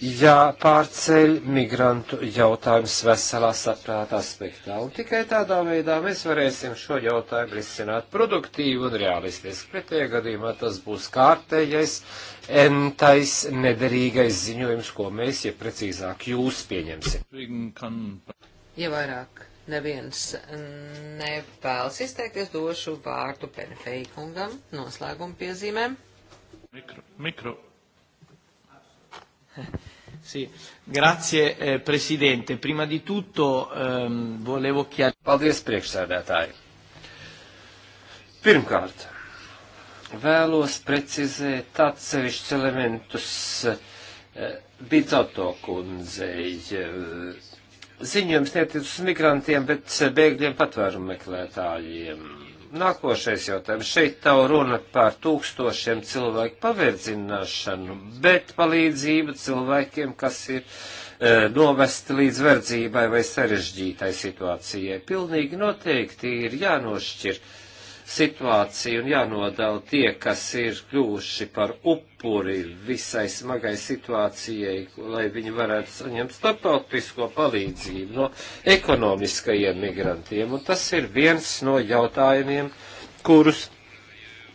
jāpārceļ migrantu jautājums veselā saprāta aspektā. Un tikai tādā veidā mēs varēsim šo jautājumu risināt produktīvi un realistiski. Pretējā gadījumā tas būs kārtējais, entais, nederīgais ziņojums, ko mēs, ja precīzāk, jūs pieņemsim. Ja vairāk neviens nevēlas izteikties, došu vārdu Benfeikungam noslēguma piezīmēm. Mikro, mikro. <laughs> Sì, grazie eh, Presidente. Prima di tutto ehm, volevo chiarire. Paldies priekšsēdētāji. Pirmkārt, vēlos precizēt atsevišķus elementus eh, Bizoto kundzei. Eh, ziņojums netiec uz migrantiem, bet eh, bēgļiem patvērumu meklētājiem Nākošais jautājums. Šeit tā runa par tūkstošiem cilvēku paverdzināšanu, bet palīdzību cilvēkiem, kas ir e, novesti līdz verdzībai vai sarežģītai situācijai. Pilnīgi noteikti ir jānošķir. E, situāciju un jānodala tie, kas ir kļuvuši par upuri visai smagai situācijai, lai viņi varētu saņemt starptautisko palīdzību no ekonomiskajiem migrantiem. Un tas ir viens no jautājumiem, kurus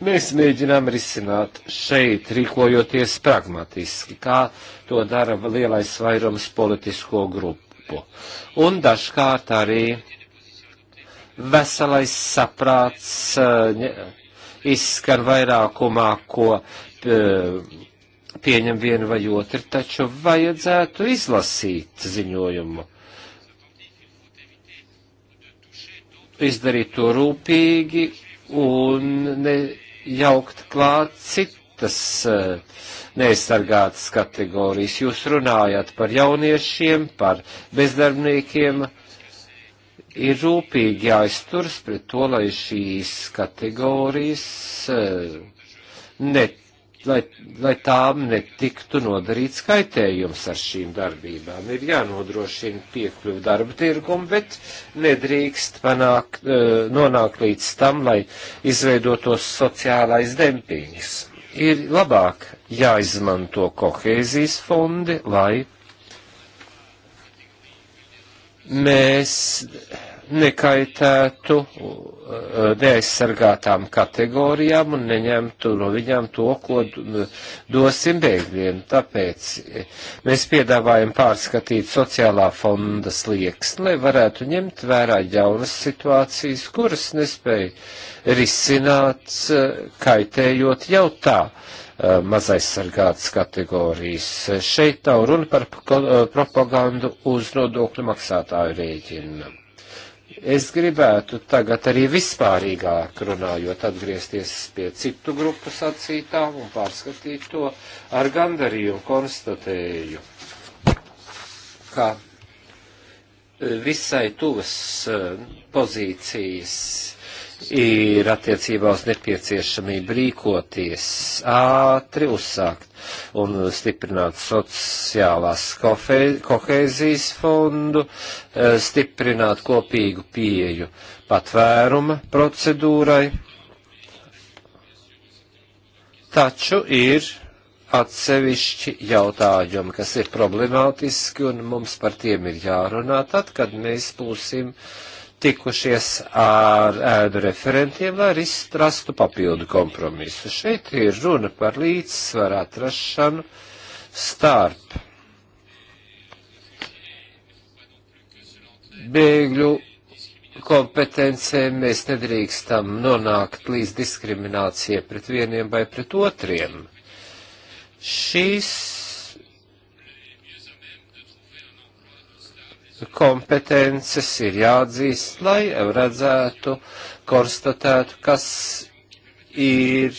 mēs mēģinām risināt šeit, rīkojoties pragmatiski, kā to dara lielais vairums politisko grupu. Un dažkārt arī veselais saprāts eh, izskar vairākumā, ko eh, pieņem vienu vai otru, taču vajadzētu izlasīt ziņojumu. Izdarīt to rūpīgi un nejaukt klāt citas eh, neaizsargātas kategorijas. Jūs runājat par jauniešiem, par bezdarbniekiem ir rūpīgi jāizturas pret to, lai šīs kategorijas, eh, ne, lai, lai tām netiktu nodarīts kaitējums ar šīm darbībām. Ir jānodrošina piekļuvi darba tirgumu, bet nedrīkst panākt, eh, nonākt līdz tam, lai izveidotos sociālais dempings. Ir labāk jāizmanto kohēzijas fondi, lai mēs nekaitētu uh, neaizsargātām kategorijām un neņemtu no viņām to, ko dosim bēgļiem. Tāpēc eh, mēs piedāvājam pārskatīt sociālā fonda slieks, lai varētu ņemt vērā jaunas situācijas, kuras nespēja risināt eh, kaitējot jau tā Eh, mazaizsargātas kategorijas. Šeit nav runa par eh, propagandu uz nodokļu maksātāju rēķinu. Es gribētu tagad arī vispārīgāk runājot atgriezties pie citu grupu sacītām un pārskatīt to ar gandarījumu konstatēju, ka eh, visai tuvas pozīcijas ir attiecībā uz nepieciešamību rīkoties ātri, uzsākt un stiprināt sociālās kohēzijas fondu, eh, stiprināt kopīgu pieju patvēruma procedūrai. Taču ir atsevišķi jautājumi, kas ir problemātiski, un mums par tiem ir jārunā tad, kad mēs būsim uh, tikušies ar ēdu referentiem, lai arī rastu papildu kompromisu. Šeit ir runa par līdzsvaru atrašanu starp bēgļu kompetencēm. Mēs nedrīkstam nonākt līdz diskriminācijai pret vieniem vai pret otriem. Šīs kompetences ir jāatzīst, lai redzētu, konstatētu, kas ir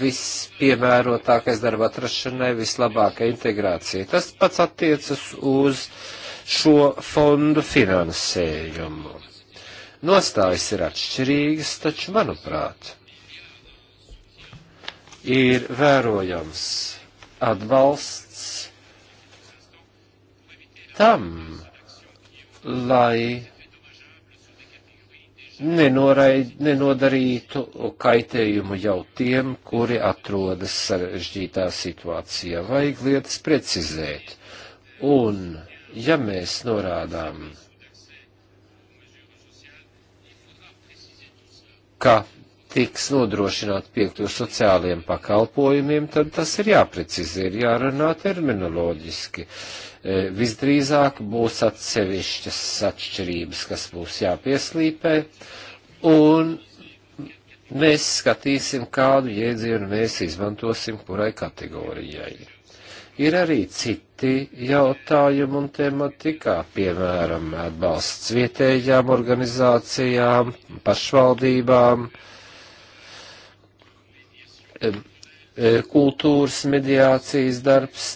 vispiemērotākais darba atrašanai, vislabākai integrācijai. Tas pats attiecas uz šo fondu finansējumu. Nostājas ir atšķirīgas, taču, manuprāt, ir vērojams atbalsts tam, lai nenoraid, nenodarītu kaitējumu jau tiem, kuri atrodas sarežģītā situācijā. Vajag lietas precizēt. Un, ja mēs norādām, ka tiks nodrošināt piekto sociāliem pakalpojumiem, tad tas ir jāprecizē, ir jārunā terminoloģiski. Uh, E, visdrīzāk būs atsevišķas atšķirības, kas būs jāpieslīpē, un mēs skatīsim, kādu jēdzienu mēs izmantosim kurai kategorijai. Ir arī citi jautājumi un tematikā, piemēram, atbalsts vietējām organizācijām, pašvaldībām, e, e, kultūras mediācijas darbs.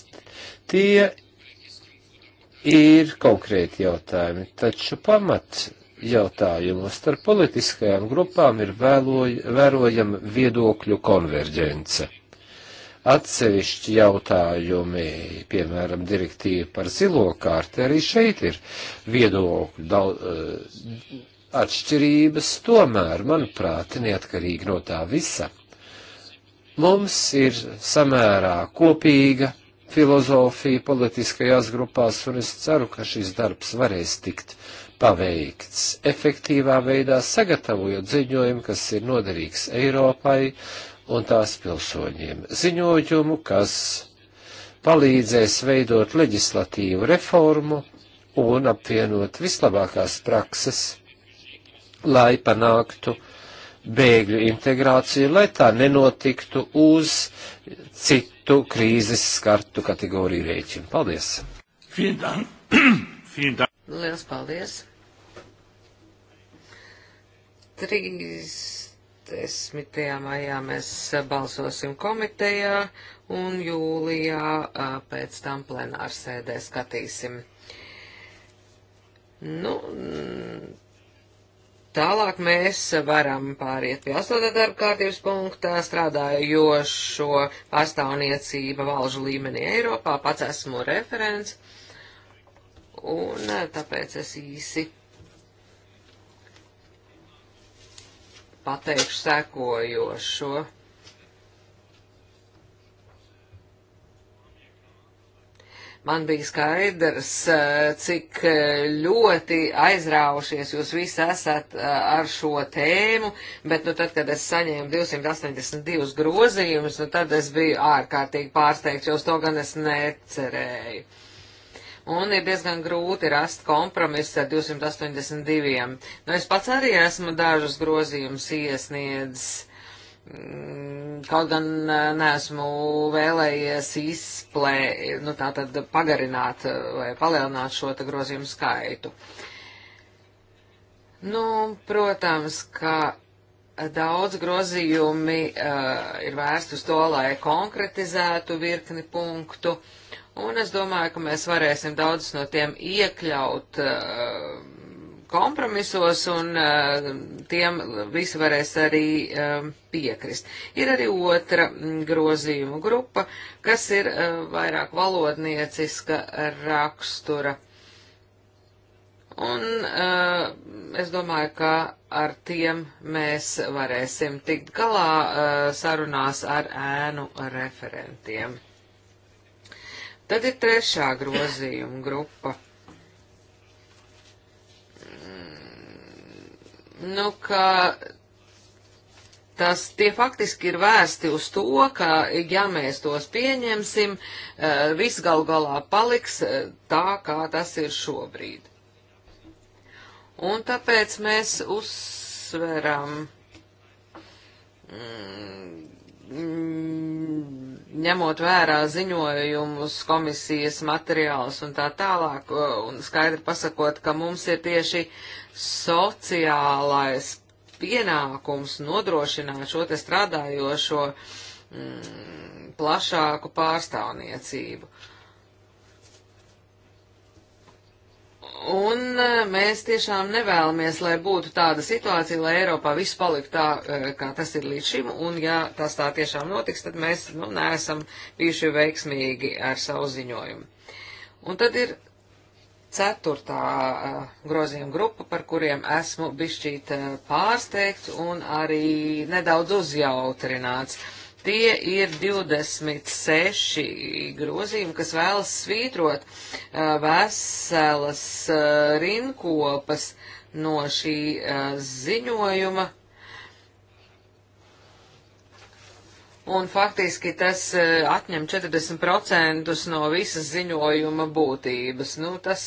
Tie ir konkrēti jautājumi, taču pamats jautājumos starp politiskajām grupām ir vēloj, vērojama viedokļu konverģence. Atsevišķi jautājumi, piemēram, direktīva par zilo kārti, arī šeit ir viedokļu daudz, eh, atšķirības, tomēr, manuprāt, neatkarīgi no tā visa. Mums ir samērā kopīga filozofija politiskajās grupās, un es ceru, ka šis darbs varēs tikt paveikts efektīvā veidā, sagatavojot ziņojumu, kas ir noderīgs Eiropai un tās pilsoņiem. Ziņojumu, kas palīdzēs veidot leģislatīvu reformu un apvienot vislabākās prakses, lai panāktu bēgļu integrāciju, lai tā nenotiktu uz citu citu krīzes skartu kategoriju rēķinu. Paldies! <clears throat> Lielas paldies! 30. maijā mēs balsosim komitejā un jūlijā pēc tam plenārsēdē skatīsim. Nu, Tālāk mēs varam pāriet pie 8. darba kārtības punktā, strādājošo pārstāvniecība valžu līmenī Eiropā, pats esmu referents, un eh, tāpēc es īsi pateikšu sekojošo. Man bija skaidrs, eh, cik eh, ļoti aizraušies jūs visi esat eh, ar šo tēmu, bet nu tad, kad es saņēmu 282 grozījumus, nu tad es biju ārkārtīgi pārsteigts, jo uz to gan es necerēju. Un ir diezgan grūti rast kompromisu ar 282. Nu, es pats arī esmu dažus grozījumus iesniedzis Mm, kaut gan neesmu vēlējies izplē, nu tā tad pagarināt vai palielināt šo te grozījumu skaitu. Nu, protams, ka daudz grozījumi uh, ir vērsti uz to, lai konkretizētu virkni punktu, un es domāju, ka mēs varēsim daudzus no tiem iekļaut. Uh, kompromisos, un uh, tiem visi varēs arī uh, piekrist. Ir arī otra mm, grozījuma grupa, kas ir uh, vairāk valodnieciska rakstura. Un uh, es domāju, ka ar tiem mēs varēsim tikt galā uh, sarunās ar ēnu referentiem. Tad ir trešā grozījuma grupa nu, ka tas tie faktiski ir vēsti uz to, ka ja mēs tos pieņemsim, eh, viss gal galā paliks eh, tā, kā tas ir šobrīd. Un tāpēc mēs uzsveram mm, ņemot vērā ziņojumus, komisijas materiālus un tā tālāk, un skaidri pasakot, ka mums ir tieši sociālais pienākums nodrošināt šo te strādājošo mm, plašāku pārstāvniecību. Uh, Un e, mēs tiešām nevēlamies, lai būtu tāda situācija, lai Eiropā viss palikt tā, e, kā tas ir līdz šim, un ja tas tā tiešām notiks, tad mēs, nu, neesam bijuši veiksmīgi ar savu ziņojumu. Un tad ir ceturtā e, grozījuma grupa, par kuriem esmu bišķīt pārsteigts un arī nedaudz uzjautrināts. Tie ir 26 grozījumi, kas vēlas svītrot uh, veselas uh, rinkopas no šī uh, ziņojuma. Un faktiski tas atņem 40% no visas ziņojuma būtības. Nu, tas,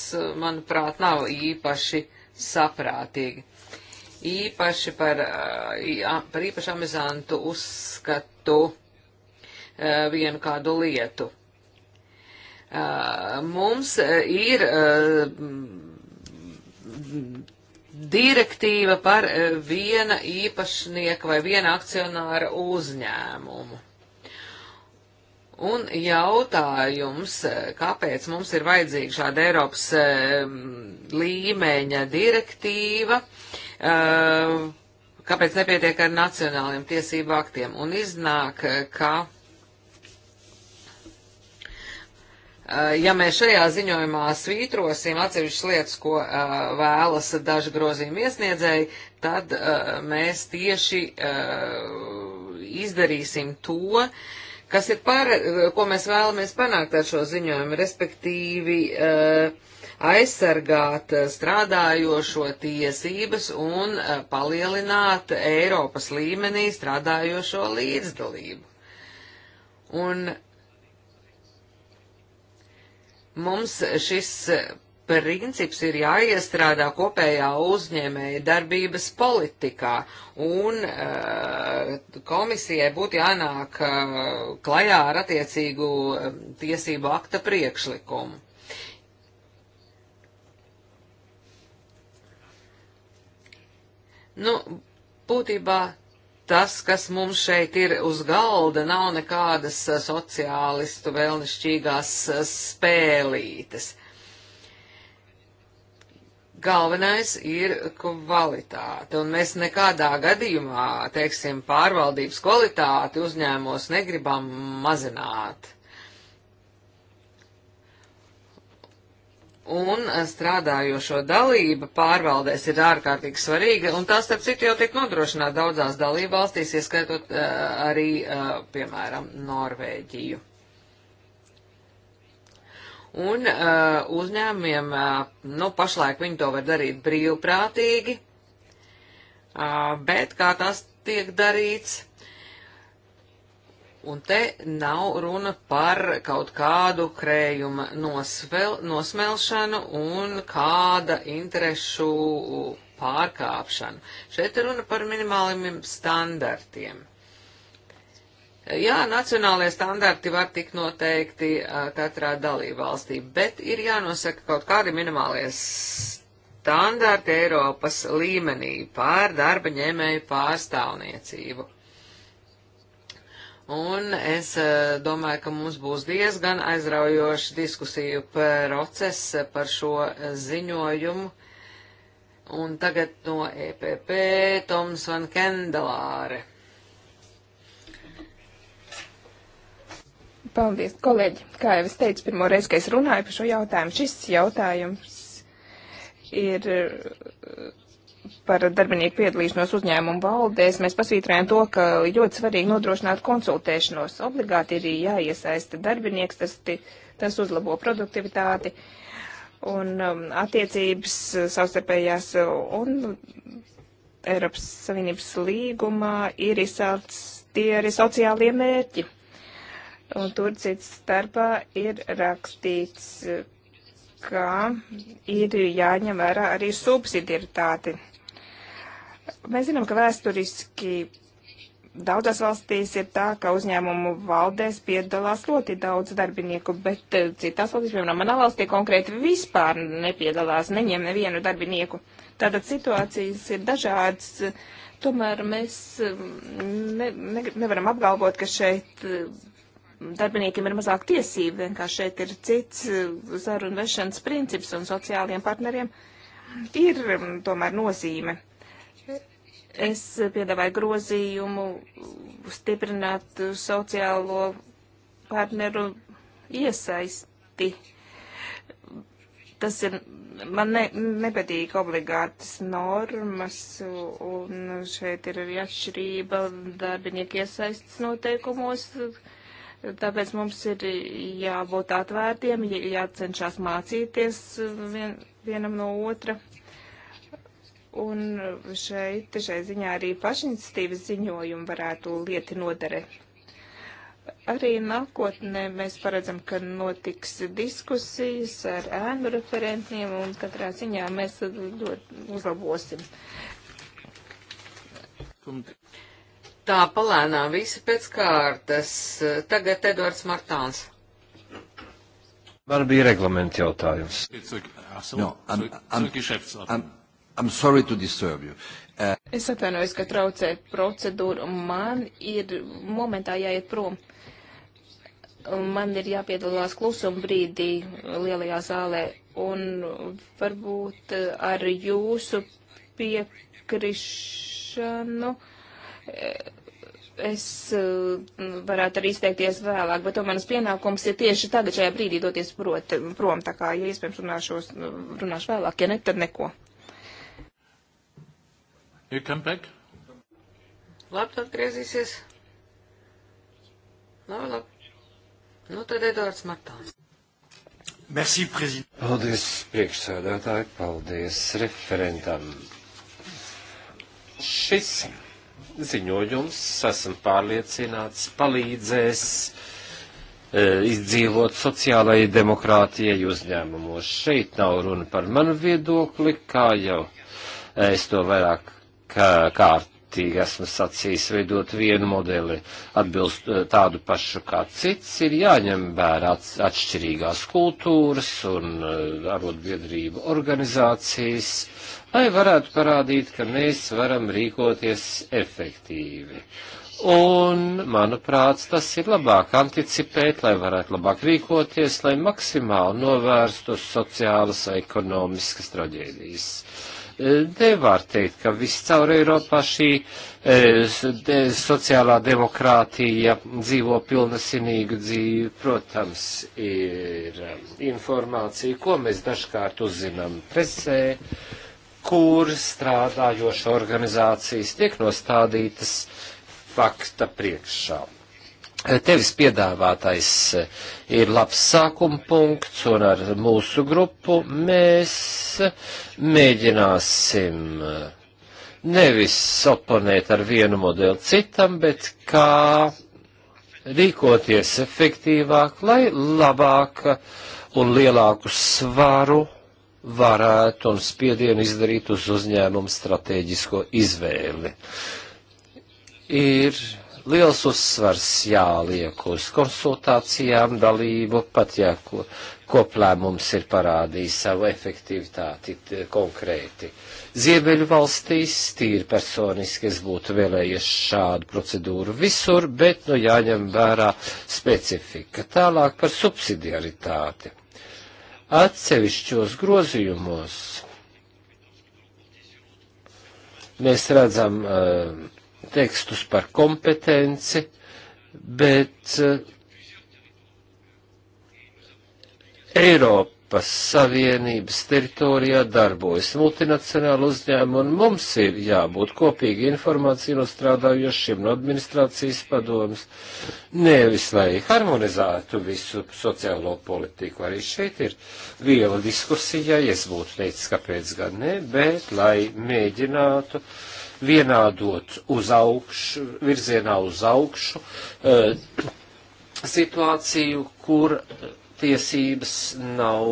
manuprāt, nav īpaši saprātīgi īpaši par, par īpaši amizantu uzskatu vienu kādu lietu. Mums ir direktīva par viena īpašnieka vai viena akcionāra uzņēmumu. Un jautājums, kāpēc mums ir vajadzīga šāda Eiropas līmeņa direktīva, uh, Eh, kāpēc nepietiek ar nacionāliem tiesību aktiem. Un iznāk, eh, ka eh, ja mēs šajā ziņojumā svītrosim atsevišķas lietas, ko uh, vēlas daži grozījumi iesniedzēji, tad uh, mēs tieši uh, izdarīsim to, kas ir par, ko mēs vēlamies panākt ar šo ziņojumu, respektīvi uh, aizsargāt eh, strādājošo tiesības un eh, palielināt Eiropas līmenī strādājošo līdzdalību. Un mums šis eh, princips ir jāiestrādā kopējā uzņēmēja darbības politikā, un uh, komisijai būtu jānāk uh, klajā ar attiecīgu tiesību akta priekšlikumu. Nu, būtībā tas, kas mums šeit ir uz galda, nav nekādas eh, sociālistu vēlnišķīgās eh, spēlītes. Galvenais ir kvalitāte, un mēs nekādā gadījumā, teiksim, pārvaldības kvalitāti uzņēmos negribam mazināt. un strādājošo dalība pārvaldēs ir ārkārtīgi svarīga, un tās, starp citu, jau tiek nodrošināta daudzās dalība valstīs, ieskaitot uh, arī, uh, piemēram, Norvēģiju. Un uh, uzņēmumiem, uh, nu, pašlaik viņi to var darīt brīvprātīgi, uh, bet kā tas tiek darīts, Un te nav runa par kaut kādu krējuma nosvel, nosmelšanu un kāda interešu pārkāpšanu. Šeit runa par minimāliem standartiem. Jā, nacionālajie standarti var tikt noteikti katrā dalībvalstī, bet ir jānosaka kaut kādi minimālie standarti Eiropas līmenī pār darba ņēmēju pārstāvniecību. Un es eh, domāju, ka mums būs diezgan aizraujoši diskusiju process par šo eh, ziņojumu. Un tagad no EPP Toms Van Kendelāre. Paldies, kolēģi. Kā jau es teicu, pirmo reizi, kad es runāju par šo jautājumu, šis jautājums ir par darbinieku piedalīšanos uzņēmumu valdēs, mēs pasvītrējam to, ka ļoti svarīgi nodrošināt konsultēšanos. Obligāti ir jāiesaista darbinieks, tas, tas uzlabo produktivitāti un um, attiecības savstarpējās. Un Eiropas Savienības līgumā ir izcelts tie arī sociālie mērķi. Un tur cits starpā ir rakstīts, ka ir jāņem vērā arī subsidiaritāte Mēs zinām, ka vēsturiski daudzās valstīs ir tā, ka uzņēmumu valdēs piedalās ļoti daudz darbinieku, bet eh, citās valstīs, piemēram, manā valstī konkrēti vispār nepiedalās, neņem nevienu darbinieku. Tātad situācijas ir dažādas. Tomēr mēs eh, ne, ne, nevaram apgalvot, ka šeit eh, darbiniekiem ir mazāk tiesību, vienkārši šeit ir cits sarunu vešanas princips un sociālajiem partneriem ir mm, tomēr nozīme. Es piedāvāju grozījumu stiprināt sociālo partneru iesaisti. Tas ir, man ne, nepatīk obligātas normas, un šeit ir arī atšķirība darbinieku iesaistas noteikumos. Tāpēc mums ir jābūt atvērtiem, jācenšas mācīties vien, vienam no otra. Un šeit, šai ziņā arī pašinstīvas ziņojumi varētu lieti nodare. Arī nākotnē mēs paredzam, ka notiks diskusijas ar ēnu referentiem un katrā ziņā mēs ļoti uzlabosim. Tā palēnām visi pēc kārtas. Tagad Edvards Martāns. Man bija reglamenta jautājums. No, an, an, an, I'm sorry to disturb you. Uh... Es atvainojos, ka traucē procedūru. Man ir momentā jāiet prom. Man ir jāpiedalās klusuma brīdī lielajā zālē. Un varbūt uh, ar jūsu piekrišanu es uh, varētu arī izteikties vēlāk, bet to manas pienākums ir tieši tagad šajā brīdī doties prot, prom, tā kā, ja iespējams, runāšos, runāšu vēlāk, ja ne, tad neko. You come back? Labi, atgriezīsies. Labi, labi. Nu, tad Edvards Martāns. Merci, prezident. Paldies, priekšsēdētāji, paldies referentam. Šis ziņojums, esmu pārliecināts, palīdzēs e, izdzīvot sociālajai demokrātijai uzņēmumos. Šeit nav runa par manu viedokli, kā jau es to vairāk kā, kārtīgi esmu sacījis, veidot vienu modeli atbilst eh, tādu pašu kā cits, ir jāņem vērā atšķirīgās kultūras un eh, arotbiedrību organizācijas, lai varētu parādīt, ka mēs varam rīkoties efektīvi. Un, manuprāt, tas ir labāk anticipēt, lai varētu labāk rīkoties, lai maksimāli novērstu sociālas vai ekonomiskas traģēdijas. Uh, Nevar teikt, ka viscaur Eiropā šī e, sociālā demokrātija dzīvo pilnasinīgu dzīvi. Protams, ir e, informācija, ko mēs dažkārt uzzinām presē kur strādājoša organizācijas tiek nostādītas fakta priekšā. Tevis piedāvātais eh, ir labs sākuma punkts, un ar mūsu grupu mēs mēģināsim eh, nevis oponēt ar vienu modeli citam, bet kā rīkoties efektīvāk, lai labāk un lielāku svaru varētu un spiedienu izdarīt uz uzņēmumu stratēģisko izvēli. Ir liels uzsvars jāliek uz konsultācijām, dalību, pat ja ko, koplēmums ir parādījis savu efektivitāti konkrēti. Ziemeļu valstīs tīri personiski es būtu vēlējies šādu procedūru visur, bet nu jāņem vērā specifika. Tālāk par subsidiaritāti. Atsevišķos grozījumos mēs redzam uh, tekstus par kompetenci, bet eh, Eiropas Savienības teritorijā darbojas multinacionāla uzņēmuma, un mums ir jābūt kopīgi informācija no strādājošiem no administrācijas padomas, nevis lai harmonizētu visu sociālo politiku. Arī šeit ir liela diskusija, es būtu teicis, kāpēc gan ne, bet lai mēģinātu uh, vienādot uz augšu, virzienā uz augšu eh, situāciju, kur tiesības nav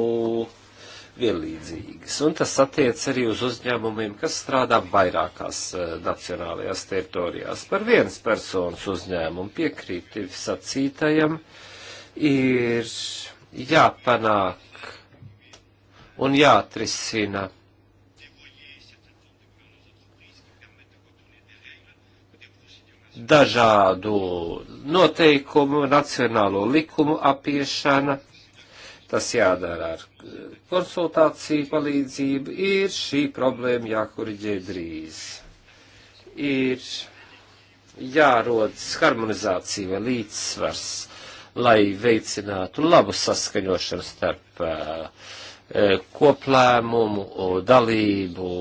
vienlīdzīgas. Un tas attiec arī uz uzņēmumiem, kas strādā vairākās eh, nacionālajās teritorijās. Par viens personas uzņēmumu piekrīti sacītajam ir jāpanāk un jāatrisina dažādu noteikumu, nacionālo likumu apiešana, tas jādara ar konsultāciju palīdzību, ir šī problēma jākuriģē drīz. Ir jārodas harmonizācija vai līdzsvars, lai veicinātu labu saskaņošanu starp uh, E, koplēmumu, dalību,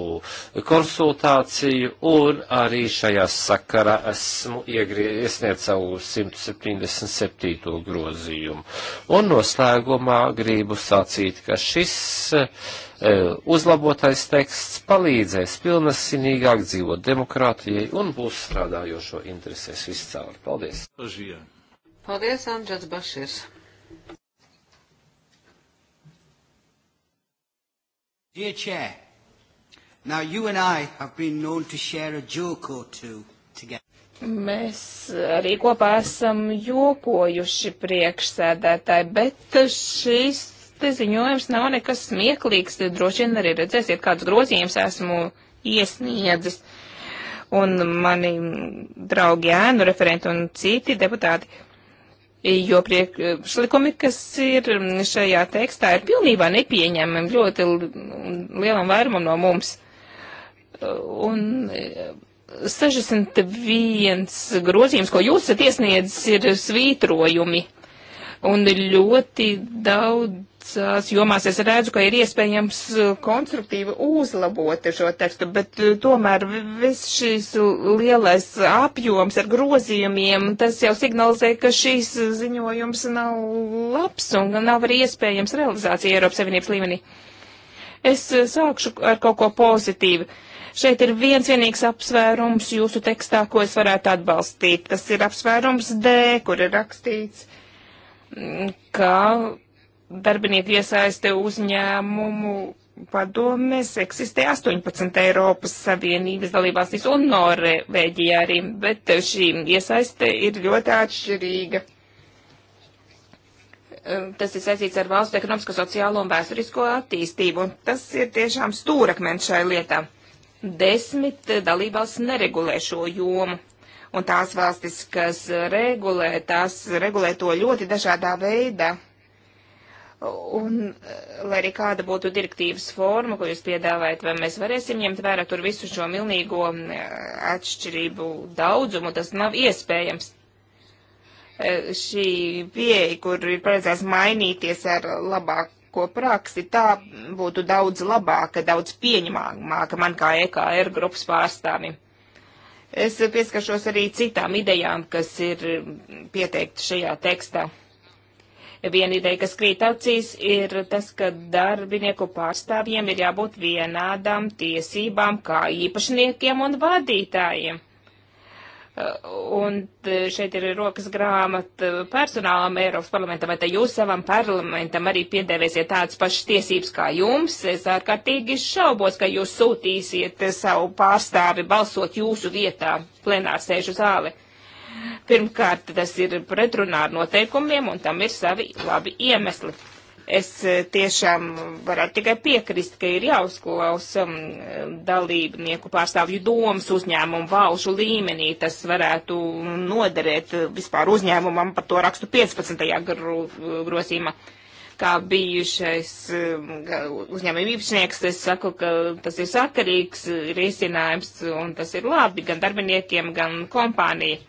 konsultāciju, un arī šajā sakarā esmu iesniedz savu 177. grozījumu. Un noslēgumā gribu sacīt, ka šis e, uzlabotais teksts palīdzēs pilnasinīgāk dzīvot demokrātijai un būs strādājošo interesēs viscaur. Paldies! Paldies, Andžats Baširs! Dear Chair, now you and I have been known to share a joke or two together. Mēs arī kopā esam jokojuši priekšsēdētāji, bet šīs te ziņojums nav nekas smieklīgs. Droši vien arī redzēsiet, kāds grozījums esmu iesniedzis. Un mani draugi ēnu referenti un citi deputāti jo priekšlikumi, kas ir šajā tekstā, ir pilnībā nepieņemami ļoti lielam vairumam no mums. Un 61 e, grozījums, ko jūs esat iesniedzis, ir svītrojumi un ļoti daudzās jomās es redzu, ka ir iespējams uh, konstruktīvi uzlabot šo tekstu, bet uh, tomēr viss šis lielais apjoms ar grozījumiem, tas jau signalizē, ka šīs ziņojums nav labs un nav arī iespējams realizācija Eiropas Savienības līmenī. Es uh, sākšu ar kaut ko pozitīvu. Šeit ir viens vienīgs apsvērums jūsu tekstā, ko es varētu atbalstīt. Tas ir apsvērums D, kur ir rakstīts, uh, ka darbinieku iesaiste uzņēmumu padomēs eksistē 18 Eiropas Savienības dalībvalstīs un Norvēģijā arī, bet šī iesaiste ir ļoti atšķirīga. Tas ir saistīts ar valstu ekonomisko, sociālo un vēsturisko attīstību, un tas ir tiešām stūrakmens šai lietā. Desmit dalībvalsts neregulē šo jomu. Un tās valstis, kas regulē, tās regulē to ļoti dažādā veidā. Un, lai arī kāda būtu direktīvas forma, ko jūs piedāvājat, vai mēs varēsim ņemt vērā tur visu šo milnīgo eh, atšķirību daudzumu, tas nav iespējams. Eh, šī pieeja, kur ir paredzēts mainīties ar labāko praksi, tā būtu daudz labāka, daudz pieņemamāka man kā EKR grupas pārstāvim. Es pieskaršos arī citām idejām, kas ir pieteikti šajā tekstā. Viena ideja, kas krīt acīs, ir tas, ka darbinieku pārstāvjiem ir jābūt vienādām tiesībām kā īpašniekiem un vadītājiem. Uh, un uh, šeit ir rokas grāmata personālam Eiropas parlamentam, vai te jūs savam parlamentam arī piedēvēsiet tādas pašas tiesības kā jums? Es ārkārtīgi šaubos, ka jūs sūtīsiet savu pārstāvi balsot jūsu vietā plenārsēžu zāli. Pirmkārt, tas ir pretrunā ar noteikumiem, un tam ir savi labi iemesli. Es e, tiešām varētu tikai piekrist, ka ir jāuzklausa um, dalībnieku pārstāvju domas uzņēmumu valšu līmenī. Tas varētu noderēt e, vispār uzņēmumam, par to rakstu 15. Gro, grozījumā kā bijušais e, uzņēmējuma īpašnieks, es saku, ka tas ir sakarīgs risinājums un tas ir labi gan darbiniekiem, gan kompānijai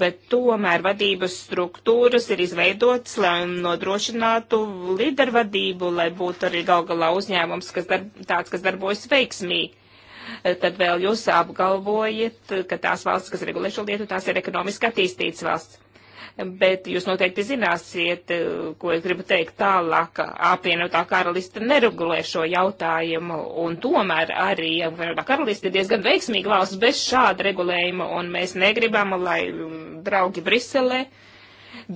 bet tomēr vadības struktūras ir izveidotas, lai nodrošinātu līdervadību, lai būtu arī gal galā uzņēmums, kas darb, tāds, kas darbojas veiksmīgi. Tad vēl jūs apgalvojat, ka tās valsts, kas regulē šo lietu, tās ir ekonomiski attīstītas valsts bet jūs noteikti zināsiet, ko es gribu teikt tālāk. Apvienotā karaliste neregulē šo jautājumu, un tomēr arī apvienotā karaliste ir diezgan veiksmīga valsts bez šāda regulējuma, un mēs negribam, lai mm, draugi Briselē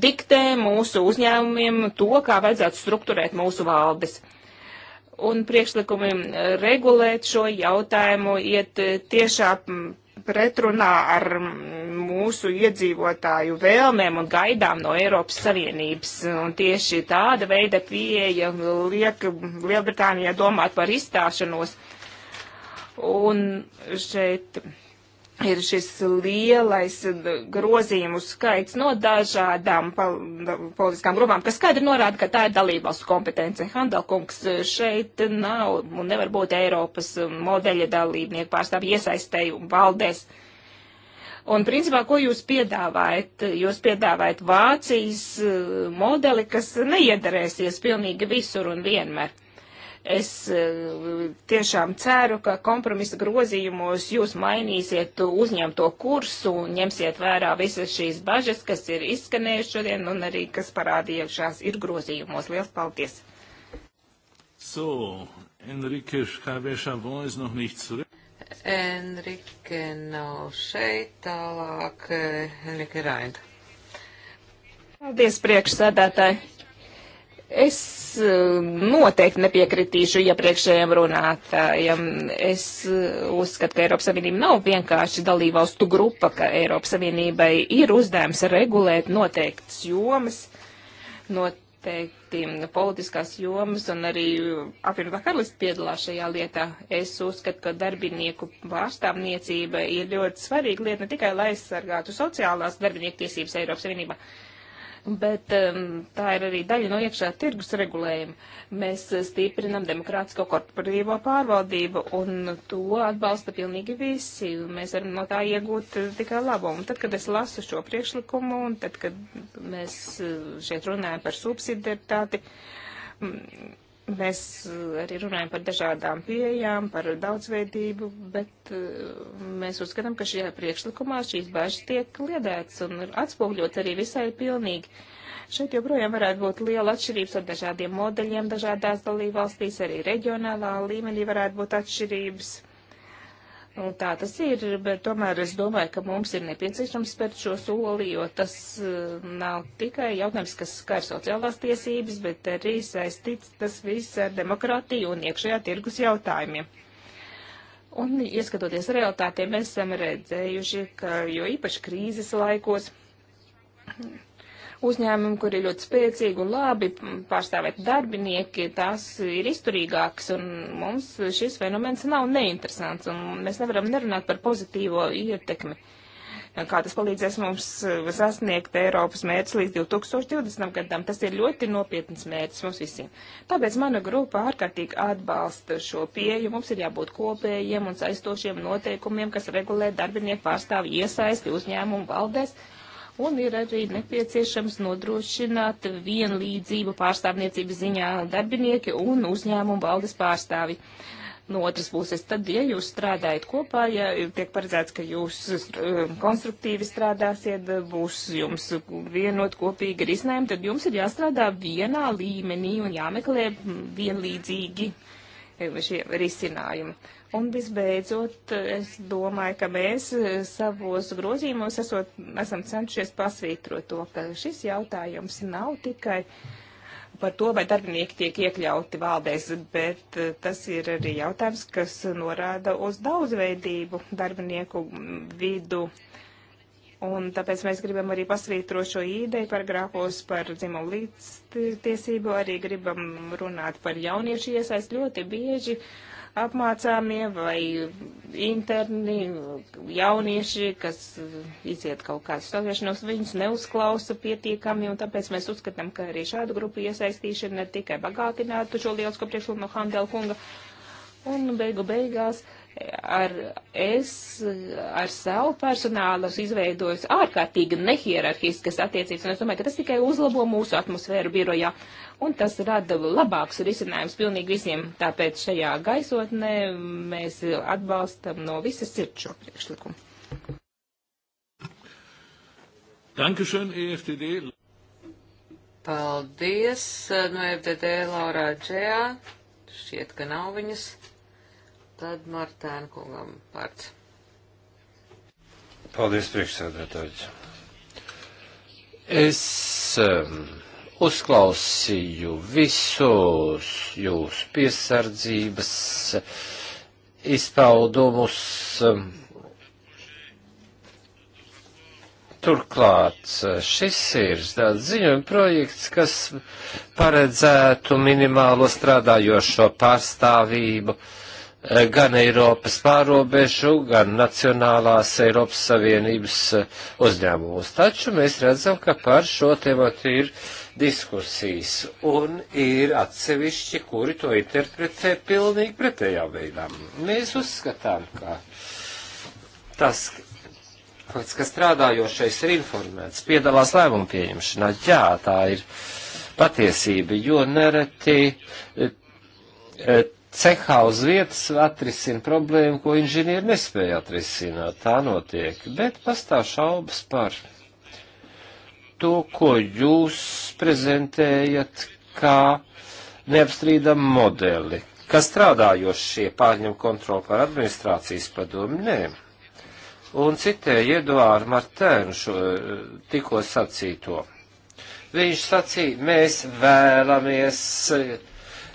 diktē mūsu uzņēmumiem to, kā vajadzētu strukturēt mūsu valdes un priekšlikumi mm, regulēt šo jautājumu iet tiešā mm, pretrunā ar mūsu iedzīvotāju vēlmēm un gaidām no Eiropas Savienības. Un tieši tāda veida pieeja liek Lielbritānijā domāt par izstāšanos. Un šeit ir šis lielais eh, grozījumu skaits no dažādām politiskām grupām, kas skaidri norāda, ka tā ir dalībvalstu kompetence. Handelkungs eh, šeit nav un nevar būt Eiropas eh, modeļa dalībnieku pārstāvju iesaistēju valdēs. Un principā, ko jūs piedāvājat? Jūs piedāvājat Vācijas modeli, kas neiederēsies pilnīgi visur un vienmēr. Es e, tiešām ceru, ka kompromisa grozījumos jūs mainīsiet uzņemto kursu un ņemsiet vērā visas šīs bažas, kas ir izskanējušas šodien un arī, kas parādījušās ir grozījumos. Lielas paldies! So, Enrique Škāviešavon ir noch nicht zurück. Enrique nav šeit, tālāk e, Enrique Rainda. Paldies priekšsēdētāji! Es um, noteikti nepiekritīšu iepriekšējiem runātājiem. Es uh, uzskatu, ka Eiropas Savienība nav vienkārši dalībvalstu grupa, ka Eiropas Savienībai ir uzdevums regulēt noteiktas jomas, noteikti politiskās jomas, un arī apvienotā karalista piedalās šajā lietā. Es uzskatu, ka darbinieku pārstāvniecība ir ļoti svarīga lieta ne tikai, lai aizsargātu sociālās darbinieku tiesības Eiropas Savienībā Bet um, tā ir arī daļa no iekšā tirgus regulējuma. Mēs stiprinam demokrātisko korporatīvo pārvaldību, un to atbalsta pilnīgi visi. Mēs varam no tā iegūt tikai labumu. Tad, kad es lasu šo priekšlikumu, un tad, kad mēs uh, šeit runājam par subsidiaritāti, mm, Mēs eh, arī runājam par dažādām pieejām, par daudzveidību, bet eh, mēs uzskatām, ka šajā priekšlikumā šīs bažas tiek liedētas un atspūgļot arī visai pilnīgi. Šeit joprojām varētu būt liela atšķirības ar dažādiem modeļiem dažādās dalībvalstīs, arī reģionālā līmenī varētu būt atšķirības. Un tā tas ir, bet tomēr es domāju, ka mums ir nepieciešams spērt šo soli, jo tas eh, nav tikai jautājums, kas skar sociālās tiesības, bet arī saistīts tas viss ar demokrātiju un iekšējā tirgus jautājumiem. Un ieskatoties realitātiem, mēs esam redzējuši, ka jo īpaši krīzes laikos uzņēmumi, kur ir ļoti spēcīgi un labi pārstāvēt darbinieki, tās ir izturīgākas, un mums šis fenomens nav neinteresants, un mēs nevaram nerunāt par pozitīvo ietekmi kā tas palīdzēs mums sasniegt Eiropas mērķis līdz 2020. gadam. Tas ir ļoti nopietns mērķis mums visiem. Tāpēc mana grupa ārkārtīgi atbalsta šo pieju. Mums ir jābūt kopējiem un saistošiem noteikumiem, kas regulē darbinieku pārstāvju iesaisti uzņēmumu valdēs un ir arī nepieciešams nodrošināt vienlīdzību pārstāvniecības ziņā darbinieki un uzņēmumu valdes pārstāvi. No otras puses, tad, ja jūs strādājat kopā, ja tiek paredzēts, ka jūs um, konstruktīvi strādāsiet, būs jums vienot kopīgi risinājumi, tad jums ir jāstrādā vienā līmenī un jāmeklē vienlīdzīgi šie risinājumi. Un visbeidzot, es domāju, ka mēs eh, savos grozījumos esot, esam cenšies pasvītrot to, ka šis jautājums nav tikai par to, vai darbinieki tiek iekļauti valdēs, bet eh, tas ir arī jautājums, kas norāda uz daudzveidību darbinieku vidu. Un tāpēc mēs gribam arī pasvītrot šo ideju par grāfos, par dzimumu līdztiesību, arī gribam runāt par jauniešu iesaist ļoti bieži. Uh, apmācāmie vai interni, jaunieši, kas iziet kaut kādas sagriešanos, viņus neuzklausa pietiekami, un tāpēc mēs uzskatām, ka arī šādu grupu iesaistīšana ne tikai bagātinātu šo lielisko priekšlikumu no Handela kunga, un beigu beigās ar es, ar savu personālu esmu izveidojis ārkārtīgi nehierarhiskas attiecības, un es domāju, ka tas tikai uzlabo mūsu atmosfēru birojā, un tas rada labāks risinājums pilnīgi visiem, tāpēc šajā gaisotnē mēs atbalstam no visas sirds šo priekšlikumu. Dankeschön, EFTD. Paldies no e FDD Laurā Džējā. Šķiet, ka nav viņas. Tad Martēna kungam vārds. Paldies, priekšsēdētāji. Es um, uzklausīju visus jūsu piesardzības izpaudumus. Um, Turklāt uh, šis ir ziņojuma projekts, kas paredzētu minimālo strādājošo pārstāvību uh, Eh, gan Eiropas pārobežu, gan nacionālās Eiropas Savienības eh, uzņēmumus. Taču mēs redzam, ka par šo tematu ir diskusijas un ir atsevišķi, kuri to interpretē pilnīgi pretējā veidā. Mēs uzskatām, ka tas, kas strādājošais ir informēts, piedalās lēmumu pieņemšanā. Jā, tā ir patiesība, jo nereti eh, cehā uz vietas atrisina problēmu, ko inženieri nespēja atrisināt. Tā notiek. Bet pastāv šaubas par to, ko jūs prezentējat kā neapstrīdam modeli, ka strādājošie pārņem kontroli par administrācijas padomu. Nē. Un citēja Eduāru Martēnu šo tikko sacīto. Viņš sacīja, mēs vēlamies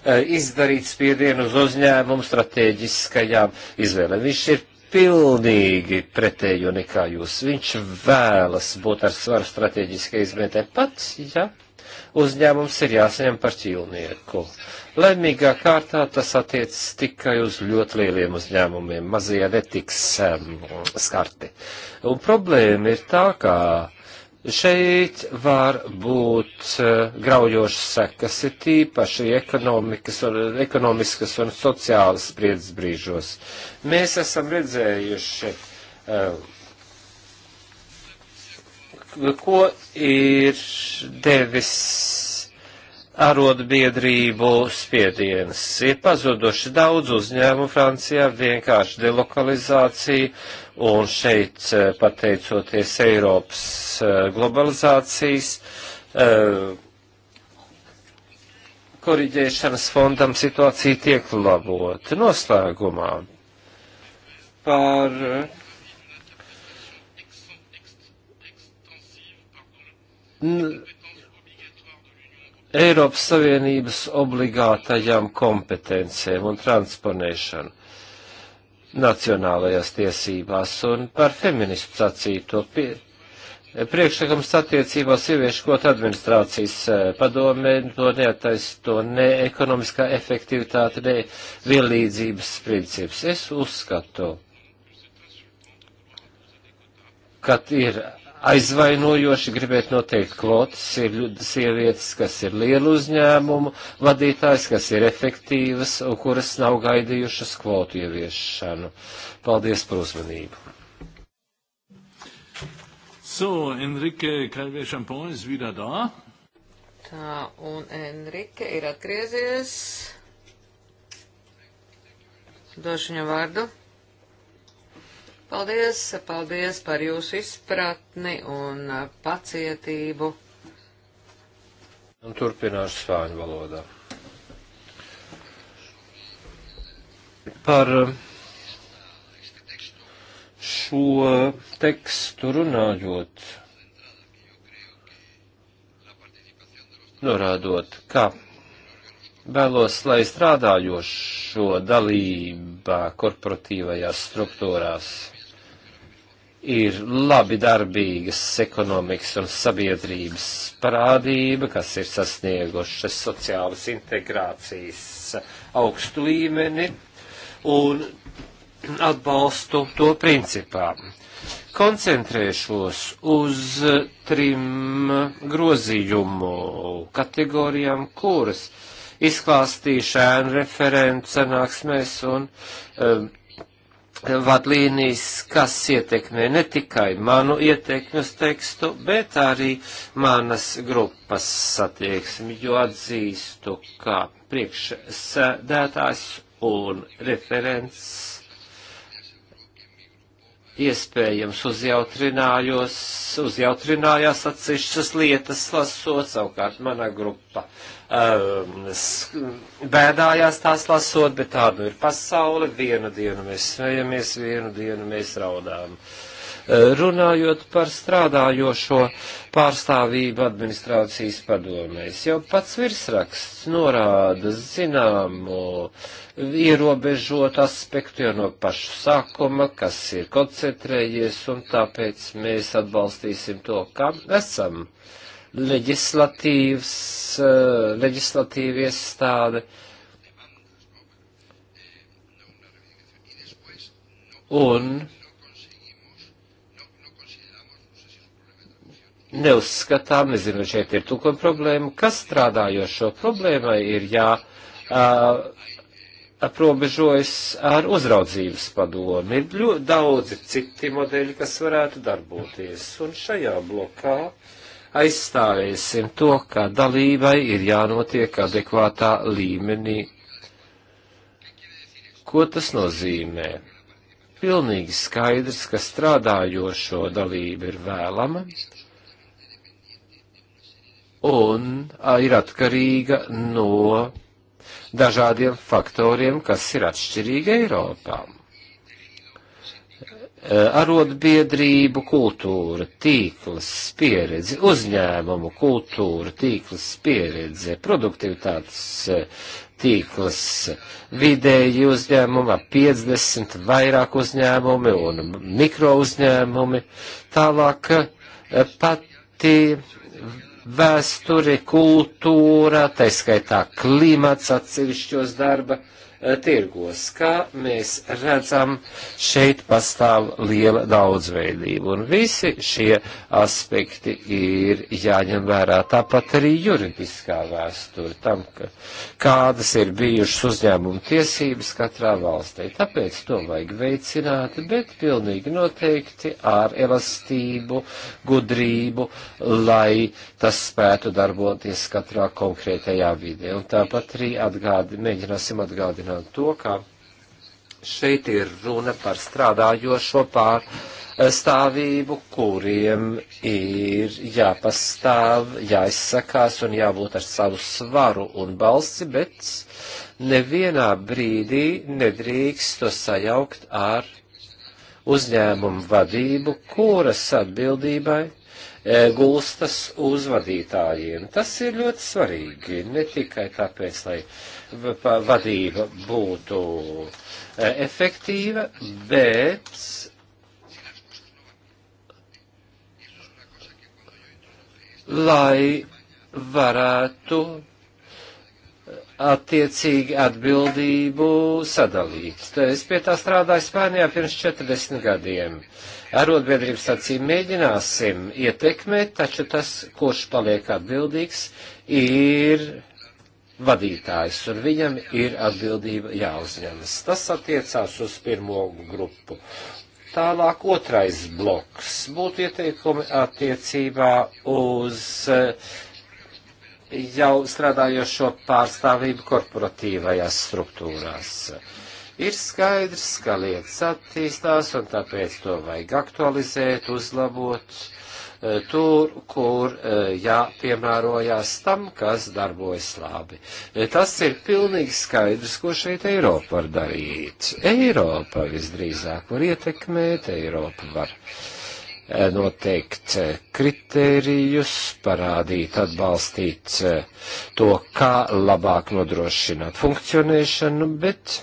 Eh, izdarīt spiedienu uz uzņēmumu strateģiskajām izvēlēm. Viņš ir pilnīgi pretēju nekā jūs. Viņš vēlas būt ar svaru strateģiskai izmētē pats, ja uzņēmums ir jāsaņem par ķīlnieku. Laimīgā kārtā tas attiecas tikai uz ļoti lieliem uzņēmumiem, mazajā netiks um, skarti. Un problēma ir tā, ka Šeit var būt eh, graujošas sekas, ir tīpaši ekonomikas un, ekonomiskas un sociālas spriedzes brīžos. Mēs esam redzējuši, eh, ko ir devis arotbiedrību spiediens. Ir pazuduši daudz uzņēmu Francijā, vienkārši delokalizācija, un šeit, eh, pateicoties Eiropas eh, globalizācijas, eh, koriģēšanas fondam situācija tiek labota noslēgumā par N Eiropas Savienības obligātajām kompetencēm un transponēšanu nacionālajās tiesībās un par feministu sacīto pie, priekšlikums attiecībā sieviešu kvotu administrācijas eh, padomē, to neataisto ne ekonomiskā efektivitāte, ne vienlīdzības princips. Es uzskatu, ka ir aizvainojoši gribēt noteikt kvotas, ir sievietes, kas ir lielu uzņēmumu vadītājs, kas ir efektīvas un kuras nav gaidījušas kvotu ieviešanu. Paldies par uzmanību. So, Enrique Calvé Champon is wieder da. Tā, un Enrique ir atgriezies. Došu viņam vārdu. Paldies, paldies par jūsu izpratni un uh, pacietību. Un turpināšu spāņu valodā. Par uh, šo tekstu runājot, norādot, ka vēlos, lai strādājošo dalībā korporatīvajās struktūrās ir labi darbīgas ekonomikas un sabiedrības parādība, kas ir sasniegušas sociālas integrācijas augstu līmeni un atbalstu to principā. Koncentrēšos uz trim grozījumu kategorijām, kuras izklāstīšu ēnu referentu sanāksmēs un um, vadlīnijas, kas ietekmē ne tikai manu ietekmi uz tekstu, bet arī manas grupas satieksmi, jo atzīstu, ka priekšsēdētājs un referents iespējams uzjautrinājos, uzjautrinājās atsevišķas lietas lasot, savukārt mana grupa uh, Ehm, bēdājās tās lasot, bet tā nu ir pasaule. Vienu dienu mēs smejamies, vienu dienu mēs raudām. Ehm, runājot par strādājošo pārstāvību administrācijas padomēs, jau pats virsraksts norāda zināmu ierobežotu aspektu jau no paša sākuma, kas ir koncentrējies, un tāpēc mēs atbalstīsim to, kam esam. Uh, leģislatīvs, eh, leģislatīvi iestāde. Un neuzskatām, nezinu, šeit ir tūkojuma problēma, kas strādājošo problēmai ir jā, eh, aprobežojas ar uzraudzības padomu. Ir ļoti daudzi citi modeļi, kas varētu darboties. Un šajā blokā uh, aizstāvēsim to, ka dalībai ir jānotiek adekvātā līmenī. Ko tas nozīmē? Pilnīgi skaidrs, ka strādājošo dalība ir vēlama un ir atkarīga no dažādiem faktoriem, kas ir atšķirīgi Eiropām Eh, arotbiedrību kultūra, tīkls, pieredze, uzņēmumu kultūra, tīkls, pieredze, produktivitātes eh, tīkls, vidēji uzņēmumi, 50 vairāk uzņēmumi un mikro uzņēmumi, tālāk eh, pati vēsture, kultūra, taiskaitā klimats atsevišķos darba Eh, tirgos. Kā mēs redzam, šeit pastāv liela daudzveidība, un visi šie aspekti ir jāņem vērā. Tāpat arī juridiskā vēsture tam, ka, kādas ir bijušas uzņēmuma tiesības katrā valstī. Tāpēc to vajag veicināt, bet pilnīgi noteikti ar elastību, gudrību, lai tas spētu darboties katrā konkrētajā vidē. Un tāpat arī atgādi, mēģināsim atgādināt apstiprināt to, ka šeit ir runa par strādājošo pārstāvību, eh, kuriem ir jāpastāv, jāizsakās un jābūt ar savu svaru un balsi, bet nevienā brīdī nedrīkst to sajaukt ar uzņēmumu vadību, kuras atbildībai E, gulstas uz vadītājiem. Tas ir ļoti svarīgi, ne tikai tāpēc, lai vadība būtu e, efektīva, bet lai varētu attiecīgi atbildību sadalīt. Es pie tā strādāju Spānijā pirms 40 gadiem. Uh, arotbiedrības sacīja, mēģināsim ietekmēt, taču tas, kurš paliek atbildīgs, ir vadītājs, un viņam ir atbildība jāuzņemas. Tas attiecās uz pirmo grupu. Tālāk otrais bloks būtu ieteikumi attiecībā uz eh, jau strādājošo pārstāvību korporatīvajās struktūrās. Uh, Ir skaidrs, ka lietas attīstās, un tāpēc to vajag aktualizēt, uzlabot e, tur, kur e, jāpiemērojās tam, kas darbojas labi. E, tas ir pilnīgi skaidrs, ko šeit Eiropa var darīt. Eiropa visdrīzāk var ietekmēt, Eiropa var noteikt kritērijus, parādīt, atbalstīt to, kā labāk nodrošināt funkcionēšanu, bet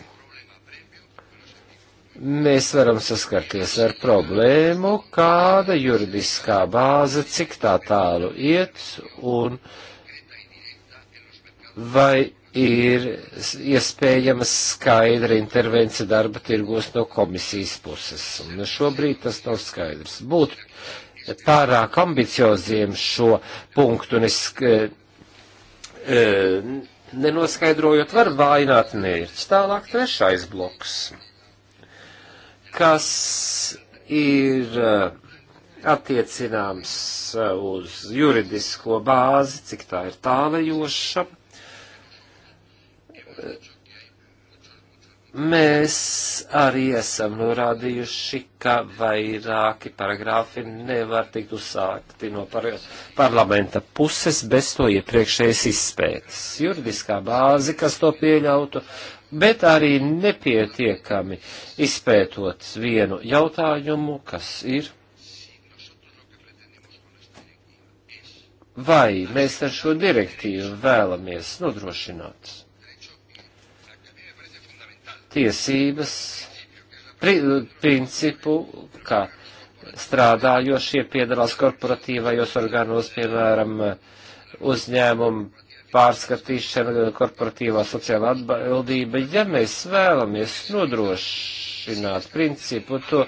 mēs varam saskarties ar problēmu, kāda juridiskā bāze, cik tā tālu iet un vai ir iespējama skaidra intervence darba tirgos no komisijas puses. Un šobrīd tas nav skaidrs. Būt pārāk ambicioziem šo punktu un es. E, e, Nenoskaidrojot, var vājināt mērķis. Tālāk trešais bloks kas ir eh, attiecināms eh, uz juridisko bāzi, cik tā ir tālajoša Mēs arī esam norādījuši, ka vairāki paragrāfi nevar tikt uzsākti no par parlamenta puses bez to iepriekšējas izpētes. Juridiskā bāze, kas to pieļautu, bet arī nepietiekami izpētot vienu jautājumu, kas ir vai mēs ar šo direktīvu vēlamies nodrošināt tiesības, pri, principu, kā strādājošie piedalās korporatīvajos organos, piemēram, uzņēmumu pārskatīšana, korporatīvā sociāla atbildība, ja mēs vēlamies nodrošināt principu to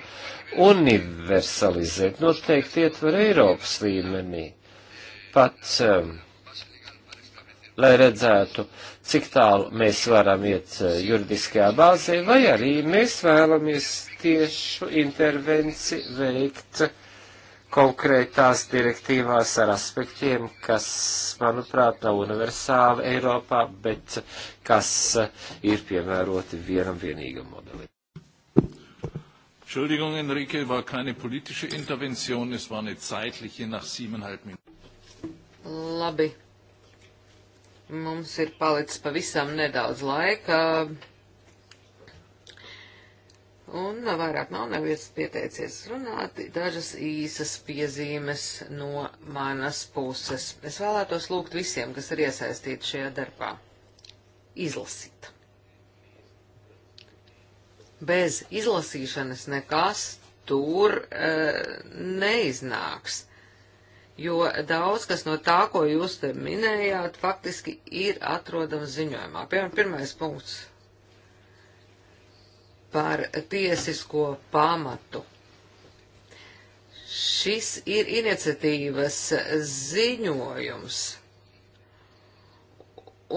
universalizēt, noteikti ietver Eiropas līmenī. Pat, um, lai redzētu uh, cik tālu mēs varam iet eh, juridiskajā bāzē, vai arī mēs vēlamies tiešu intervenci veikt konkrētās direktīvās ar aspektiem, kas, manuprāt, nav universāli Eiropā, bet kas eh, ir piemēroti vienam vienīgam modelim. Entschuldigung, Enrique, war keine politische Intervention, es war eine zeitliche nach siebeneinhalb Minuten. Labi, Mums ir palicis pavisam nedaudz laika. Un vairāk nav neviens pieteicies runāt, dažas īsas piezīmes no manas puses. Es vēlētos lūgt visiem, kas ir iesaistīti šajā darbā, izlasīt bez izlasīšanas nekas tur e, neiznāks jo daudz kas no tā, ko jūs te minējāt, faktiski ir atrodams ziņojumā. Piemēram, pirmais punkts par tiesisko pamatu. Šis ir iniciatīvas ziņojums,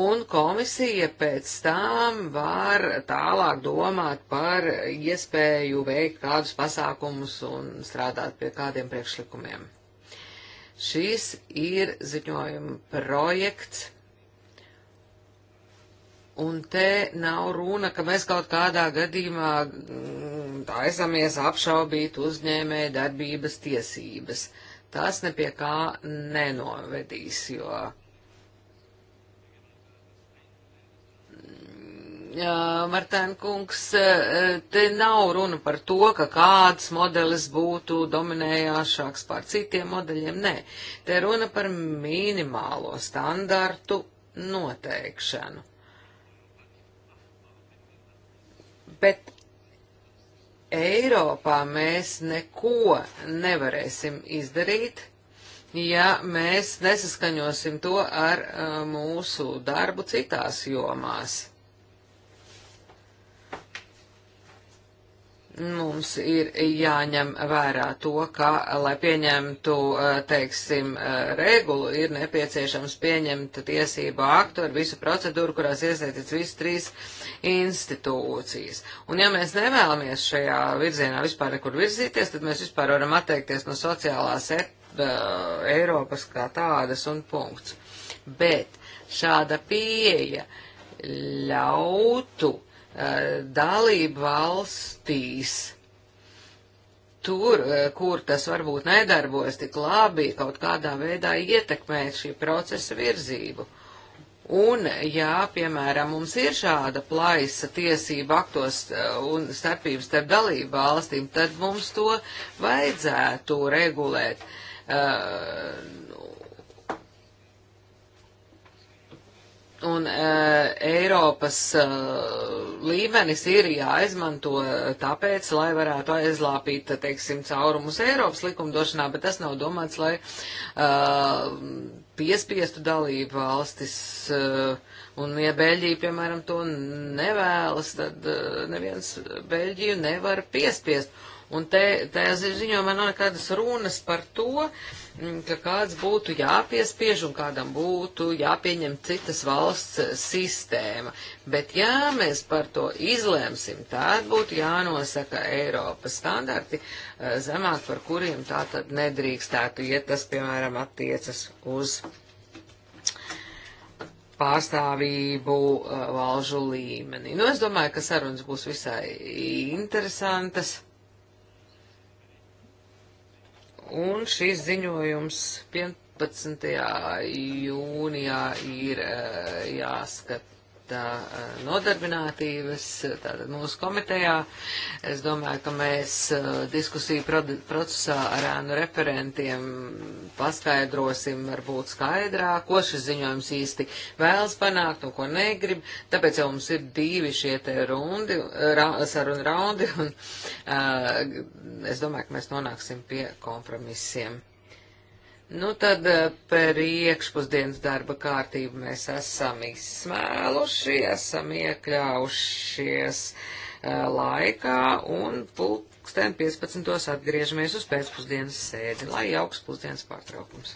un komisija pēc tam var tālāk domāt par iespēju veikt kādus pasākumus un strādāt pie kādiem priekšlikumiem. Šīs ir ziņojuma projekts, un te nav runa, ka mēs kaut kādā gadījumā mm, taisamies apšaubīt uzņēmē darbības tiesības. Tas nepie kā nenovedīs, jo Uh, Martēn kungs, uh, te nav runa par to, ka kāds modelis būtu dominējošāks pār citiem modeļiem. Nē, te runa par minimālo standartu noteikšanu. Bet Eiropā mēs neko nevarēsim izdarīt, ja mēs nesaskaņosim to ar uh, mūsu darbu citās jomās mums ir jāņem vērā to, ka, lai pieņemtu, eh, teiksim, eh, regulu, ir nepieciešams pieņemt tiesību aktu ar visu procedūru, kurās iesaistīts visas trīs institūcijas. Un ja mēs nevēlamies šajā virzienā vispār nekur virzīties, tad mēs vispār varam atteikties no sociālās e eh, Eiropas kā tādas un punkts. Bet šāda pieeja ļautu uh, Eh, dalību valstīs tur, eh, kur tas varbūt nedarbojas tik labi, kaut kādā veidā ietekmēt šī procesa virzību. Un, ja, piemēram, mums ir šāda plaisa tiesība aktos eh, un starpības starp dalību valstīm, tad mums to vajadzētu regulēt. Uh, Un e, Eiropas e, līmenis ir jāizmanto tāpēc, lai varētu aizlāpīt, teiksim, caurumus Eiropas likumdošanā, bet tas nav domāts, lai e, piespiestu dalību valstis. E, un, ja Beļģija, piemēram, to nevēlas, tad e, neviens Beļģiju nevar piespiest. Un te, te ziņojumā nav nekādas runas par to, mm, ka kāds būtu jāpiespiež un kādam būtu jāpieņem citas valsts eh, sistēma. Bet ja mēs par to izlēmsim, tad būtu jānosaka Eiropas standarti eh, zemāk, par kuriem tā tad nedrīkstētu iet. Ja tas, piemēram, attiecas uz pārstāvību eh, valžu līmenī. Nu, es domāju, ka sarunas būs visai interesantas. Un šīs ziņojums 15. jūnijā ir eh, jāskat vārdā nodarbinātības, tātad mūsu komitejā. Es domāju, ka mēs diskusiju procesā ar ēnu referentiem paskaidrosim varbūt skaidrāk, ko šis ziņojums īsti vēlas panākt un ko negrib. Tāpēc jau mums ir divi šie te rundi, ra, sarunu raundi, un uh, es domāju, ka mēs nonāksim pie kompromisiem. Nu tad eh, par iekšpusdienas darba kārtību mēs esam izsmēluši, esam iekļaušies uh, laikā un pulksten 15. atgriežamies uz pēcpusdienas sēdi, lai jauks pusdienas pārtraukums.